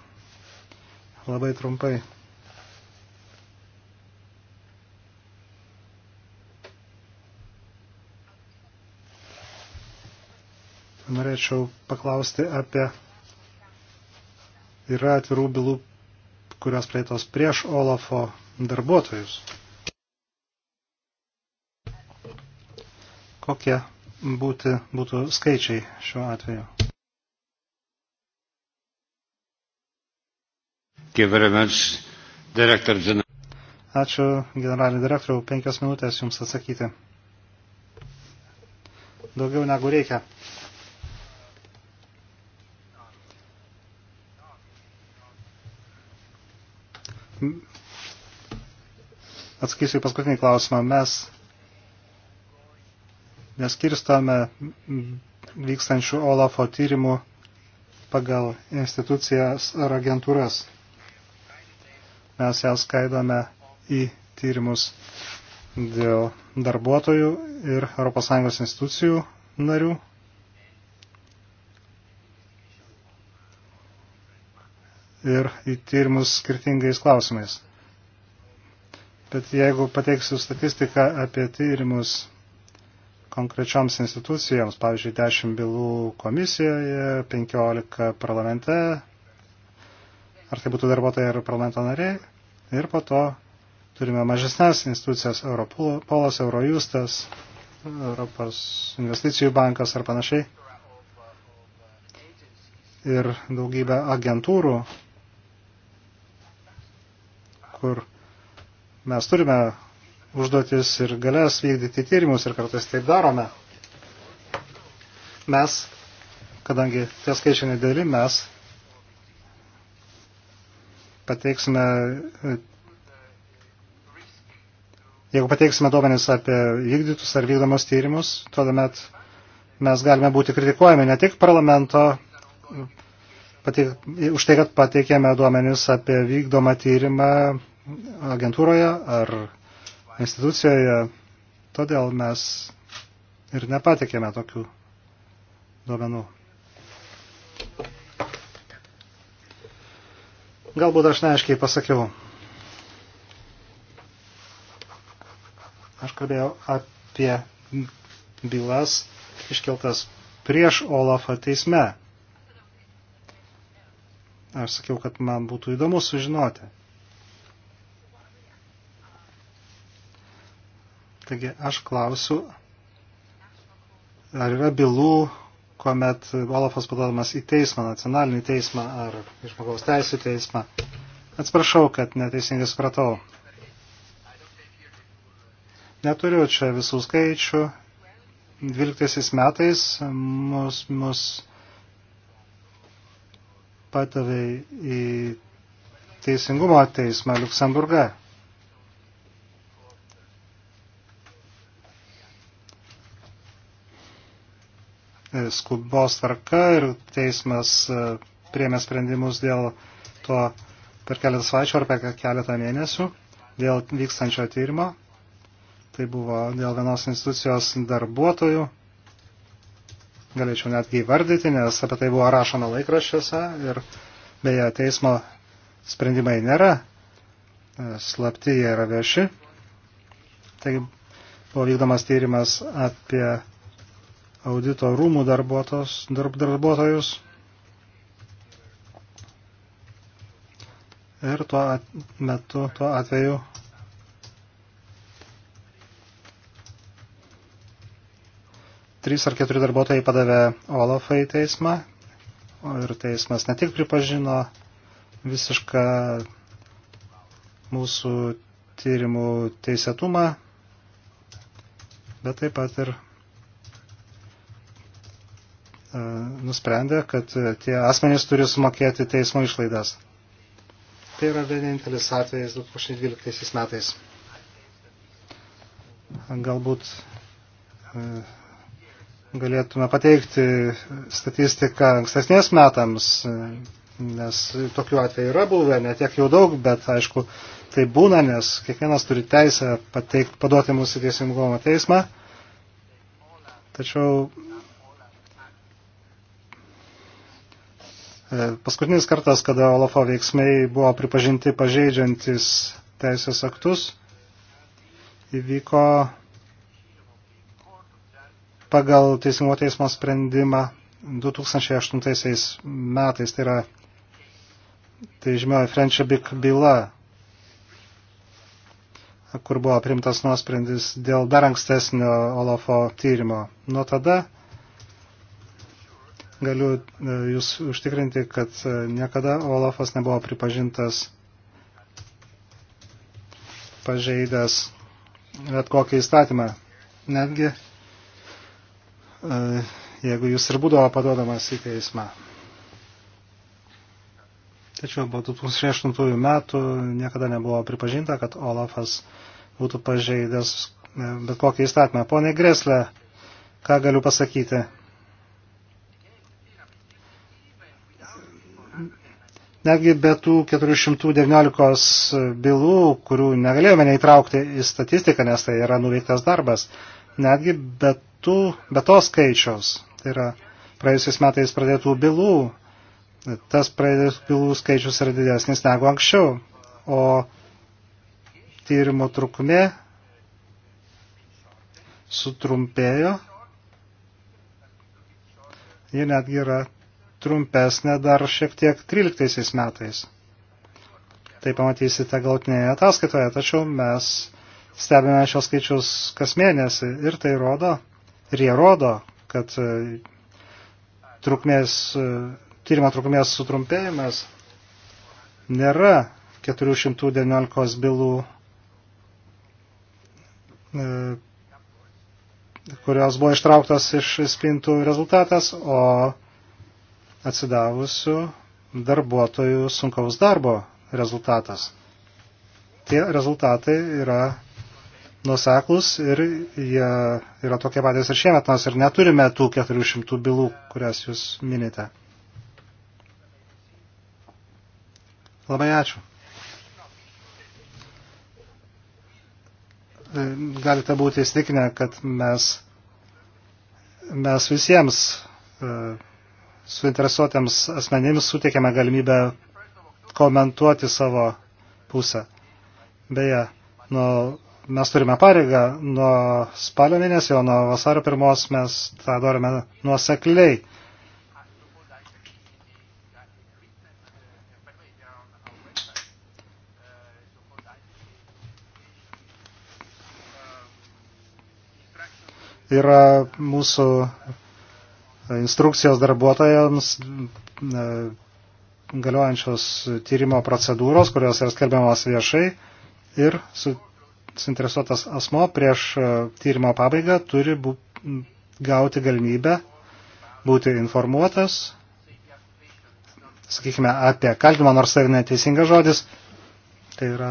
Labai trumpai. norėčiau paklausti apie yra atvirų bylų, kurios prieitos prieš Olafo darbuotojus. Kokie būti, būtų skaičiai šiuo atveju? Ačiū, generalinį direktorių, penkias minutės jums atsakyti. Daugiau negu reikia. Atsakysiu į paskutinį klausimą. Mes neskirstame vykstančių Olafo tyrimų pagal institucijas ar agentūras mes ją skaidome į tyrimus dėl darbuotojų ir ES institucijų narių. Ir į tyrimus skirtingais klausimais. Bet jeigu pateiksiu statistiką apie tyrimus konkrečioms institucijoms, pavyzdžiui, 10 bylų komisijoje, 15 parlamente, ar tai būtų darbuotojai ar parlamento nariai. Ir po to turime mažesnės institucijas Europolas, Eurojustas, Europos investicijų bankas ar panašiai. Ir daugybę agentūrų, kur mes turime užduotis ir galės vykdyti tyrimus ir kartais taip darome. Mes, kadangi tie skaičiai nedėli, mes pateiksime, jeigu pateiksime duomenis apie vykdytus ar vykdomus tyrimus, tuomet mes galime būti kritikuojami ne tik parlamento pateik, už tai, kad pateikėme duomenis apie vykdomą tyrimą agentūroje ar institucijoje, todėl mes ir nepatikėme tokių duomenų. Galbūt aš neaiškiai pasakiau. Aš kalbėjau apie bylas iškeltas prieš Olafą teisme. Aš sakiau, kad man būtų įdomu sužinoti. Taigi aš klausiu, ar yra bylų kuomet Olafas paduodamas į teismą, nacionalinį teismą ar žmogaus teisų teismą. Atsiprašau, kad neteisingai supratau. Neturiu čia visų skaičių. 12 metais mus, mus patavė į Teisingumo teismą Luksemburgą. E, skubos tvarka ir teismas e, priemė sprendimus dėl to per keletą savaičių ar per keletą mėnesių dėl vykstančio tyrimo. Tai buvo dėl vienos institucijos darbuotojų. Galėčiau netgi įvardyti, nes apie tai buvo rašoma laikraščiuose ir beje teismo sprendimai nėra e, slapti, jie yra vieši. Taigi buvo vykdomas tyrimas apie audito rūmų darbuotos, darb, darbuotojus. Ir tuo at, metu, tuo atveju trys ar keturi darbuotojai padavė Olafą į teismą. O ir teismas ne tik pripažino visišką mūsų tyrimų teisėtumą, bet taip pat ir E, nusprendė, kad e, tie asmenys turi sumokėti teismo išlaidas. Tai yra vienintelis atvejis 2012 metais. Galbūt e, galėtume pateikti statistiką ankstesnės metams, nes tokių atvejų yra buvę, ne tiek jau daug, bet aišku, tai būna, nes kiekvienas turi teisę pateikti, paduoti mūsų teisingumo teismą. Tačiau E, paskutinis kartas, kada Olafo veiksmai buvo pripažinti pažeidžiantis teisės aktus, įvyko pagal Teisingumo teismo sprendimą 2008 metais, tai yra tai žymioji Frenčebik byla, kur buvo primtas nuosprendis dėl dar ankstesnio Olafo tyrimo. Nuo tada Galiu e, jūs užtikrinti, kad e, niekada Olafas nebuvo pripažintas pažeidęs bet kokį įstatymą. Netgi e, jeigu jis ir būdavo paduodamas į teismą. Tačiau po 2008 metų niekada nebuvo pripažinta, kad Olafas būtų pažeidęs bet kokį įstatymą. Pone Greslė, ką galiu pasakyti? Netgi be tų 419 bylų, kurių negalėjome neįtraukti į statistiką, nes tai yra nuveiktas darbas, netgi be, tų, be to skaičiaus, tai yra praėjusiais metais pradėtų bylų, tas pradėtų bylų skaičius yra didesnis negu anksčiau, o tyrimo trukmė sutrumpėjo, ji netgi yra trumpesnė dar šiek tiek 13 metais. Tai pamatysite galtinėje ataskaitoje, tačiau mes stebime šios skaičius kas mėnesį ir tai rodo, ir jie rodo, kad e, trukmės, e, tyrimo trukmės sutrumpėjimas nėra 419 bylų, e, kurios buvo ištrauktas iš spintų rezultatas, o atsidavusių darbuotojų sunkaus darbo rezultatas. Tie rezultatai yra nuseklus ir jie yra tokie patys ir šiemet, nors ir neturime tų 400 bylų, kurias jūs minite. Labai ačiū. E, galite būti įstikinę, kad mes, mes visiems uh, suinteresuotėms asmenėms suteikiame galimybę komentuoti savo pusę. Beje, nuo, mes turime pareigą nuo spalio mėnesio, nuo vasario pirmos mes tą darome nuosekliai. Yra mūsų instrukcijos darbuotojams e, galiojančios tyrimo procedūros, kurios yra skelbiamas viešai ir su, suinteresuotas asmo prieš e, tyrimo pabaigą turi bu, gauti galimybę būti informuotas, sakykime, apie kaltimą, nors tai neteisingas žodis, tai yra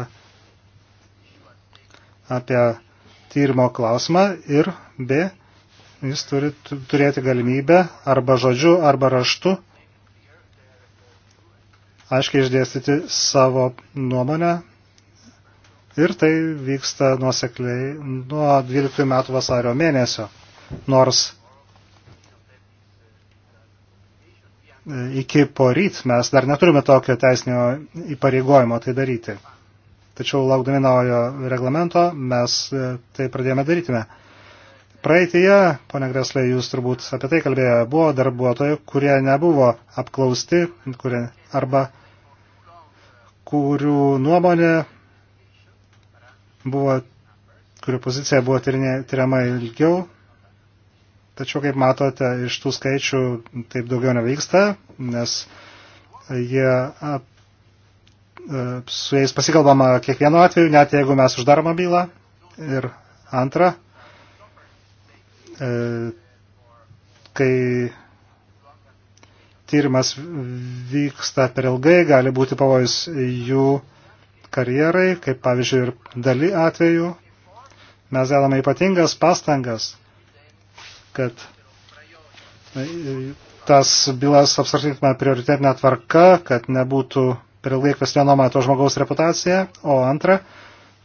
apie tyrimo klausimą ir B jis turi turėti galimybę arba žodžiu, arba raštu aiškiai išdėstyti savo nuomonę. Ir tai vyksta nuosekliai nuo 12 metų vasario mėnesio. Nors iki poryt mes dar neturime tokio teisinio įpareigojimo tai daryti. Tačiau laukdami naujo reglamento mes e, tai pradėjome darytume. Praeitie, pone Greslė, jūs turbūt apie tai kalbėjo, buvo darbuotojų, kurie nebuvo apklausti, kurie arba kurių nuomonė buvo, kurių pozicija buvo tyriama ilgiau. Tačiau, kaip matote, iš tų skaičių taip daugiau nevyksta, nes jie ap, e, su jais pasikalbama kiekvienu atveju, net jeigu mes uždaroma bylą. Ir antra, E, kai tyrimas vyksta per ilgai, gali būti pavojus jų karjerai, kaip pavyzdžiui ir dali atveju. Mes dedame ypatingas pastangas, kad e, tas bylas apsvarstytume prioritetinę tvarką, kad nebūtų per ilgai kvestionuoma to žmogaus reputacija. O antra,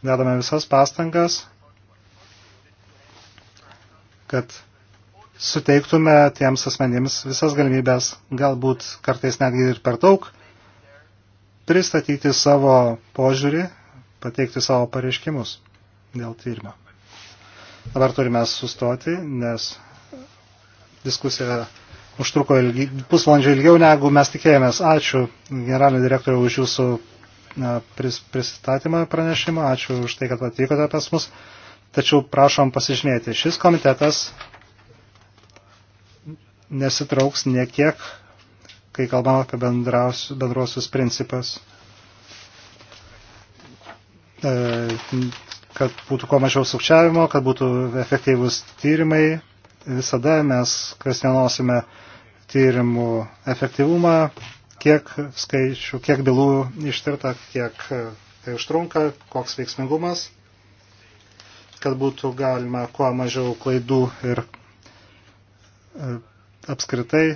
dedame visas pastangas, kad suteiktume tiems asmenims visas galimybės, galbūt kartais netgi ir per daug, pristatyti savo požiūrį, pateikti savo pareiškimus dėl tyrimo. Dabar turime sustoti, nes diskusija užtruko ilgi, pusvalandžio ilgiau, negu mes tikėjomės. Ačiū generalinio direktorio už jūsų pristatymą pranešimą, ačiū už tai, kad atvykote pas mus. Tačiau prašom pasižymėti, šis komitetas nesitrauks niekiek, kai kalbam apie bendruosius principus, e, kad būtų kuo mažiau sukčiavimo, kad būtų efektyvus tyrimai. Visada mes kvestionuosime tyrimų efektyvumą, kiek skaičių, kiek bylų ištirta, kiek tai užtrunka, koks veiksmingumas kad būtų galima kuo mažiau klaidų ir e, apskritai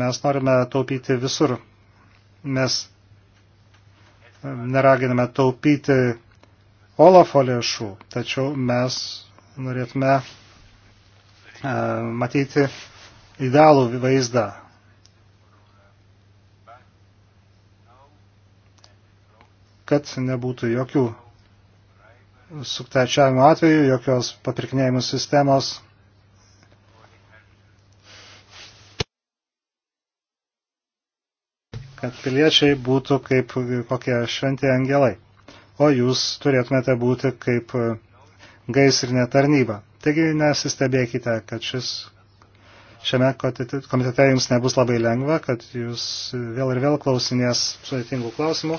mes norime taupyti visur. Mes e, neraginame taupyti Olafo lėšų, tačiau mes norėtume e, matyti idealų vaizdą. kad nebūtų jokių suktečiavimo atveju, jokios papirkinėjimų sistemos. kad piliečiai būtų kaip kokie šventi angelai, o jūs turėtumėte būti kaip gaisrinė tarnyba. Taigi nesistebėkite, kad šis šiame komitete jums nebus labai lengva, kad jūs vėl ir vėl klausinės sudėtingų klausimų.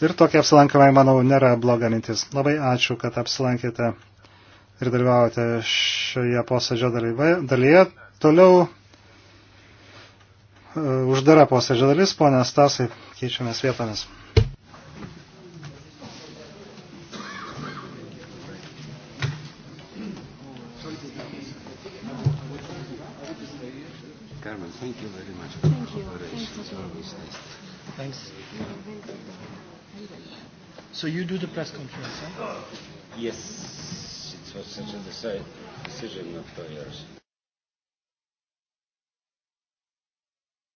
Ir tokie apsilankymai, manau, nėra bloga mintis. Labai ačiū, kad apsilankėte ir dalyvavote šioje posėdžio dalyje. Toliau e, uždara posėdžio dalis, ponė Stasai, keičiamės vietomis. Carmen, thank you very much for your cooperation. Thank you. Thanks. Thanks. Thanks. So you do the press conference, huh? Yes. It was such a decision, not yours.